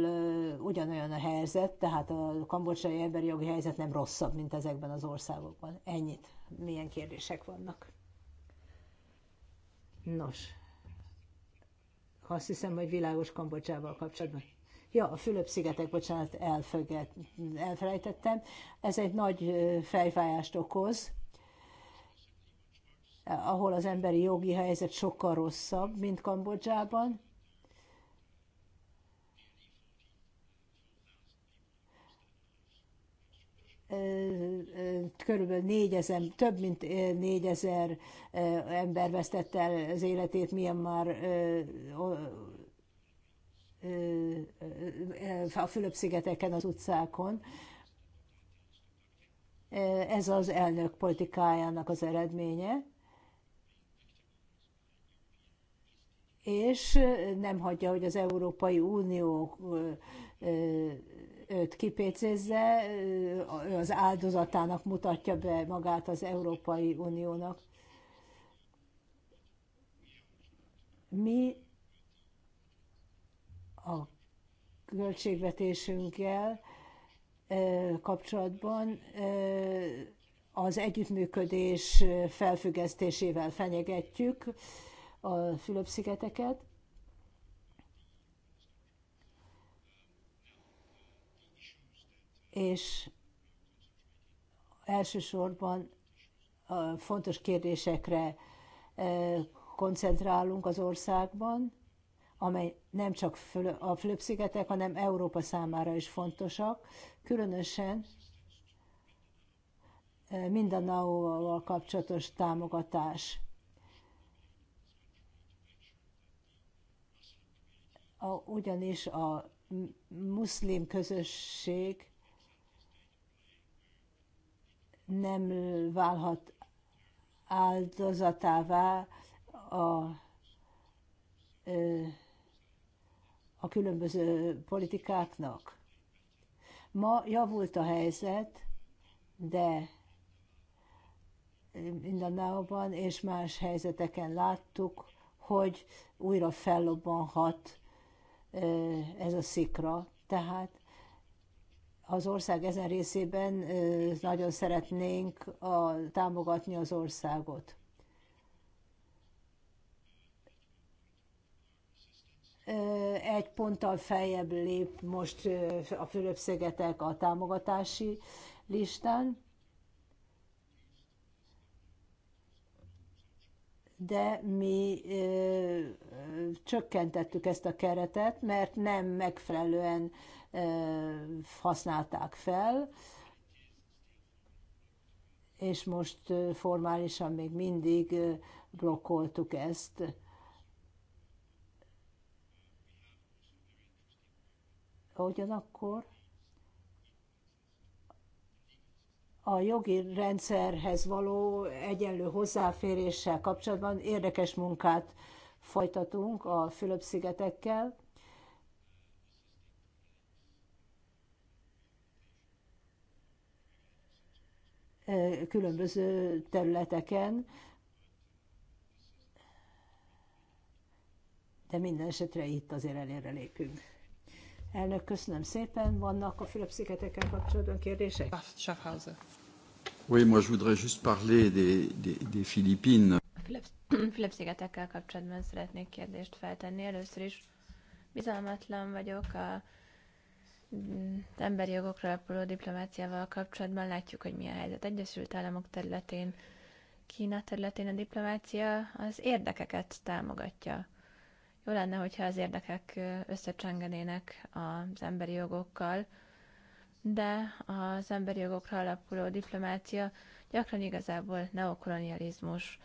B: ugyanolyan a helyzet, tehát a kambodzsai emberi jogi helyzet nem rosszabb, mint ezekben az országokban. Ennyit. Milyen kérdések vannak? Nos, azt hiszem, hogy világos Kambodzsával kapcsolatban. Ja, a Fülöp-szigetek, bocsánat, elfelejtettem. Ez egy nagy fejfájást okoz, ahol az emberi jogi helyzet sokkal rosszabb, mint Kambodzsában. körülbelül négyezer, több mint négyezer ember vesztette el az életét Myanmar a Fülöp-szigeteken, az utcákon. Ez az elnök politikájának az eredménye. és nem hagyja, hogy az Európai Unió őt kipécézze, ő az áldozatának mutatja be magát az Európai Uniónak. Mi a költségvetésünkkel kapcsolatban az együttműködés felfüggesztésével fenyegetjük a Fülöp-szigeteket. És elsősorban fontos kérdésekre koncentrálunk az országban, amely nem csak a Fülöp-szigetek, hanem Európa számára is fontosak, különösen Mindannauval kapcsolatos támogatás. a, ugyanis a muszlim közösség nem válhat áldozatává a, a különböző politikáknak. Ma javult a helyzet, de Mindanában és más helyzeteken láttuk, hogy újra fellobbanhat ez a szikra. Tehát az ország ezen részében nagyon szeretnénk a, támogatni az országot. Egy ponttal feljebb lép most a Fülöp-szigetek a támogatási listán, de mi ö, csökkentettük ezt a keretet, mert nem megfelelően ö, használták fel, és most formálisan még mindig blokkoltuk ezt. Ugyanakkor a jogi rendszerhez való egyenlő hozzáféréssel kapcsolatban érdekes munkát folytatunk a Fülöp-szigetekkel. különböző területeken, de minden esetre itt azért előre lépünk. Elnök, köszönöm szépen. Vannak a Fülöp-szigetekkel kapcsolatban
F: kérdések? Schaffhauser.
D: Oui, moi je voudrais juste parler des, des, des
E: Philippines.
F: Fülöp-szigetekkel kapcsolatban szeretnék kérdést feltenni. Először is bizalmatlan vagyok a emberi jogokra alapuló diplomáciával kapcsolatban. Látjuk, hogy milyen helyzet Egyesült Államok területén, Kína területén a diplomácia az érdekeket támogatja. Jó lenne, hogyha az érdekek összecsengenének az emberi jogokkal, de az emberi jogokra alapuló diplomácia gyakran igazából neokolonializmus.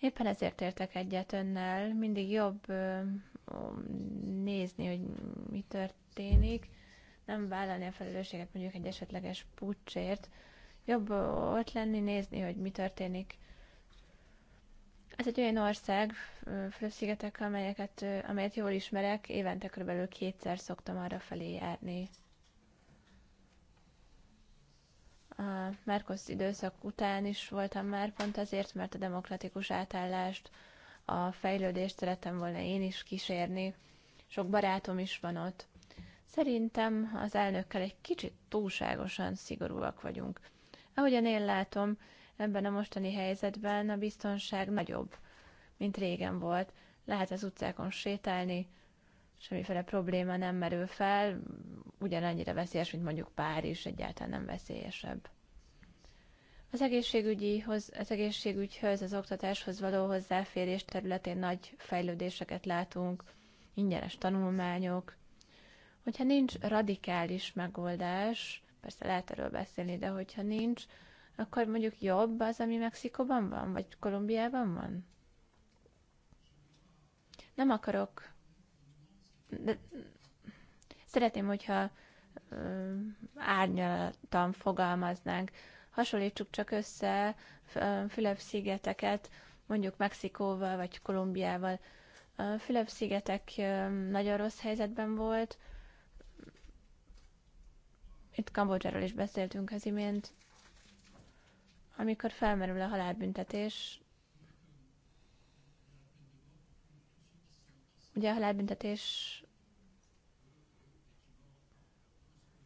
F: Éppen ezért értek egyet önnel, mindig jobb nézni, hogy mi történik, nem vállalni a felelősséget mondjuk egy esetleges pucsért, jobb ott lenni, nézni, hogy mi történik ez egy olyan ország, fülöp amelyeket, amelyet jól ismerek, évente körülbelül kétszer szoktam arra felé járni. A Márkosz időszak után is voltam már pont azért, mert a demokratikus átállást, a fejlődést szerettem volna én is kísérni. Sok barátom is van ott. Szerintem az elnökkel egy kicsit túlságosan szigorúak vagyunk. Ahogyan én látom, Ebben a mostani helyzetben a biztonság nagyobb, mint régen volt. Lehet az utcákon sétálni, semmiféle probléma nem merül fel, ugyanannyira veszélyes, mint mondjuk Párizs, egyáltalán nem veszélyesebb. Az, egészségügyihoz, az egészségügyhöz, az oktatáshoz való hozzáférés területén nagy fejlődéseket látunk, ingyenes tanulmányok. Hogyha nincs radikális megoldás, persze lehet erről beszélni, de hogyha nincs, akkor mondjuk jobb az, ami Mexikóban van, vagy Kolumbiában van? Nem akarok. De szeretném, hogyha ö, árnyaltan fogalmaznánk. Hasonlítsuk csak össze Fülöp-szigeteket, mondjuk Mexikóval vagy Kolumbiával. A Fülöp-szigetek nagyon rossz helyzetben volt. Itt Kambodzsáról is beszéltünk az imént amikor felmerül a halálbüntetés, ugye a halálbüntetés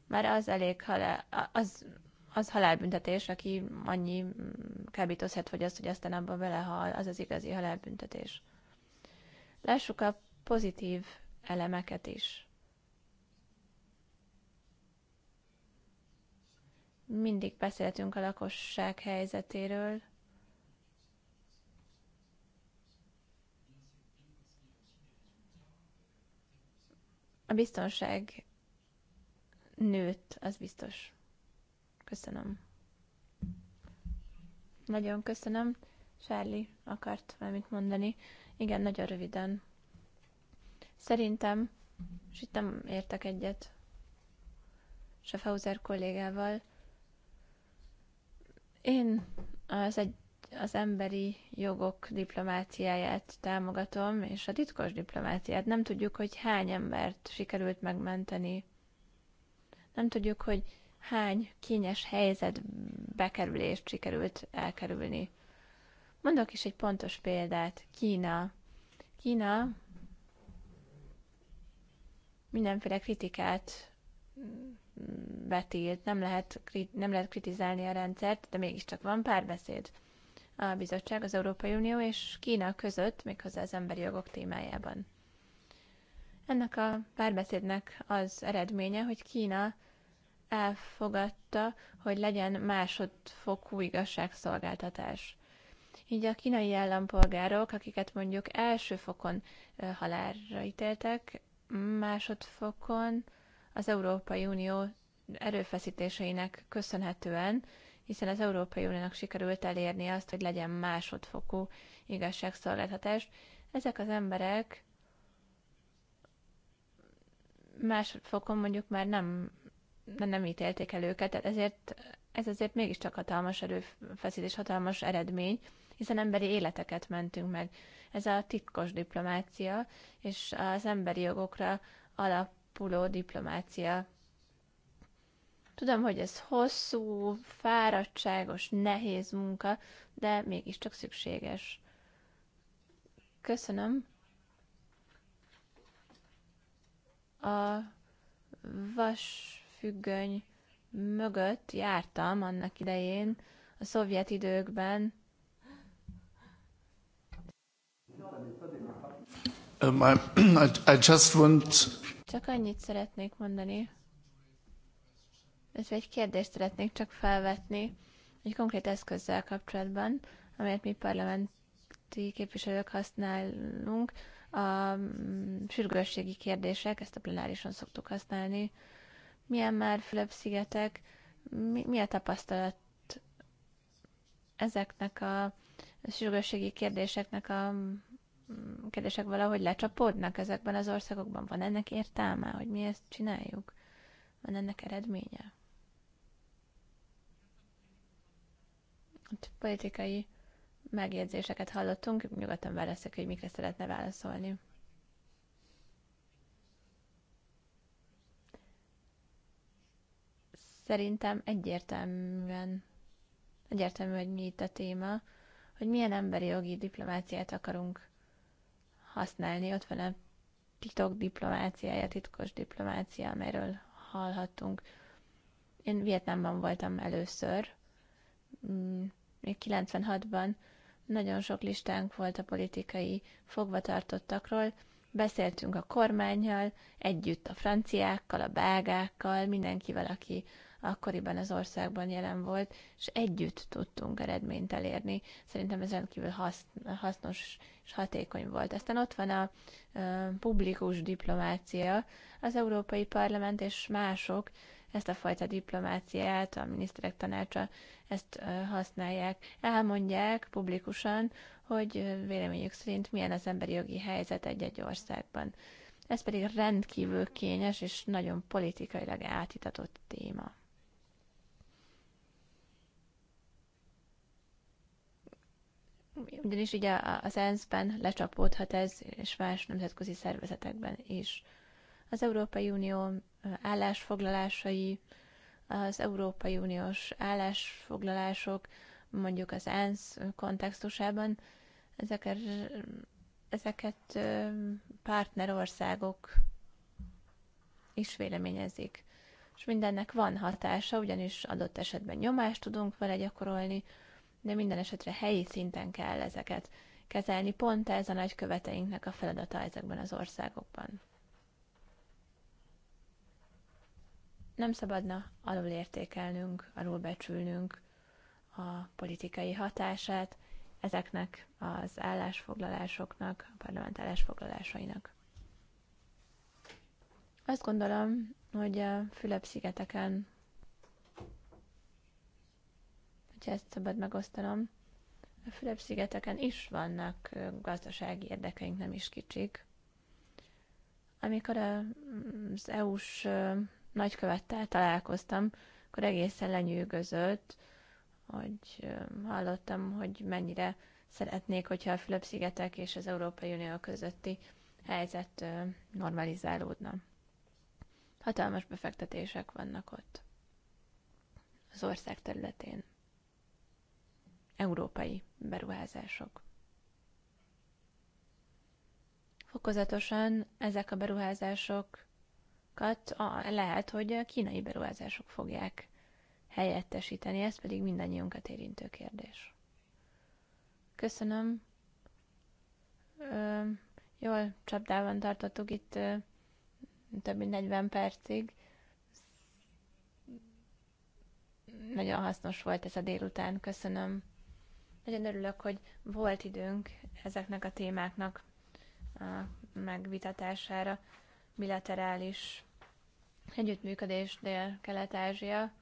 F: már az elég halál, az, az halálbüntetés, aki annyi kábítószert fogyaszt, hogy aztán abban belehal, az az igazi halálbüntetés. Lássuk a pozitív elemeket is. Mindig beszéltünk a lakosság helyzetéről, a biztonság nőtt, az biztos. Köszönöm. Nagyon köszönöm. Sárli akart valamit mondani. Igen, nagyon röviden. Szerintem, és itt nem értek egyet, Fauser kollégával, én az egy az emberi jogok diplomáciáját támogatom, és a titkos diplomáciát. Nem tudjuk, hogy hány embert sikerült megmenteni. Nem tudjuk, hogy hány kényes helyzet bekerülést sikerült elkerülni. Mondok is egy pontos példát. Kína. Kína mindenféle kritikát betilt, nem lehet, nem lehet kritizálni a rendszert, de mégiscsak van párbeszéd a bizottság, az Európai Unió és Kína között, méghozzá az emberi jogok témájában. Ennek a párbeszédnek az eredménye, hogy Kína elfogadta, hogy legyen másodfokú igazságszolgáltatás. Így a kínai állampolgárok, akiket mondjuk első fokon halálra ítéltek, másodfokon az Európai Unió erőfeszítéseinek köszönhetően, hiszen az Európai Uniónak sikerült elérni azt, hogy legyen másodfokú igazságszolgáltatás. Ezek az emberek másodfokon mondjuk már nem, nem ítélték el őket, tehát ezért, ez azért mégiscsak hatalmas erőfeszítés, hatalmas eredmény, hiszen emberi életeket mentünk meg. Ez a titkos diplomácia, és az emberi jogokra alap alapuló diplomácia. Tudom, hogy ez hosszú, fáradtságos, nehéz munka, de mégiscsak szükséges. Köszönöm. A vasfüggöny mögött jártam annak idején, a szovjet időkben.
D: Um, I, I just want
F: csak annyit szeretnék mondani, ez egy kérdést szeretnék csak felvetni egy konkrét eszközzel kapcsolatban, amelyet mi parlamenti képviselők használunk, a mm, sürgősségi kérdések, ezt a plenárison szoktuk használni. Milyen már Fülöp-szigetek, mi, mi a tapasztalat ezeknek a sürgősségi kérdéseknek a kérdések valahogy lecsapódnak ezekben az országokban? Van ennek értelme, hogy mi ezt csináljuk? Van ennek eredménye? Itt politikai megjegyzéseket hallottunk, nyugodtan válaszok, hogy mikre szeretne válaszolni. Szerintem egyértelműen, egyértelmű, hogy mi itt a téma, hogy milyen emberi jogi diplomáciát akarunk használni. Ott van a titok diplomáciája, titkos diplomácia, amelyről hallhattunk. Én Vietnámban voltam először, mm, még 96-ban nagyon sok listánk volt a politikai fogvatartottakról. Beszéltünk a kormányjal, együtt a franciákkal, a belgákkal, mindenkivel, aki akkoriban az országban jelen volt, és együtt tudtunk eredményt elérni. Szerintem ez rendkívül hasznos és hatékony volt. Aztán ott van a publikus diplomácia, az Európai Parlament és mások ezt a fajta diplomáciát, a miniszterek tanácsa ezt használják, elmondják publikusan, hogy véleményük szerint milyen az emberi jogi helyzet egy-egy országban. Ez pedig rendkívül kényes és nagyon politikailag átitatott téma. ugyanis ugye az ENSZ-ben lecsapódhat ez, és más nemzetközi szervezetekben is. Az Európai Unió állásfoglalásai, az Európai Uniós állásfoglalások, mondjuk az ENSZ kontextusában, ezeket, ezeket partnerországok is véleményezik. És mindennek van hatása, ugyanis adott esetben nyomást tudunk vele gyakorolni, de minden esetre helyi szinten kell ezeket kezelni. Pont ez a nagyköveteinknek a feladata ezekben az országokban. Nem szabadna alulértékelnünk, alulbecsülnünk a politikai hatását ezeknek az állásfoglalásoknak, a parlament állásfoglalásainak. Azt gondolom, hogy a Fülöp-szigeteken hogyha ezt szabad megosztanom. A Fülöp-szigeteken is vannak gazdasági érdekeink, nem is kicsik. Amikor mm, az EU-s nagykövettel találkoztam, akkor egészen lenyűgözött, hogy hallottam, hogy mennyire szeretnék, hogyha a Fülöp-szigetek és az Európai Unió közötti helyzet normalizálódna. Hatalmas befektetések vannak ott az ország területén európai beruházások. Fokozatosan ezek a beruházásokat a, lehet, hogy a kínai beruházások fogják helyettesíteni, ez pedig mindannyiunkat érintő kérdés. Köszönöm. Ö, jól csapdában tartottuk itt ö, több mint 40 percig. Nagyon hasznos volt ez a délután, köszönöm. Nagyon örülök, hogy volt időnk ezeknek a témáknak a megvitatására. Bilaterális együttműködés Dél-Kelet-Ázsia.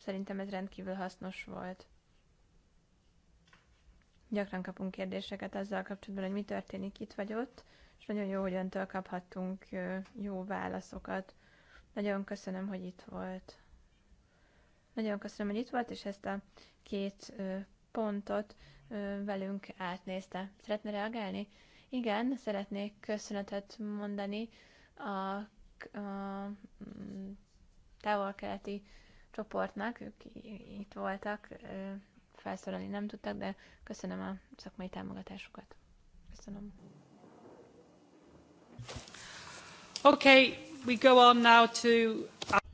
F: Szerintem ez rendkívül hasznos volt. Gyakran kapunk kérdéseket azzal kapcsolatban, hogy mi történik itt vagy ott, és nagyon jó, hogy öntől kaphattunk jó válaszokat. Nagyon köszönöm, hogy itt volt. Nagyon köszönöm, hogy itt volt, és ezt a két pontot velünk átnézte. Szeretne reagálni? Igen, szeretnék köszönetet mondani a, a mm, távol-keleti csoportnak, ők itt voltak, felszólalni nem tudtak, de köszönöm a szakmai
A: támogatásukat. Köszönöm. Okay, we go on now to...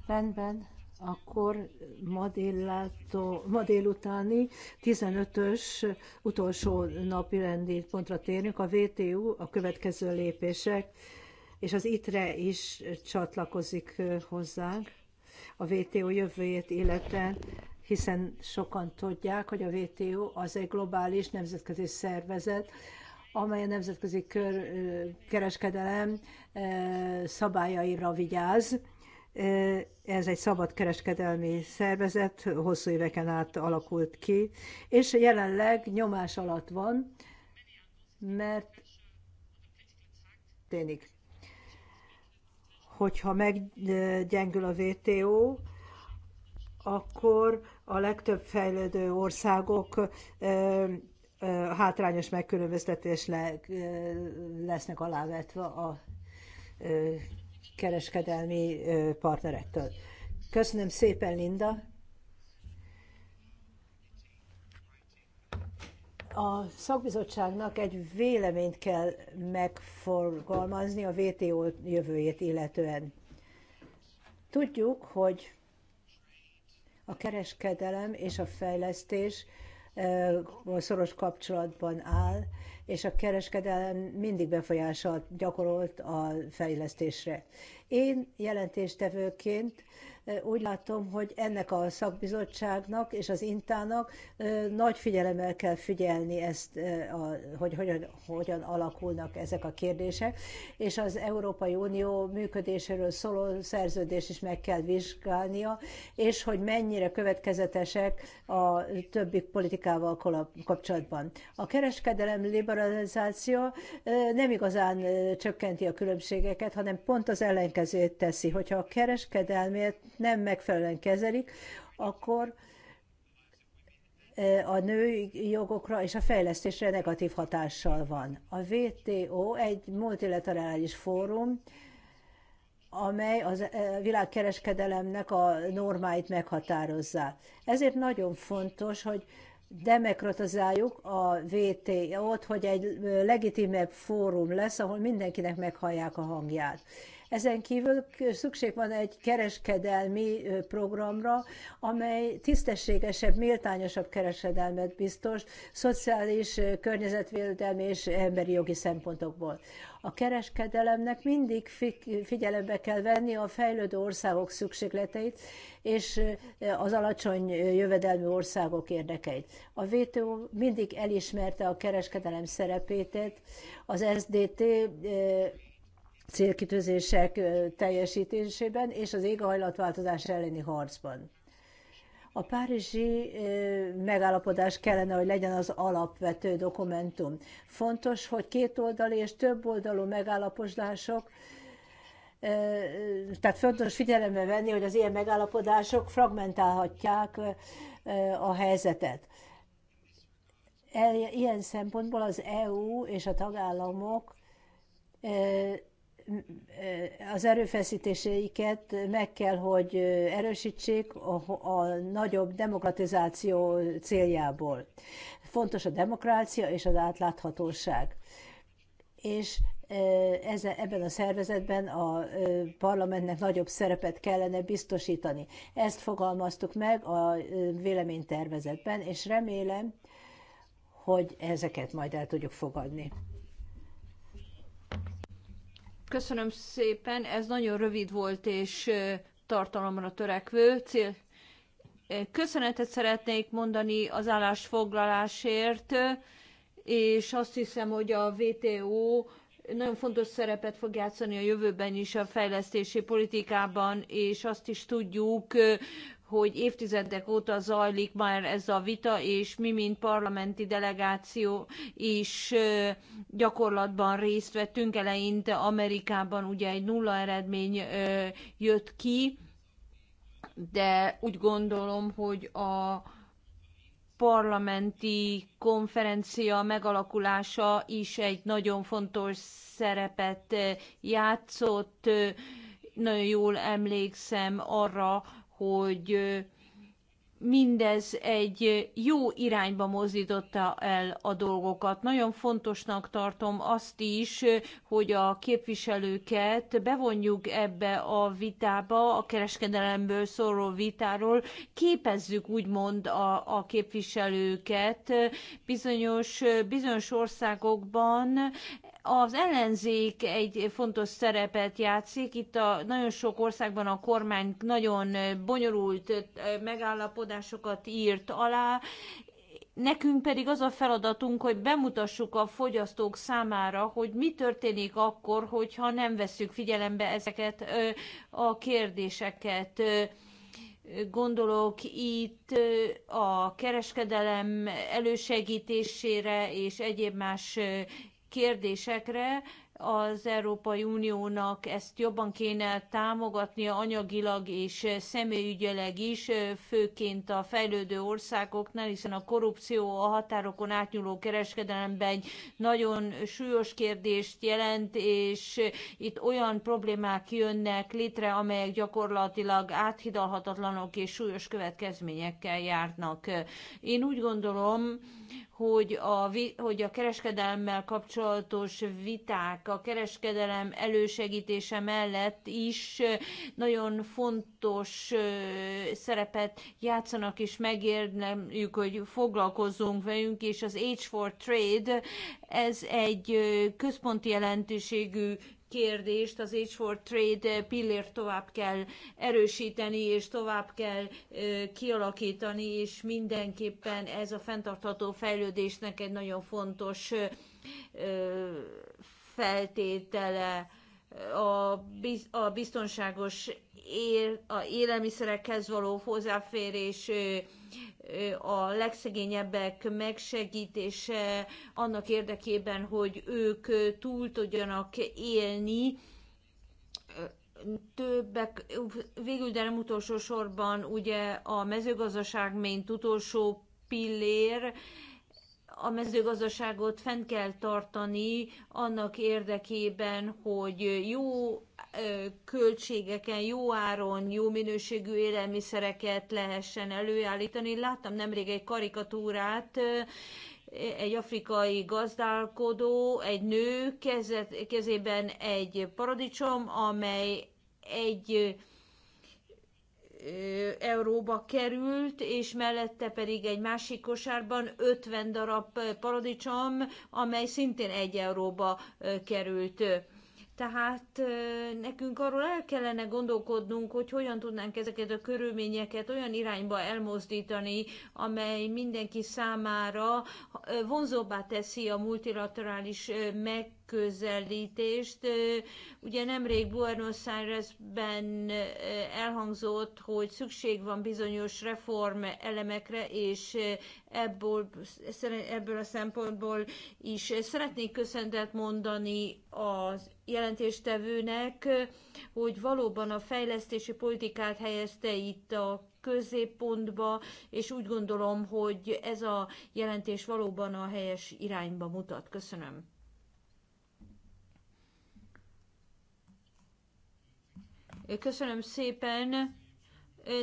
A: Rendben, akkor ma,
B: délátó, ma délutáni 15-ös utolsó napi rendi pontra térünk, a VTU a következő lépések, és az ITRE is csatlakozik hozzánk a VTO jövőjét illetően, hiszen sokan tudják, hogy a VTO az egy globális nemzetközi szervezet, amely a nemzetközi kör, kereskedelem szabályaira vigyáz, ez egy szabadkereskedelmi szervezet, hosszú éveken át alakult ki, és jelenleg nyomás alatt van, mert tényleg, hogyha meggyengül a WTO, akkor a legtöbb fejlődő országok hátrányos megkülönböztetés lesznek alávetve a kereskedelmi partnerektől. Köszönöm szépen, Linda. A szakbizottságnak egy véleményt kell megforgalmazni a VTO jövőjét illetően. Tudjuk, hogy a kereskedelem és a fejlesztés szoros kapcsolatban áll, és a kereskedelem mindig befolyással gyakorolt a fejlesztésre. Én jelentéstevőként úgy látom, hogy ennek a szakbizottságnak és az intának nagy figyelemmel kell figyelni ezt, hogy hogyan, hogyan alakulnak ezek a kérdések, és az Európai Unió működéséről szóló szerződést is meg kell vizsgálnia, és hogy mennyire következetesek a többi politikával kapcsolatban. A kereskedelem liberalizáció nem igazán csökkenti a különbségeket, hanem pont az ellenkezőjét teszi. Hogyha a kereskedelmet nem megfelelően kezelik, akkor eh, a női jogokra és a fejlesztésre negatív hatással van. A WTO egy multilaterális fórum, amely eh, a világkereskedelemnek a normáit meghatározza. Ezért nagyon fontos, hogy demokratizáljuk a VTO-t, hogy egy eh, legitimebb fórum lesz, ahol mindenkinek meghallják a hangját. Ezen kívül szükség van egy kereskedelmi programra, amely tisztességesebb, méltányosabb kereskedelmet biztos, szociális, környezetvédelmi és emberi jogi szempontokból. A kereskedelemnek mindig figyelembe kell venni a fejlődő országok szükségleteit és az alacsony jövedelmű országok érdekeit. A WTO mindig elismerte a kereskedelem szerepét az SDT célkitűzések teljesítésében és az éghajlatváltozás elleni harcban. A párizsi megállapodás kellene, hogy legyen az alapvető dokumentum. Fontos, hogy kétoldalú és többoldalú megállapodások tehát fontos figyelembe venni, hogy az ilyen megállapodások fragmentálhatják a helyzetet. E, ilyen szempontból az EU és a tagállamok az erőfeszítéseiket meg kell, hogy erősítsék a, a nagyobb demokratizáció céljából. Fontos a demokrácia és az átláthatóság. És e, ez, ebben a szervezetben a e, parlamentnek nagyobb szerepet kellene biztosítani. Ezt fogalmaztuk meg a e, véleménytervezetben, és remélem, hogy ezeket majd el tudjuk fogadni.
E: Köszönöm szépen, ez nagyon rövid volt és tartalomra törekvő cél. Köszönetet szeretnék mondani az állásfoglalásért, és azt hiszem, hogy a VTO nagyon fontos szerepet fog játszani a jövőben is a fejlesztési politikában, és azt is tudjuk, hogy évtizedek óta zajlik már ez a vita, és mi, mint parlamenti delegáció is gyakorlatban részt vettünk. Eleinte Amerikában ugye egy nulla eredmény jött ki, de úgy gondolom, hogy a parlamenti konferencia megalakulása is egy nagyon fontos szerepet játszott. Nagyon jól emlékszem arra, hogy mindez egy jó irányba mozdította el a dolgokat. Nagyon fontosnak tartom azt is, hogy a képviselőket bevonjuk ebbe a vitába, a kereskedelemből szóló vitáról, képezzük úgymond a, a képviselőket. Bizonyos, bizonyos országokban az ellenzék egy fontos szerepet játszik. Itt a, nagyon sok országban a kormány nagyon bonyolult megállapodásokat írt alá, Nekünk pedig az a feladatunk, hogy bemutassuk a fogyasztók számára, hogy mi történik akkor, hogyha nem vesszük figyelembe ezeket a kérdéseket. Gondolok itt a kereskedelem elősegítésére és egyéb más kérdésekre, az Európai Uniónak ezt jobban kéne támogatnia anyagilag és személyügyeleg is, főként a fejlődő országoknál, hiszen a korrupció a határokon átnyúló kereskedelemben egy nagyon súlyos kérdést jelent, és itt olyan problémák jönnek létre, amelyek gyakorlatilag áthidalhatatlanok és súlyos következményekkel járnak. Én úgy gondolom, hogy a, hogy a kereskedelemmel kapcsolatos viták a kereskedelem elősegítése mellett is nagyon fontos szerepet játszanak, és megérdemljük, hogy foglalkozzunk velünk, és az Age for Trade ez egy központi jelentőségű kérdést az Age for Trade pillért tovább kell erősíteni, és tovább kell kialakítani, és mindenképpen ez a fenntartható fejlődésnek egy nagyon fontos feltétele a biztonságos élelmiszerekhez való hozzáférés a legszegényebbek megsegítése annak érdekében, hogy ők túl tudjanak élni, többek, végül, de nem utolsó sorban ugye a mezőgazdaság, mint utolsó pillér, a mezőgazdaságot fenn kell tartani annak érdekében, hogy jó költségeken, jó áron, jó minőségű élelmiszereket lehessen előállítani. Láttam nemrég egy karikatúrát, egy afrikai gazdálkodó, egy nő kezet, kezében egy paradicsom, amely egy euróba került, és mellette pedig egy másik kosárban 50 darab paradicsom, amely szintén egy euróba került. Tehát nekünk arról el kellene gondolkodnunk, hogy hogyan tudnánk ezeket a körülményeket olyan irányba elmozdítani, amely mindenki számára vonzóbbá teszi a multilaterális meg megközelítést. Ugye nemrég Buenos Airesben elhangzott, hogy szükség van bizonyos reform elemekre, és ebből, ebből a szempontból is szeretnék köszöntet mondani az jelentéstevőnek, hogy valóban a fejlesztési politikát helyezte itt a középpontba, és úgy gondolom, hogy ez a jelentés valóban a helyes irányba mutat. Köszönöm. Köszönöm szépen.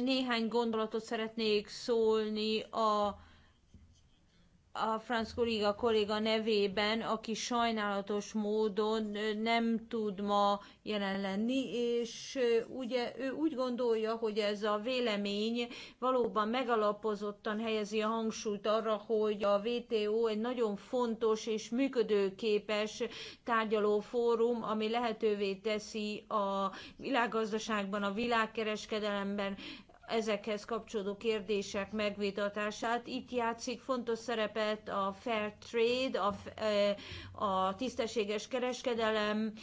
E: Néhány gondolatot szeretnék szólni a a Franz kolléga kolléga nevében, aki sajnálatos módon nem tud ma jelen lenni, és ugye ő úgy gondolja, hogy ez a vélemény valóban megalapozottan helyezi a hangsúlyt arra, hogy a WTO egy nagyon fontos és működőképes tárgyaló fórum, ami lehetővé teszi a világgazdaságban, a világkereskedelemben ezekhez kapcsolódó kérdések megvitatását. Itt játszik fontos szerepet a fair trade, a, a tisztességes kereskedelem,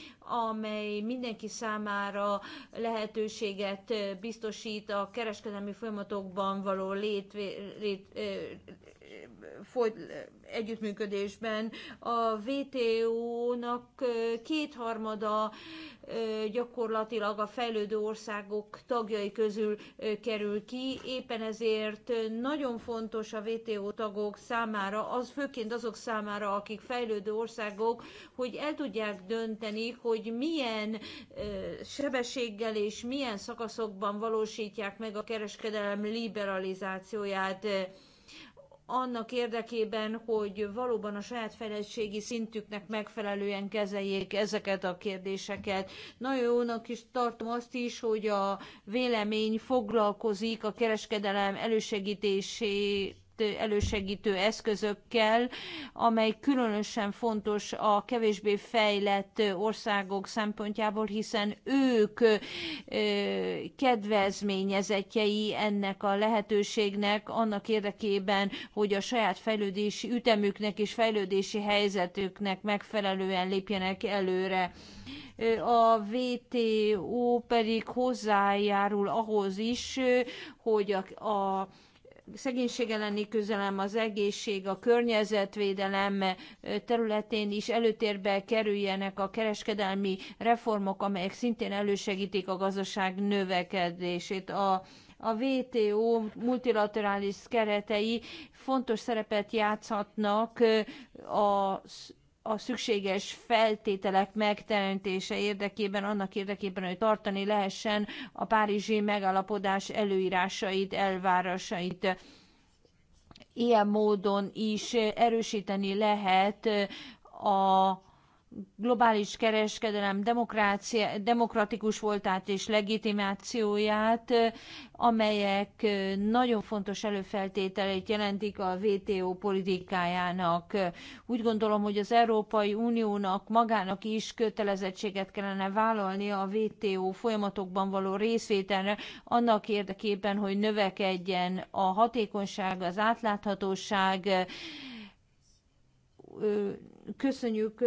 E: amely mindenki számára lehetőséget biztosít a kereskedelmi folyamatokban való lét, lét, folyt együttműködésben. A WTO-nak kétharmada gyakorlatilag a fejlődő országok tagjai közül kerül ki, éppen ezért nagyon fontos a WTO tagok számára, az főként azok számára, akik fejlődő országok, hogy el tudják dönteni, hogy milyen sebességgel és milyen szakaszokban valósítják meg a kereskedelem liberalizációját annak érdekében, hogy valóban a saját fejlettségi szintüknek megfelelően kezeljék ezeket a kérdéseket. Nagyon jónak is tartom azt is, hogy a vélemény foglalkozik a kereskedelem elősegítésé elősegítő eszközökkel, amely különösen fontos a kevésbé fejlett országok szempontjából, hiszen ők kedvezményezetjei ennek a lehetőségnek annak érdekében, hogy a saját fejlődési ütemüknek és fejlődési helyzetüknek megfelelően lépjenek előre. A VTO pedig hozzájárul ahhoz is, hogy a, a szegénység elleni közelem, az egészség, a környezetvédelem területén is előtérbe kerüljenek a kereskedelmi reformok, amelyek szintén elősegítik a gazdaság növekedését. A a WTO multilaterális keretei fontos szerepet játszhatnak a a szükséges feltételek megteremtése érdekében, annak érdekében, hogy tartani lehessen a párizsi megállapodás előírásait, elvárásait. Ilyen módon is erősíteni lehet a globális kereskedelem demokratikus voltát és legitimációját, amelyek nagyon fontos előfeltételeit jelentik a WTO politikájának. Úgy gondolom, hogy az Európai Uniónak magának is kötelezettséget kellene vállalni a WTO folyamatokban való részvételre, annak érdekében, hogy növekedjen a hatékonyság, az átláthatóság, köszönjük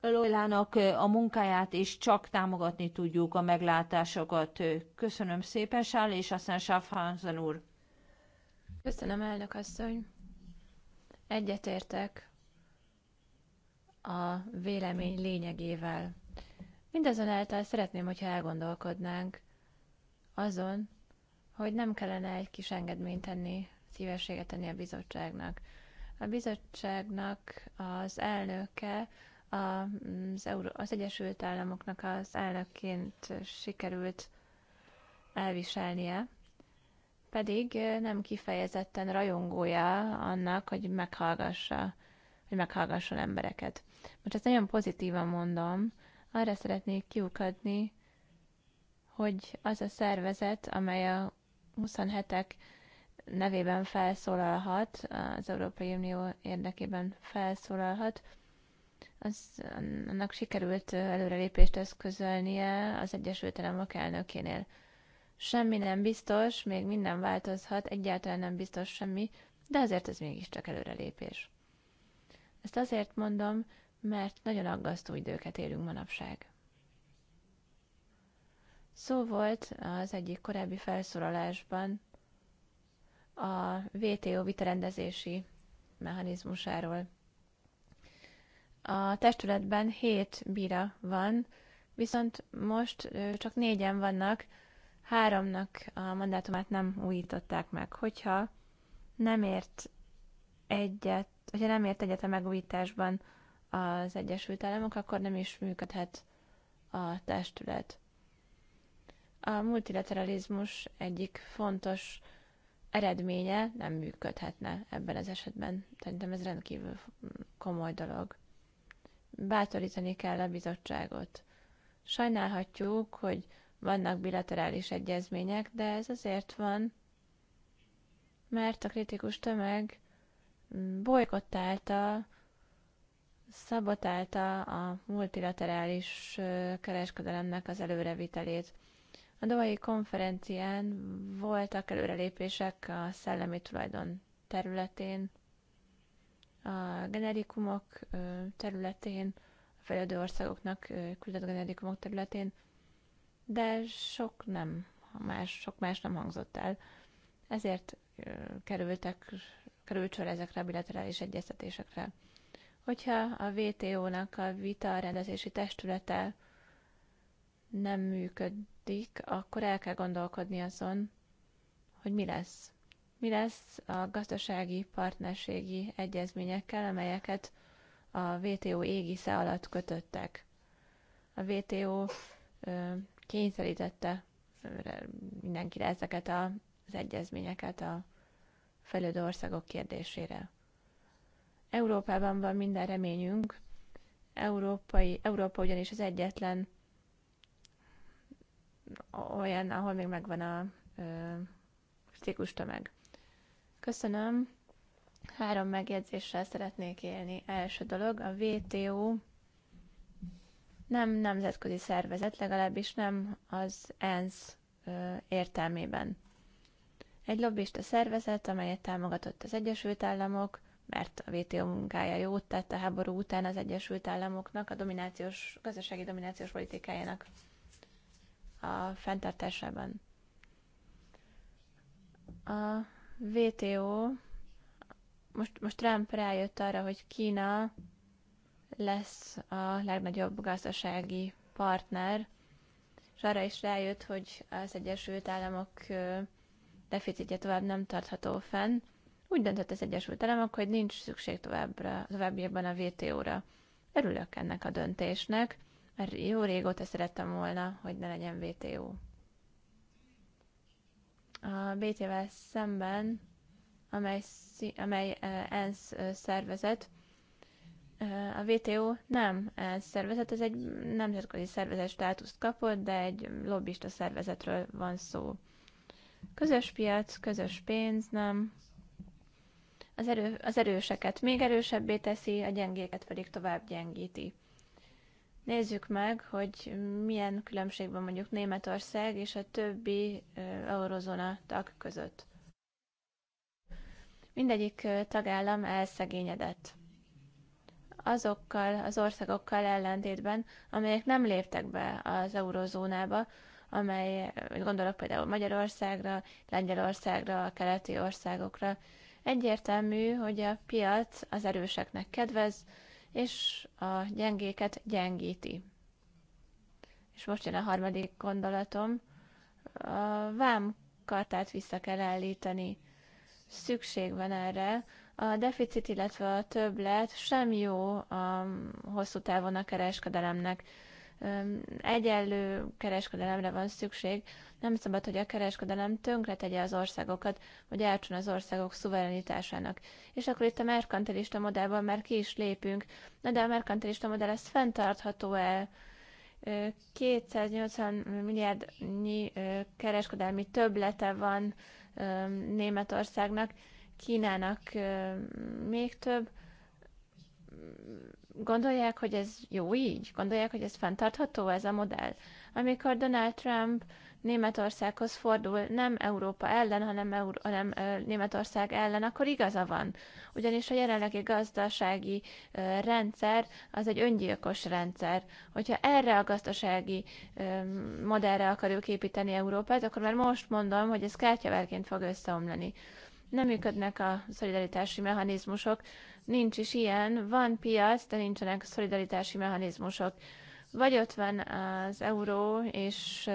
E: Lojlának a munkáját, és csak támogatni tudjuk a meglátásokat. Köszönöm szépen, Sáll, és aztán Sáfhánzen úr.
F: Köszönöm, elnök asszony. Egyetértek a vélemény lényegével. Mindazonáltal szeretném, hogyha elgondolkodnánk azon, hogy nem kellene egy kis engedményt tenni, szívességet tenni a bizottságnak. A bizottságnak az elnöke az, Euró- az Egyesült Államoknak az elnökként sikerült elviselnie, pedig nem kifejezetten rajongója annak, hogy meghallgassa, hogy meghallgasson embereket. Most ezt nagyon pozitívan mondom, arra szeretnék kiukadni, hogy az a szervezet, amely a 27-ek nevében felszólalhat, az Európai Unió érdekében felszólalhat, az, annak sikerült előrelépést eszközölnie az Egyesült Államok elnökénél. Semmi nem biztos, még minden változhat, egyáltalán nem biztos semmi, de azért ez mégiscsak előrelépés. Ezt azért mondom, mert nagyon aggasztó időket élünk manapság. Szó volt az egyik korábbi felszólalásban a VTO vitarendezési mechanizmusáról. A testületben hét bíra van, viszont most csak négyen vannak, háromnak a mandátumát nem újították meg. Hogyha nem ért egyet, hogyha nem ért egyet a megújításban az Egyesült Államok, akkor nem is működhet a testület. A multilateralizmus egyik fontos eredménye nem működhetne ebben az esetben. Szerintem ez rendkívül komoly dolog. Bátorítani kell a bizottságot. Sajnálhatjuk, hogy vannak bilaterális egyezmények, de ez azért van, mert a kritikus tömeg bolykottálta, szabotálta a multilaterális kereskedelemnek az előrevitelét. A Dohai konferencián voltak előrelépések a szellemi tulajdon területén, a generikumok területén, a fejlődő országoknak küldött generikumok területén, de sok nem, más, sok más nem hangzott el. Ezért kerültek, került sor ezekre a bilaterális egyeztetésekre. Hogyha a WTO-nak a vita rendezési testülete nem működik, akkor el kell gondolkodni azon, hogy mi lesz. Mi lesz a gazdasági partnerségi egyezményekkel, amelyeket a WTO égisze alatt kötöttek. A WTO ö, kényszerítette mindenkire ezeket a, az egyezményeket a fejlődő országok kérdésére. Európában van minden reményünk, Európai, Európa ugyanis az egyetlen olyan, ahol még megvan a ö, tömeg. Köszönöm. Három megjegyzéssel szeretnék élni. Első dolog, a WTO nem nemzetközi szervezet, legalábbis nem az ENSZ ö, értelmében. Egy lobbista szervezet, amelyet támogatott az Egyesült Államok, mert a WTO munkája jót tett a háború után az Egyesült Államoknak, a dominációs, gazdasági dominációs politikájának a fenntartásában. A WTO, most, most Trump rájött arra, hogy Kína lesz a legnagyobb gazdasági partner, és arra is rájött, hogy az Egyesült Államok deficitje tovább nem tartható fenn. Úgy döntött az Egyesült Államok, hogy nincs szükség továbbra, továbbiakban a WTO-ra. Örülök ennek a döntésnek, mert jó régóta szerettem volna, hogy ne legyen VTO. A BT-vel szemben, amely, amely ENSZ szervezet, a VTO nem ENSZ szervezet, ez egy nemzetközi szervezet státuszt kapott, de egy lobbista szervezetről van szó. Közös piac, közös pénz, nem. Az, erő, az erőseket még erősebbé teszi, a gyengéket pedig tovább gyengíti. Nézzük meg, hogy milyen különbségben mondjuk Németország és a többi eurozóna tag között. Mindegyik tagállam elszegényedett. Azokkal az országokkal ellentétben, amelyek nem léptek be az eurozónába, amely, gondolok például Magyarországra, Lengyelországra, a keleti országokra, egyértelmű, hogy a piac az erőseknek kedvez, és a gyengéket gyengíti. És most jön a harmadik gondolatom. A vámkartát vissza kell állítani. Szükség van erre. A deficit, illetve a többlet sem jó a hosszú távon a kereskedelemnek egyenlő kereskedelemre van szükség. Nem szabad, hogy a kereskedelem tönkretegye az országokat, vagy elcsön az országok szuverenitásának. És akkor itt a merkantilista modellből már ki is lépünk. Na de a merkantilista modell ez fenntartható el 280 milliárdnyi kereskedelmi töblete van Németországnak, Kínának még több gondolják, hogy ez jó így? Gondolják, hogy ez fenntartható ez a modell? Amikor Donald Trump Németországhoz fordul, nem Európa ellen, hanem, Euró- hanem ö, Németország ellen, akkor igaza van. Ugyanis a jelenlegi gazdasági ö, rendszer az egy öngyilkos rendszer. Hogyha erre a gazdasági ö, modellre akarjuk építeni Európát, akkor már most mondom, hogy ez kártyaverként fog összeomlani. Nem működnek a szolidaritási mechanizmusok, nincs is ilyen, van piac, de nincsenek szolidaritási mechanizmusok. Vagy ott van az euró és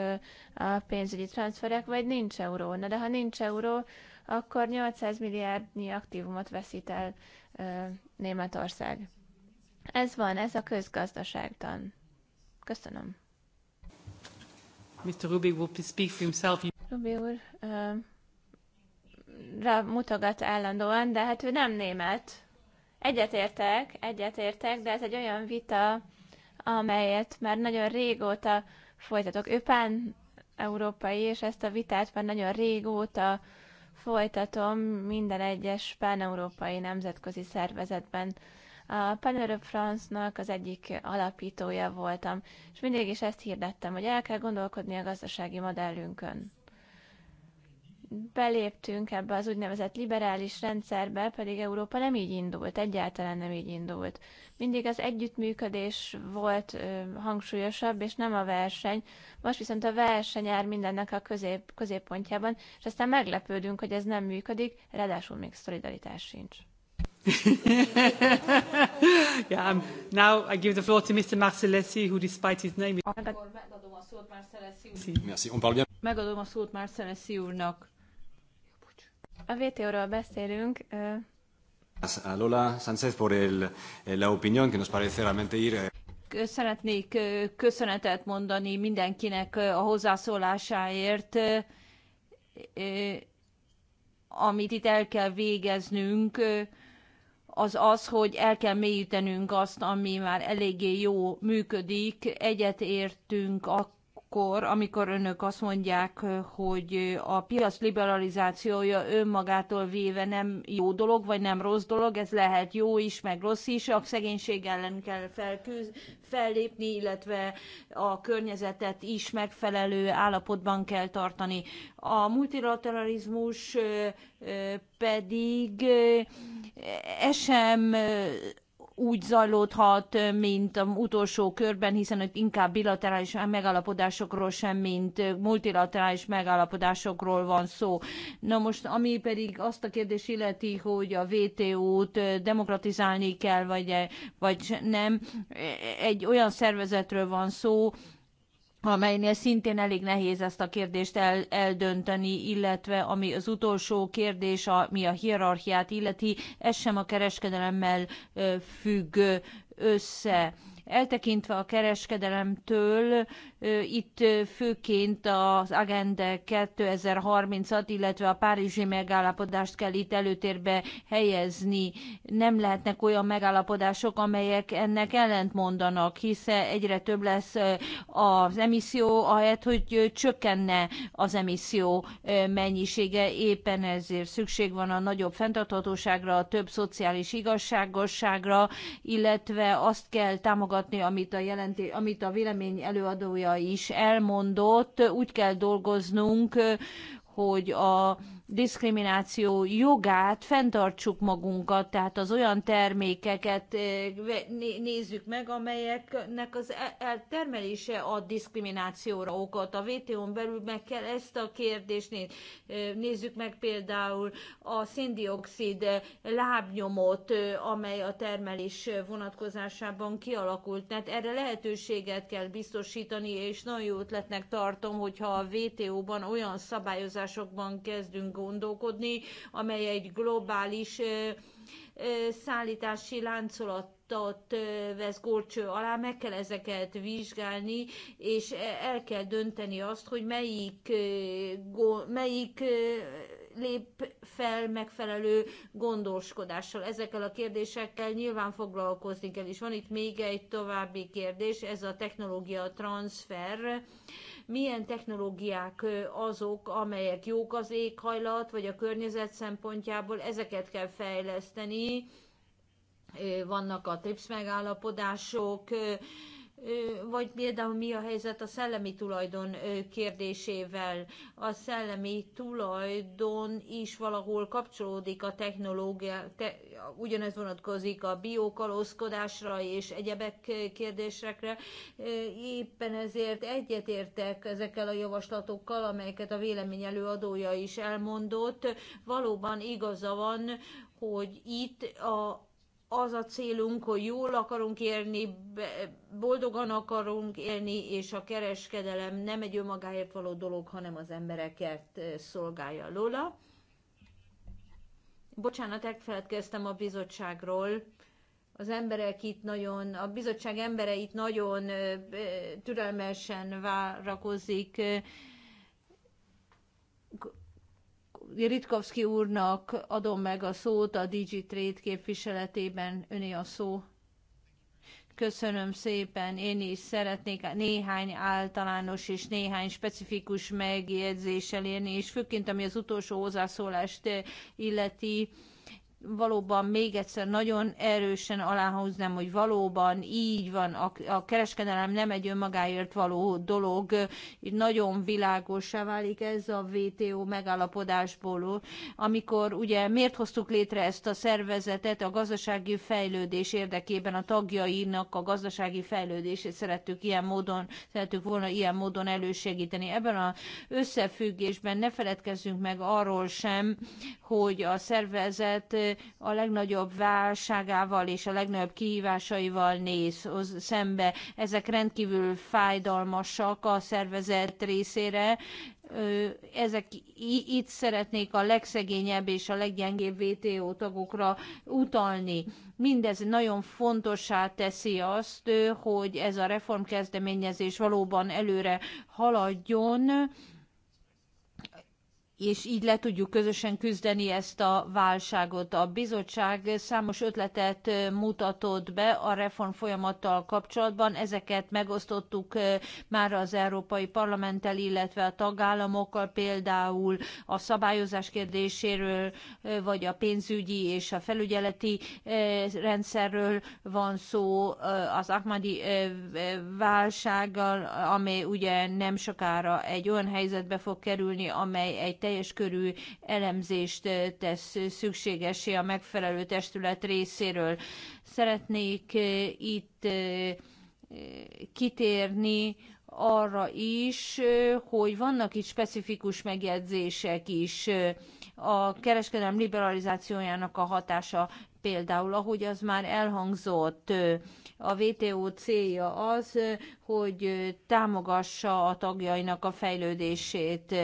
F: a pénzügyi transferek, vagy nincs euró. Na de ha nincs euró, akkor 800 milliárdnyi aktívumot veszít el Németország. Ez van, ez a közgazdaságtan. Köszönöm.
A: Mr. Rubik will speak for himself. Rubik úr
F: uh, rá mutogat állandóan, de hát ő nem német. Egyetértek, egyetértek, de ez egy olyan vita, amelyet már nagyon régóta folytatok. Ő pán európai, és ezt a vitát már nagyon régóta folytatom minden egyes pán-európai nemzetközi szervezetben. A Pan Europe France-nak az egyik alapítója voltam, és mindig is ezt hirdettem, hogy el kell gondolkodni a gazdasági modellünkön beléptünk ebbe az úgynevezett liberális rendszerbe, pedig Európa nem így indult, egyáltalán nem így indult. Mindig az együttműködés volt ö, hangsúlyosabb, és nem a verseny. Most viszont a verseny jár mindennek a közép, középpontjában, és aztán meglepődünk, hogy ez nem működik, ráadásul
A: még szolidaritás sincs. yeah, I'm, um, now I give the floor to Mr. Marcellesi, who despite his name... Megadom a szót Marcellesi úrnak.
F: A WTO-ról beszélünk.
A: A Lola Sánchez por el, eh, la opinión que nos parece realmente ir eh,
E: szeretnék köszönetet mondani mindenkinek a hozzászólásáért, amit itt el kell végeznünk, az az, hogy el kell mélyítenünk azt, ami már eléggé jó működik. Egyetértünk akkor, amikor önök azt mondják, hogy a piac liberalizációja önmagától véve nem jó dolog, vagy nem rossz dolog, ez lehet jó is, meg rossz is, a szegénység ellen kell felküz, fellépni, illetve a környezetet is megfelelő állapotban kell tartani. A multilateralizmus pedig ez sem úgy zajlódhat, mint az utolsó körben, hiszen ott inkább bilaterális megállapodásokról sem, mint multilaterális megállapodásokról van szó. Na most, ami pedig azt a kérdés illeti, hogy a VTO-t demokratizálni kell, vagy, vagy nem, e, egy olyan szervezetről van szó, amelynél szintén elég nehéz ezt a kérdést el, eldönteni, illetve ami az utolsó kérdés, ami a hierarchiát illeti, ez sem a kereskedelemmel függ össze Eltekintve a kereskedelemtől, itt főként az Agenda 2030-at, illetve a Párizsi megállapodást kell itt előtérbe helyezni. Nem lehetnek olyan megállapodások, amelyek ennek ellent mondanak, hiszen egyre több lesz az emisszió, ahelyett, hogy csökkenne az emisszió mennyisége. Éppen ezért szükség van a nagyobb fenntarthatóságra, a több szociális igazságosságra, illetve azt kell támogatni, támogatni, amit a, jelenti, amit a vélemény előadója is elmondott. Úgy kell dolgoznunk, hogy a diszkrimináció jogát fenntartsuk magunkat, tehát az olyan termékeket eh, nézzük meg, amelyeknek az e- termelése a diszkriminációra okot. A WTO-n belül meg kell ezt a kérdést eh, nézzük meg például a szindioxid eh, lábnyomot, amely a termelés vonatkozásában kialakult. Tehát erre lehetőséget kell biztosítani, és nagyon jó ötletnek tartom, hogyha a WTO-ban olyan szabályozásokban kezdünk gondolkodni, amely egy globális szállítási láncolat ott vesz górcső alá, meg kell ezeket vizsgálni, és e, el kell dönteni azt, hogy melyik, melyik lép fel megfelelő gondoskodással. Ezekkel a kérdésekkel nyilván foglalkozni kell, és van itt még egy további kérdés, ez a technológia transfer milyen technológiák azok, amelyek jók az éghajlat, vagy a környezet szempontjából, ezeket kell fejleszteni, vannak a TRIPS megállapodások, vagy például mi a helyzet a szellemi tulajdon kérdésével. A szellemi tulajdon is valahol kapcsolódik a technológia, te, ugyanez vonatkozik a biokalózkodásra és egyebek kérdésekre. Éppen ezért egyetértek ezekkel a javaslatokkal, amelyeket a vélemény előadója is elmondott. Valóban igaza van, hogy itt a az a célunk, hogy jól akarunk élni, boldogan akarunk élni, és a kereskedelem nem egy önmagáért való dolog, hanem az embereket szolgálja. Lola? Bocsánat, elfeledkeztem a bizottságról. Az emberek itt nagyon, a bizottság embereit itt nagyon türelmesen várakozik Ritkovszki úrnak adom meg a szót a DigiTrade képviseletében, öné a szó. Köszönöm szépen, én is szeretnék néhány általános és néhány specifikus megjegyzéssel érni, és főként ami az utolsó hozzászólást illeti, valóban még egyszer nagyon erősen aláhúznám, hogy valóban így van, a, a kereskedelem nem egy önmagáért való dolog, így nagyon világosá válik ez a VTO megállapodásból, amikor ugye miért hoztuk létre ezt a szervezetet, a gazdasági fejlődés érdekében a tagjainak a gazdasági fejlődését szerettük ilyen módon, szerettük volna ilyen módon elősegíteni. Ebben az összefüggésben ne feledkezzünk meg arról sem, hogy a szervezet a legnagyobb válságával és a legnagyobb kihívásaival néz szembe. Ezek rendkívül fájdalmasak a szervezet részére, ezek itt szeretnék a legszegényebb és a leggyengébb VTO tagokra utalni. Mindez nagyon fontossá teszi azt, hogy ez a reformkezdeményezés valóban előre haladjon, és így le tudjuk közösen küzdeni ezt a válságot. A bizottság számos ötletet mutatott be a reform folyamattal kapcsolatban, ezeket megosztottuk már az Európai Parlamenttel, illetve a tagállamokkal, például a szabályozás kérdéséről, vagy a pénzügyi és a felügyeleti rendszerről van szó, az Ahmadi válsággal, amely ugye nem sokára egy olyan helyzetbe fog kerülni, amely egy teljes körű elemzést eh, tesz szükségesé a megfelelő testület részéről. Szeretnék eh, itt eh, kitérni arra is, hogy vannak itt specifikus megjegyzések is. A kereskedelem liberalizációjának a hatása például, ahogy az már elhangzott, a WTO célja az, hogy támogassa a tagjainak a fejlődését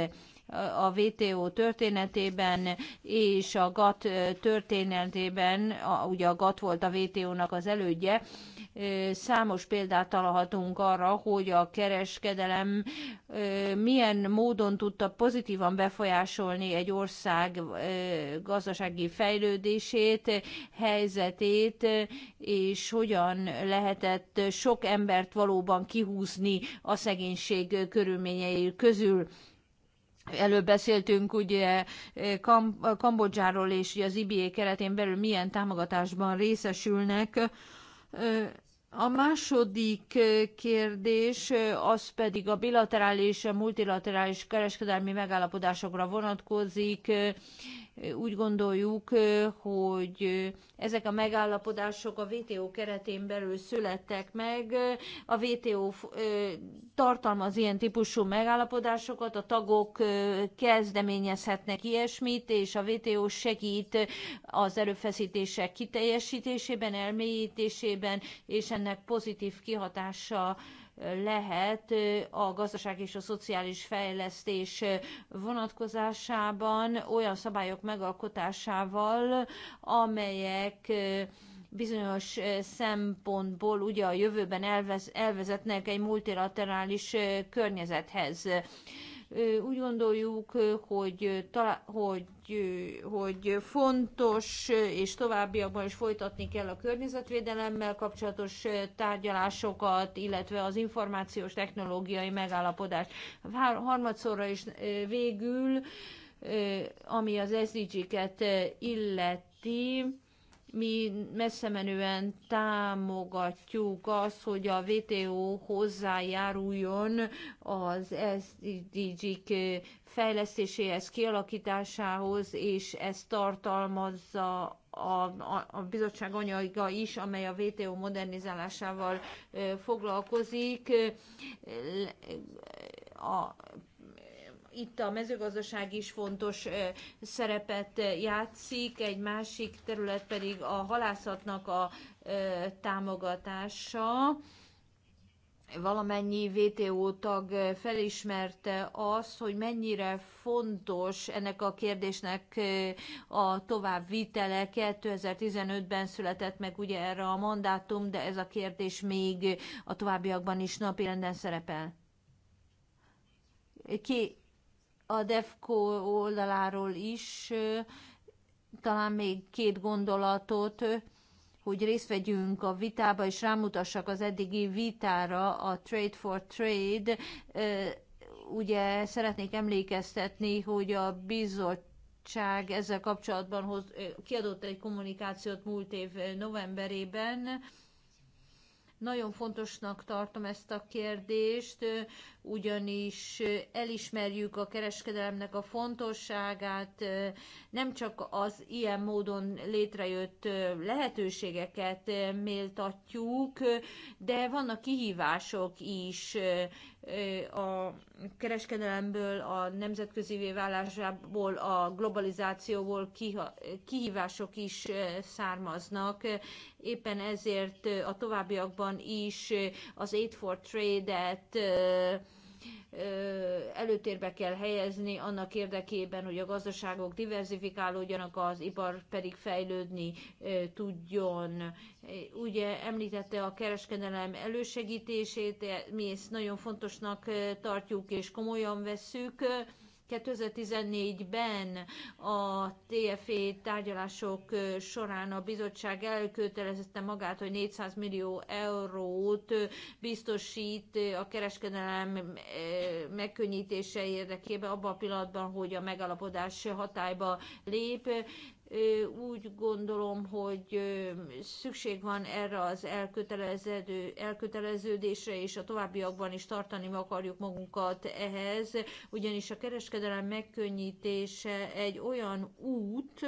E: a WTO történetében és a GATT történetében, ugye a GATT volt a WTO-nak az elődje, számos példát találhatunk arra, hogy a kereskedelem milyen módon tudta pozitívan befolyásolni egy ország gazdasági fejlődését, helyzetét, és hogyan lehetett sok embert valóban kihúzni a szegénység körülményei közül. Előbb beszéltünk ugye eh, Kam- Kambodzsáról és az IBA keretén belül milyen támogatásban részesülnek. Eh, a második eh, kérdés az pedig a bilaterális, multilaterális kereskedelmi megállapodásokra vonatkozik. Úgy gondoljuk, hogy ezek a megállapodások a WTO keretén belül születtek meg. A WTO tartalmaz ilyen típusú megállapodásokat, a tagok kezdeményezhetnek ilyesmit, és a WTO segít az erőfeszítések kiteljesítésében, elmélyítésében, és ennek pozitív kihatása lehet a gazdaság és a szociális fejlesztés vonatkozásában olyan szabályok megalkotásával, amelyek bizonyos szempontból ugye a jövőben elvezetnek egy multilaterális környezethez. Úgy gondoljuk, hogy, hogy, hogy fontos, és továbbiakban is folytatni kell a környezetvédelemmel kapcsolatos tárgyalásokat, illetve az információs technológiai megállapodást. Harmadszorra is végül, ami az SDG-ket illeti, mi messze menően támogatjuk azt, hogy a VTO hozzájáruljon az SDG-k fejlesztéséhez, kialakításához, és ezt tartalmazza a, a, a bizottság anyaga is, amely a VTO modernizálásával foglalkozik. a, itt a mezőgazdaság is fontos szerepet játszik, egy másik terület pedig a halászatnak a támogatása. Valamennyi VTO tag felismerte azt, hogy mennyire fontos ennek a kérdésnek a továbbvitele. 2015-ben született meg ugye erre a mandátum, de ez a kérdés még a továbbiakban is napirenden szerepel. Ki a DEFCO oldaláról is talán még két gondolatot, hogy részt vegyünk a vitába, és rámutassak az eddigi vitára a Trade for Trade. Ugye szeretnék emlékeztetni, hogy a bizottság ezzel kapcsolatban hoz, kiadott egy kommunikációt múlt év novemberében, nagyon fontosnak tartom ezt a kérdést, ugyanis elismerjük a kereskedelemnek a fontosságát, nem csak az ilyen módon létrejött lehetőségeket méltatjuk, de vannak kihívások is, a kereskedelemből, a nemzetközi válásából, a globalizációból kihívások is származnak. Éppen ezért a továbbiakban is az Aid for Trade-et előtérbe kell helyezni annak érdekében, hogy a gazdaságok diversifikálódjanak, az ipar pedig fejlődni tudjon. Ugye említette a kereskedelem elősegítését, mi ezt nagyon fontosnak tartjuk és komolyan vesszük 2014-ben a TFE tárgyalások során a bizottság elkötelezette magát, hogy 400 millió eurót biztosít a kereskedelem megkönnyítése érdekében abban a pillanatban, hogy a megalapodás hatályba lép úgy gondolom, hogy szükség van erre az elköteleződésre, és a továbbiakban is tartani akarjuk magunkat ehhez, ugyanis a kereskedelem megkönnyítése egy olyan út,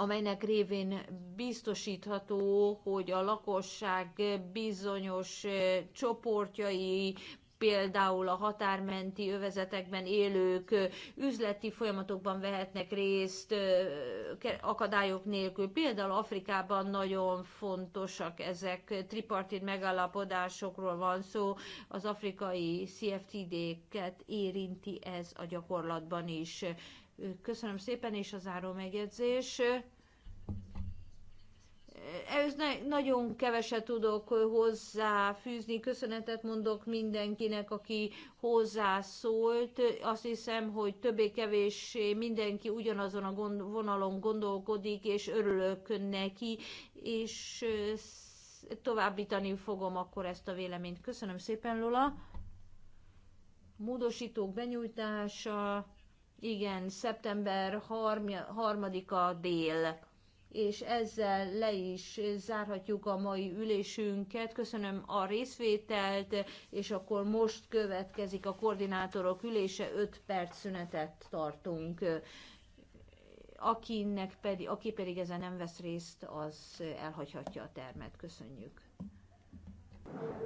E: amelynek révén biztosítható, hogy a lakosság bizonyos csoportjai például a határmenti övezetekben élők üzleti folyamatokban vehetnek részt akadályok nélkül. Például Afrikában nagyon fontosak ezek, tripartit megállapodásokról van szó, az afrikai CFTD-ket érinti ez a gyakorlatban is. Köszönöm szépen, és a záró megjegyzés ez ne, nagyon keveset tudok hozzáfűzni. Köszönetet mondok mindenkinek, aki hozzászólt. Azt hiszem, hogy többé-kevéssé mindenki ugyanazon a gond, vonalon gondolkodik, és örülök neki, és továbbítani fogom akkor ezt a véleményt. Köszönöm szépen, Lola. Módosítók benyújtása, igen, szeptember 3-a dél és ezzel le is zárhatjuk a mai ülésünket. Köszönöm a részvételt, és akkor most következik a koordinátorok ülése, 5 perc szünetet tartunk. Akinek pedig, aki pedig ezen nem vesz részt, az elhagyhatja a termet. Köszönjük.